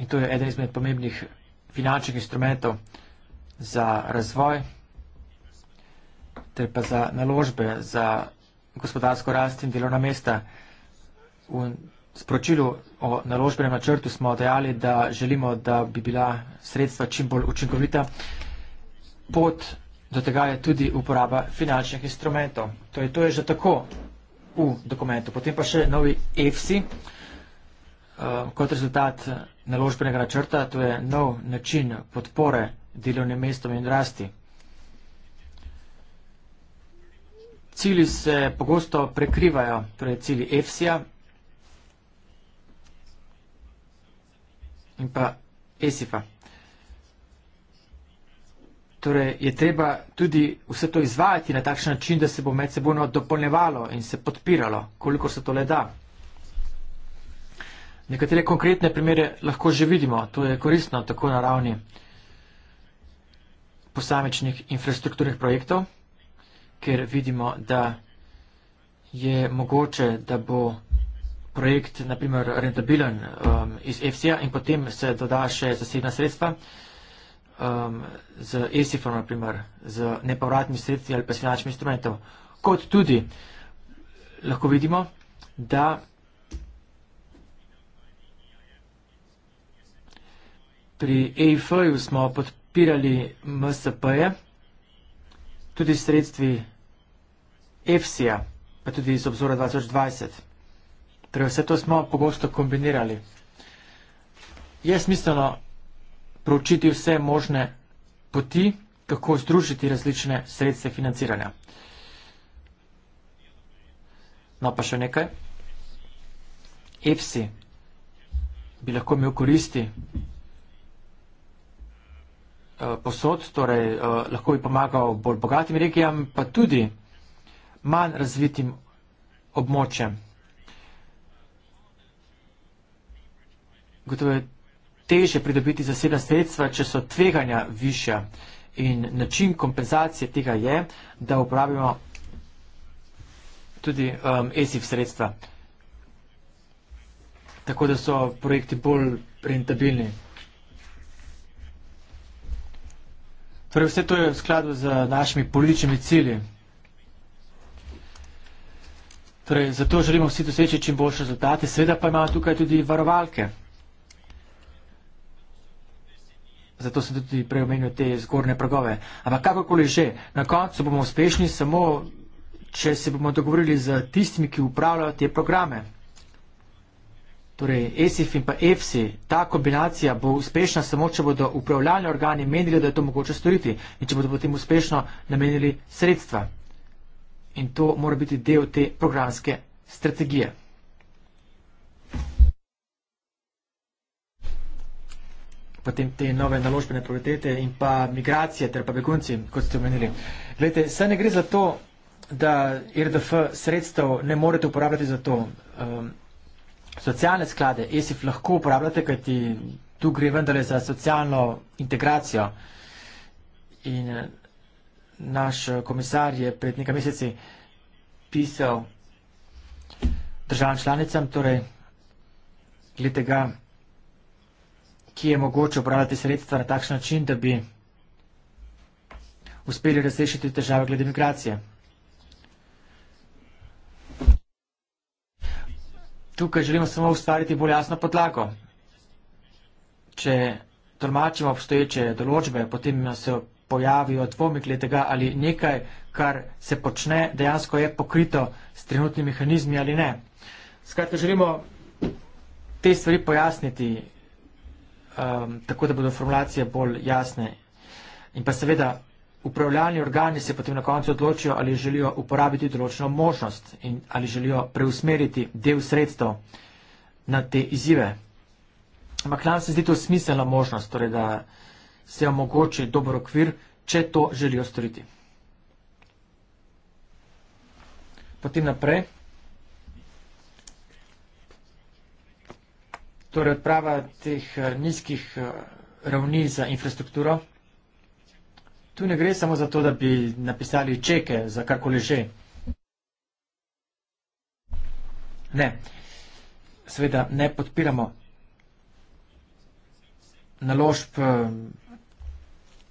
in to je eden izmed pomembnih finančnih instrumentov za razvoj ter pa za naložbe, za gospodarsko rast in delovna mesta. V sporočilu o naložbenem načrtu smo dejali, da želimo, da bi bila sredstva čim bolj učinkovita. Pot do tega je tudi uporaba finančnih instrumentov. To torej, je, to je že tako v dokumentu. Potem pa še novi EFSI eh, kot rezultat naložbenega načrta, to je nov način podpore delovnim mestom in rasti. cili se pogosto prekrivajo, torej cili EFSI-ja in pa ESIF-a. Torej je treba tudi vse to izvajati na takšen način, da se bo med sebojno dopolnevalo in se podpiralo, koliko se to le da. Nekatere konkretne primere lahko že vidimo, to je koristno tako na ravni posamičnih infrastrukturnih projektov ker vidimo, da je mogoče, da bo projekt naprimer rentabilen um, iz EFSI-ja in potem se doda še zasebna sredstva um, z ESIF-om naprimer, z nepovratnimi sredstvi ali pa s finančnimi instrumentov. Kot tudi lahko vidimo, da pri EIF-ju smo podpirali MSP-je, tudi sredstvi EFSI-ja, pa tudi iz obzora 2020. Torej vse to smo pogosto kombinirali. Je smiselno proučiti vse možne poti, kako združiti različne sredstve financiranja. No, pa še nekaj. EFSI bi lahko imel koristi Eh, posod, torej eh, lahko bi pomagal bolj bogatim regijam, pa tudi manj razvitim območjem. Gotovo je teže pridobiti zasebna sredstva, če so tveganja više in način kompenzacije tega je, da uporabimo tudi um, ESIF sredstva, tako da so projekti bolj rentabilni. Torej, vse to je v skladu z našimi političnimi cilji. Torej, zato želimo vsi doseči čim boljše rezultate, seveda pa imamo tukaj tudi varovalke. Zato sem tudi prej omenil te zgornje pragove. Ampak kakorkoli že, na koncu bomo uspešni samo, če se bomo dogovorili z tistimi, ki upravljajo te programe. Torej, ESIF in pa EFSI, ta kombinacija bo uspešna samo, če bodo upravljalni organi menili, da je to mogoče storiti in če bodo potem uspešno namenili sredstva. In to mora biti del te programske strategije. Potem te nove naložbene prioritete in pa migracije ter pa begunci, kot ste omenili. Glejte, saj ne gre za to, da RDF sredstev ne morete uporabljati za to. Um, socialne sklade, ESIF lahko uporabljate, kajti tu gre vendarle za socialno integracijo. In eh, naš eh, komisar je pred nekaj meseci pisal državam članicam, torej glede tega, ki je mogoče uporabljati sredstva na takšen način, da bi uspeli razrešiti težave glede migracije. Tukaj želimo samo ustvariti bolj jasno podlako. Če tolmačimo obstoječe določbe, potem se pojavijo dvomi glede tega, ali nekaj, kar se počne, dejansko je pokrito s trenutnimi mehanizmi ali ne. Skratka, želimo te stvari pojasniti um, tako, da bodo formulacije bolj jasne. In pa seveda upravljalni organi se potem na koncu odločijo, ali želijo uporabiti določeno možnost in ali želijo preusmeriti del sredstev na te izzive. Ampak nam se zdi to smiselna možnost, torej da se omogoči dober okvir, če to želijo storiti. Potem naprej. Torej odprava teh eh, nizkih eh, ravni za infrastrukturo. Tu ne gre samo za to, da bi napisali čeke za karkoli že. Ne, seveda ne podpiramo naložb eh,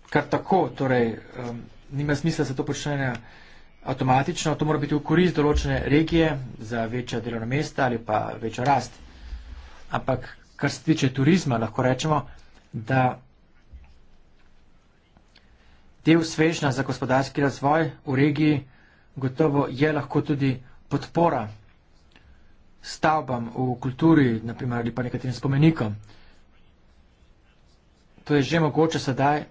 kar tako, torej eh, nima smisla za to počnenje avtomatično, to mora biti v korist določene regije za večja delovna mesta ali pa večjo rast. Ampak kar se tiče turizma, lahko rečemo, da Del svežna za gospodarski razvoj v regiji gotovo je lahko tudi podpora stavbam v kulturi, naprimer, ali pa nekaterim spomenikom. To je že mogoče sedaj.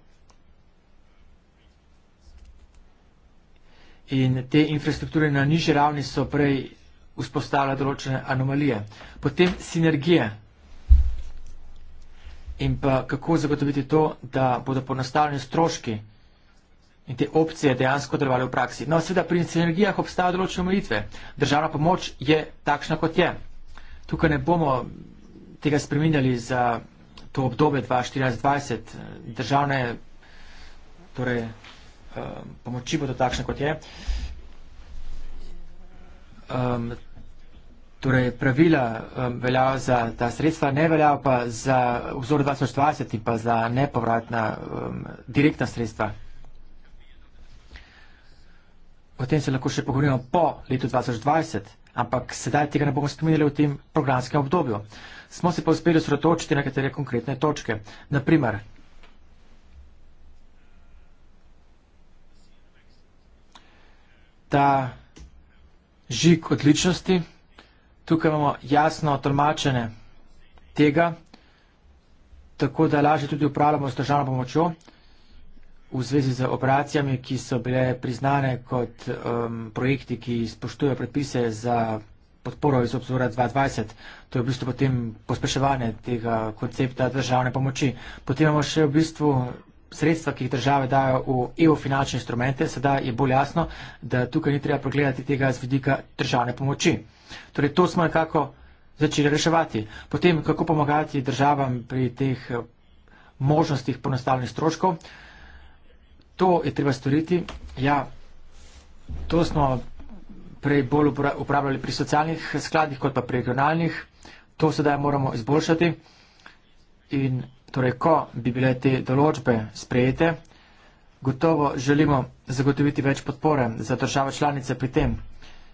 In te infrastrukture na nižji ravni so prej vzpostavile določene anomalije. Potem sinergije. In pa kako zagotoviti to, da bodo ponastavljeni stroški in te opcije dejansko delovali v praksi. No, seveda pri sinergijah obstajajo določene omejitve. Državna pomoč je takšna, kot je. Tukaj ne bomo tega spreminjali za to obdobje 2014-2020. Državne torej, um, pomoči bodo takšne, kot je. Um, torej, pravila um, veljajo za ta sredstva, ne veljajo pa za vzor 2020 in pa za nepovratna um, direktna sredstva, O tem se lahko še pogovorimo po letu 2020, ampak sedaj tega ne bomo spominjali v tem programskem obdobju. Smo se pa uspeli osredotočiti na nekatere konkretne točke. Naprimer, ta žig odličnosti, tukaj imamo jasno tolmačene tega, tako da lažje tudi upravljamo s državno pomočjo v zvezi z operacijami, ki so bile priznane kot um, projekti, ki spoštujejo predpise za podporo iz obzora 2020. To je v bistvu potem pospeševanje tega koncepta državne pomoči. Potem imamo še v bistvu sredstva, ki jih države dajo v EU finančne instrumente. Sedaj je bolj jasno, da tukaj ni treba pogledati tega z vidika državne pomoči. Torej, to smo nekako začeli reševati. Potem, kako pomagati državam pri teh eh, možnostih ponostalnih stroškov to je treba storiti. Ja, to smo prej bolj uporabljali pri socialnih skladih, kot pa pri regionalnih. To sedaj moramo izboljšati. In torej, ko bi bile te določbe sprejete, gotovo želimo zagotoviti več podpore za države članice pri tem.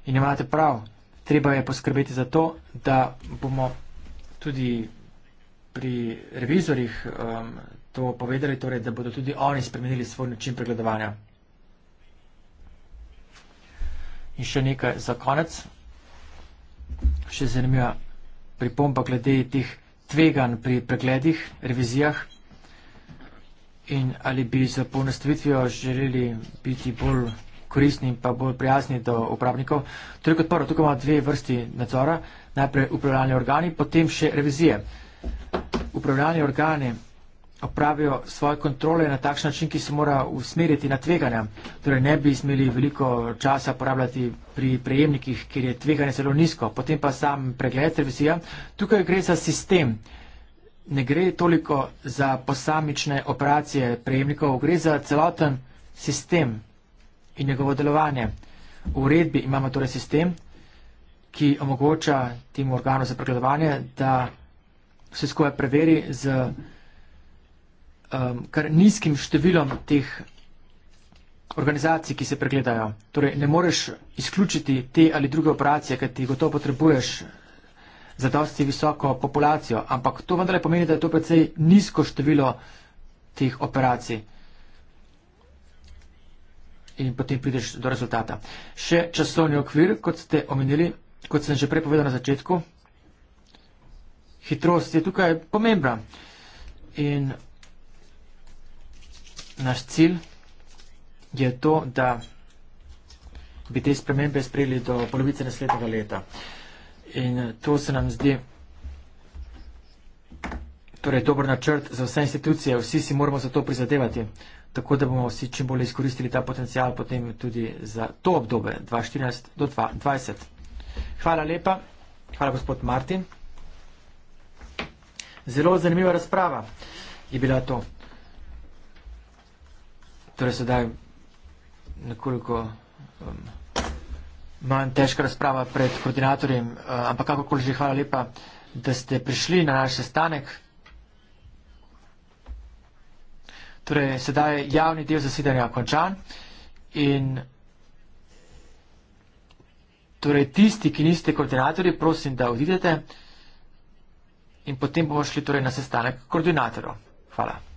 In imate prav, treba je poskrbeti za to, da bomo tudi pri revizorjih um, to povedali, torej, da bodo tudi oni spremenili svoj način pregledovanja. In še nekaj za konec. Še zanimiva pripomba glede teh tveganj pri pregledih, revizijah in ali bi za ponastavitvijo želeli biti bolj koristni in pa bolj prijazni do upravnikov. Torej kot prvo, tukaj imamo dve vrsti nadzora, najprej upravljalni organi, potem še revizije. Upravljalni organi opravijo svoje kontrole na takšen način, ki se mora usmeriti na tveganja. Torej ne bi smeli veliko časa porabljati pri prejemnikih, kjer je tveganje zelo nizko. Potem pa sam pregled televizija. Tukaj gre za sistem. Ne gre toliko za posamične operacije prejemnikov, gre za celoten sistem in njegovo delovanje. V uredbi imamo torej sistem, ki omogoča tim organom za pregledovanje, da se skupaj preveri z um, kar nizkim številom teh organizacij, ki se pregledajo. Torej, ne moreš izključiti te ali druge operacije, ker ti gotovo potrebuješ za dosti visoko populacijo, ampak to vendarle pomeni, da je to precej nizko število teh operacij. In potem prideš do rezultata. Še časovni okvir, kot ste omenili, kot sem že prepovedal na začetku. Hitrost je tukaj pomembna. In naš cilj je to, da bi te spremembe sprejeli do polovice naslednjega leta. In eh, to se nam zdi torej, dober načrt za vse institucije. Vsi si moramo za to prizadevati, tako da bomo vsi čim bolj izkoristili ta potencial potem tudi za to obdobje 2014 do 2020. Hvala lepa. Hvala, gospod Martin. Zelo zanimiva razprava je bila to torej sedaj nekoliko um, manj težka razprava pred koordinatorjem, uh, ampak kakorkoli že hvala lepa, da ste prišli na naš sestanek. Torej, sedaj je javni del zasedanja končan in torej tisti, ki niste koordinatorji, prosim, da odidete in potem bomo šli torej na sestanek koordinatorov. Hvala.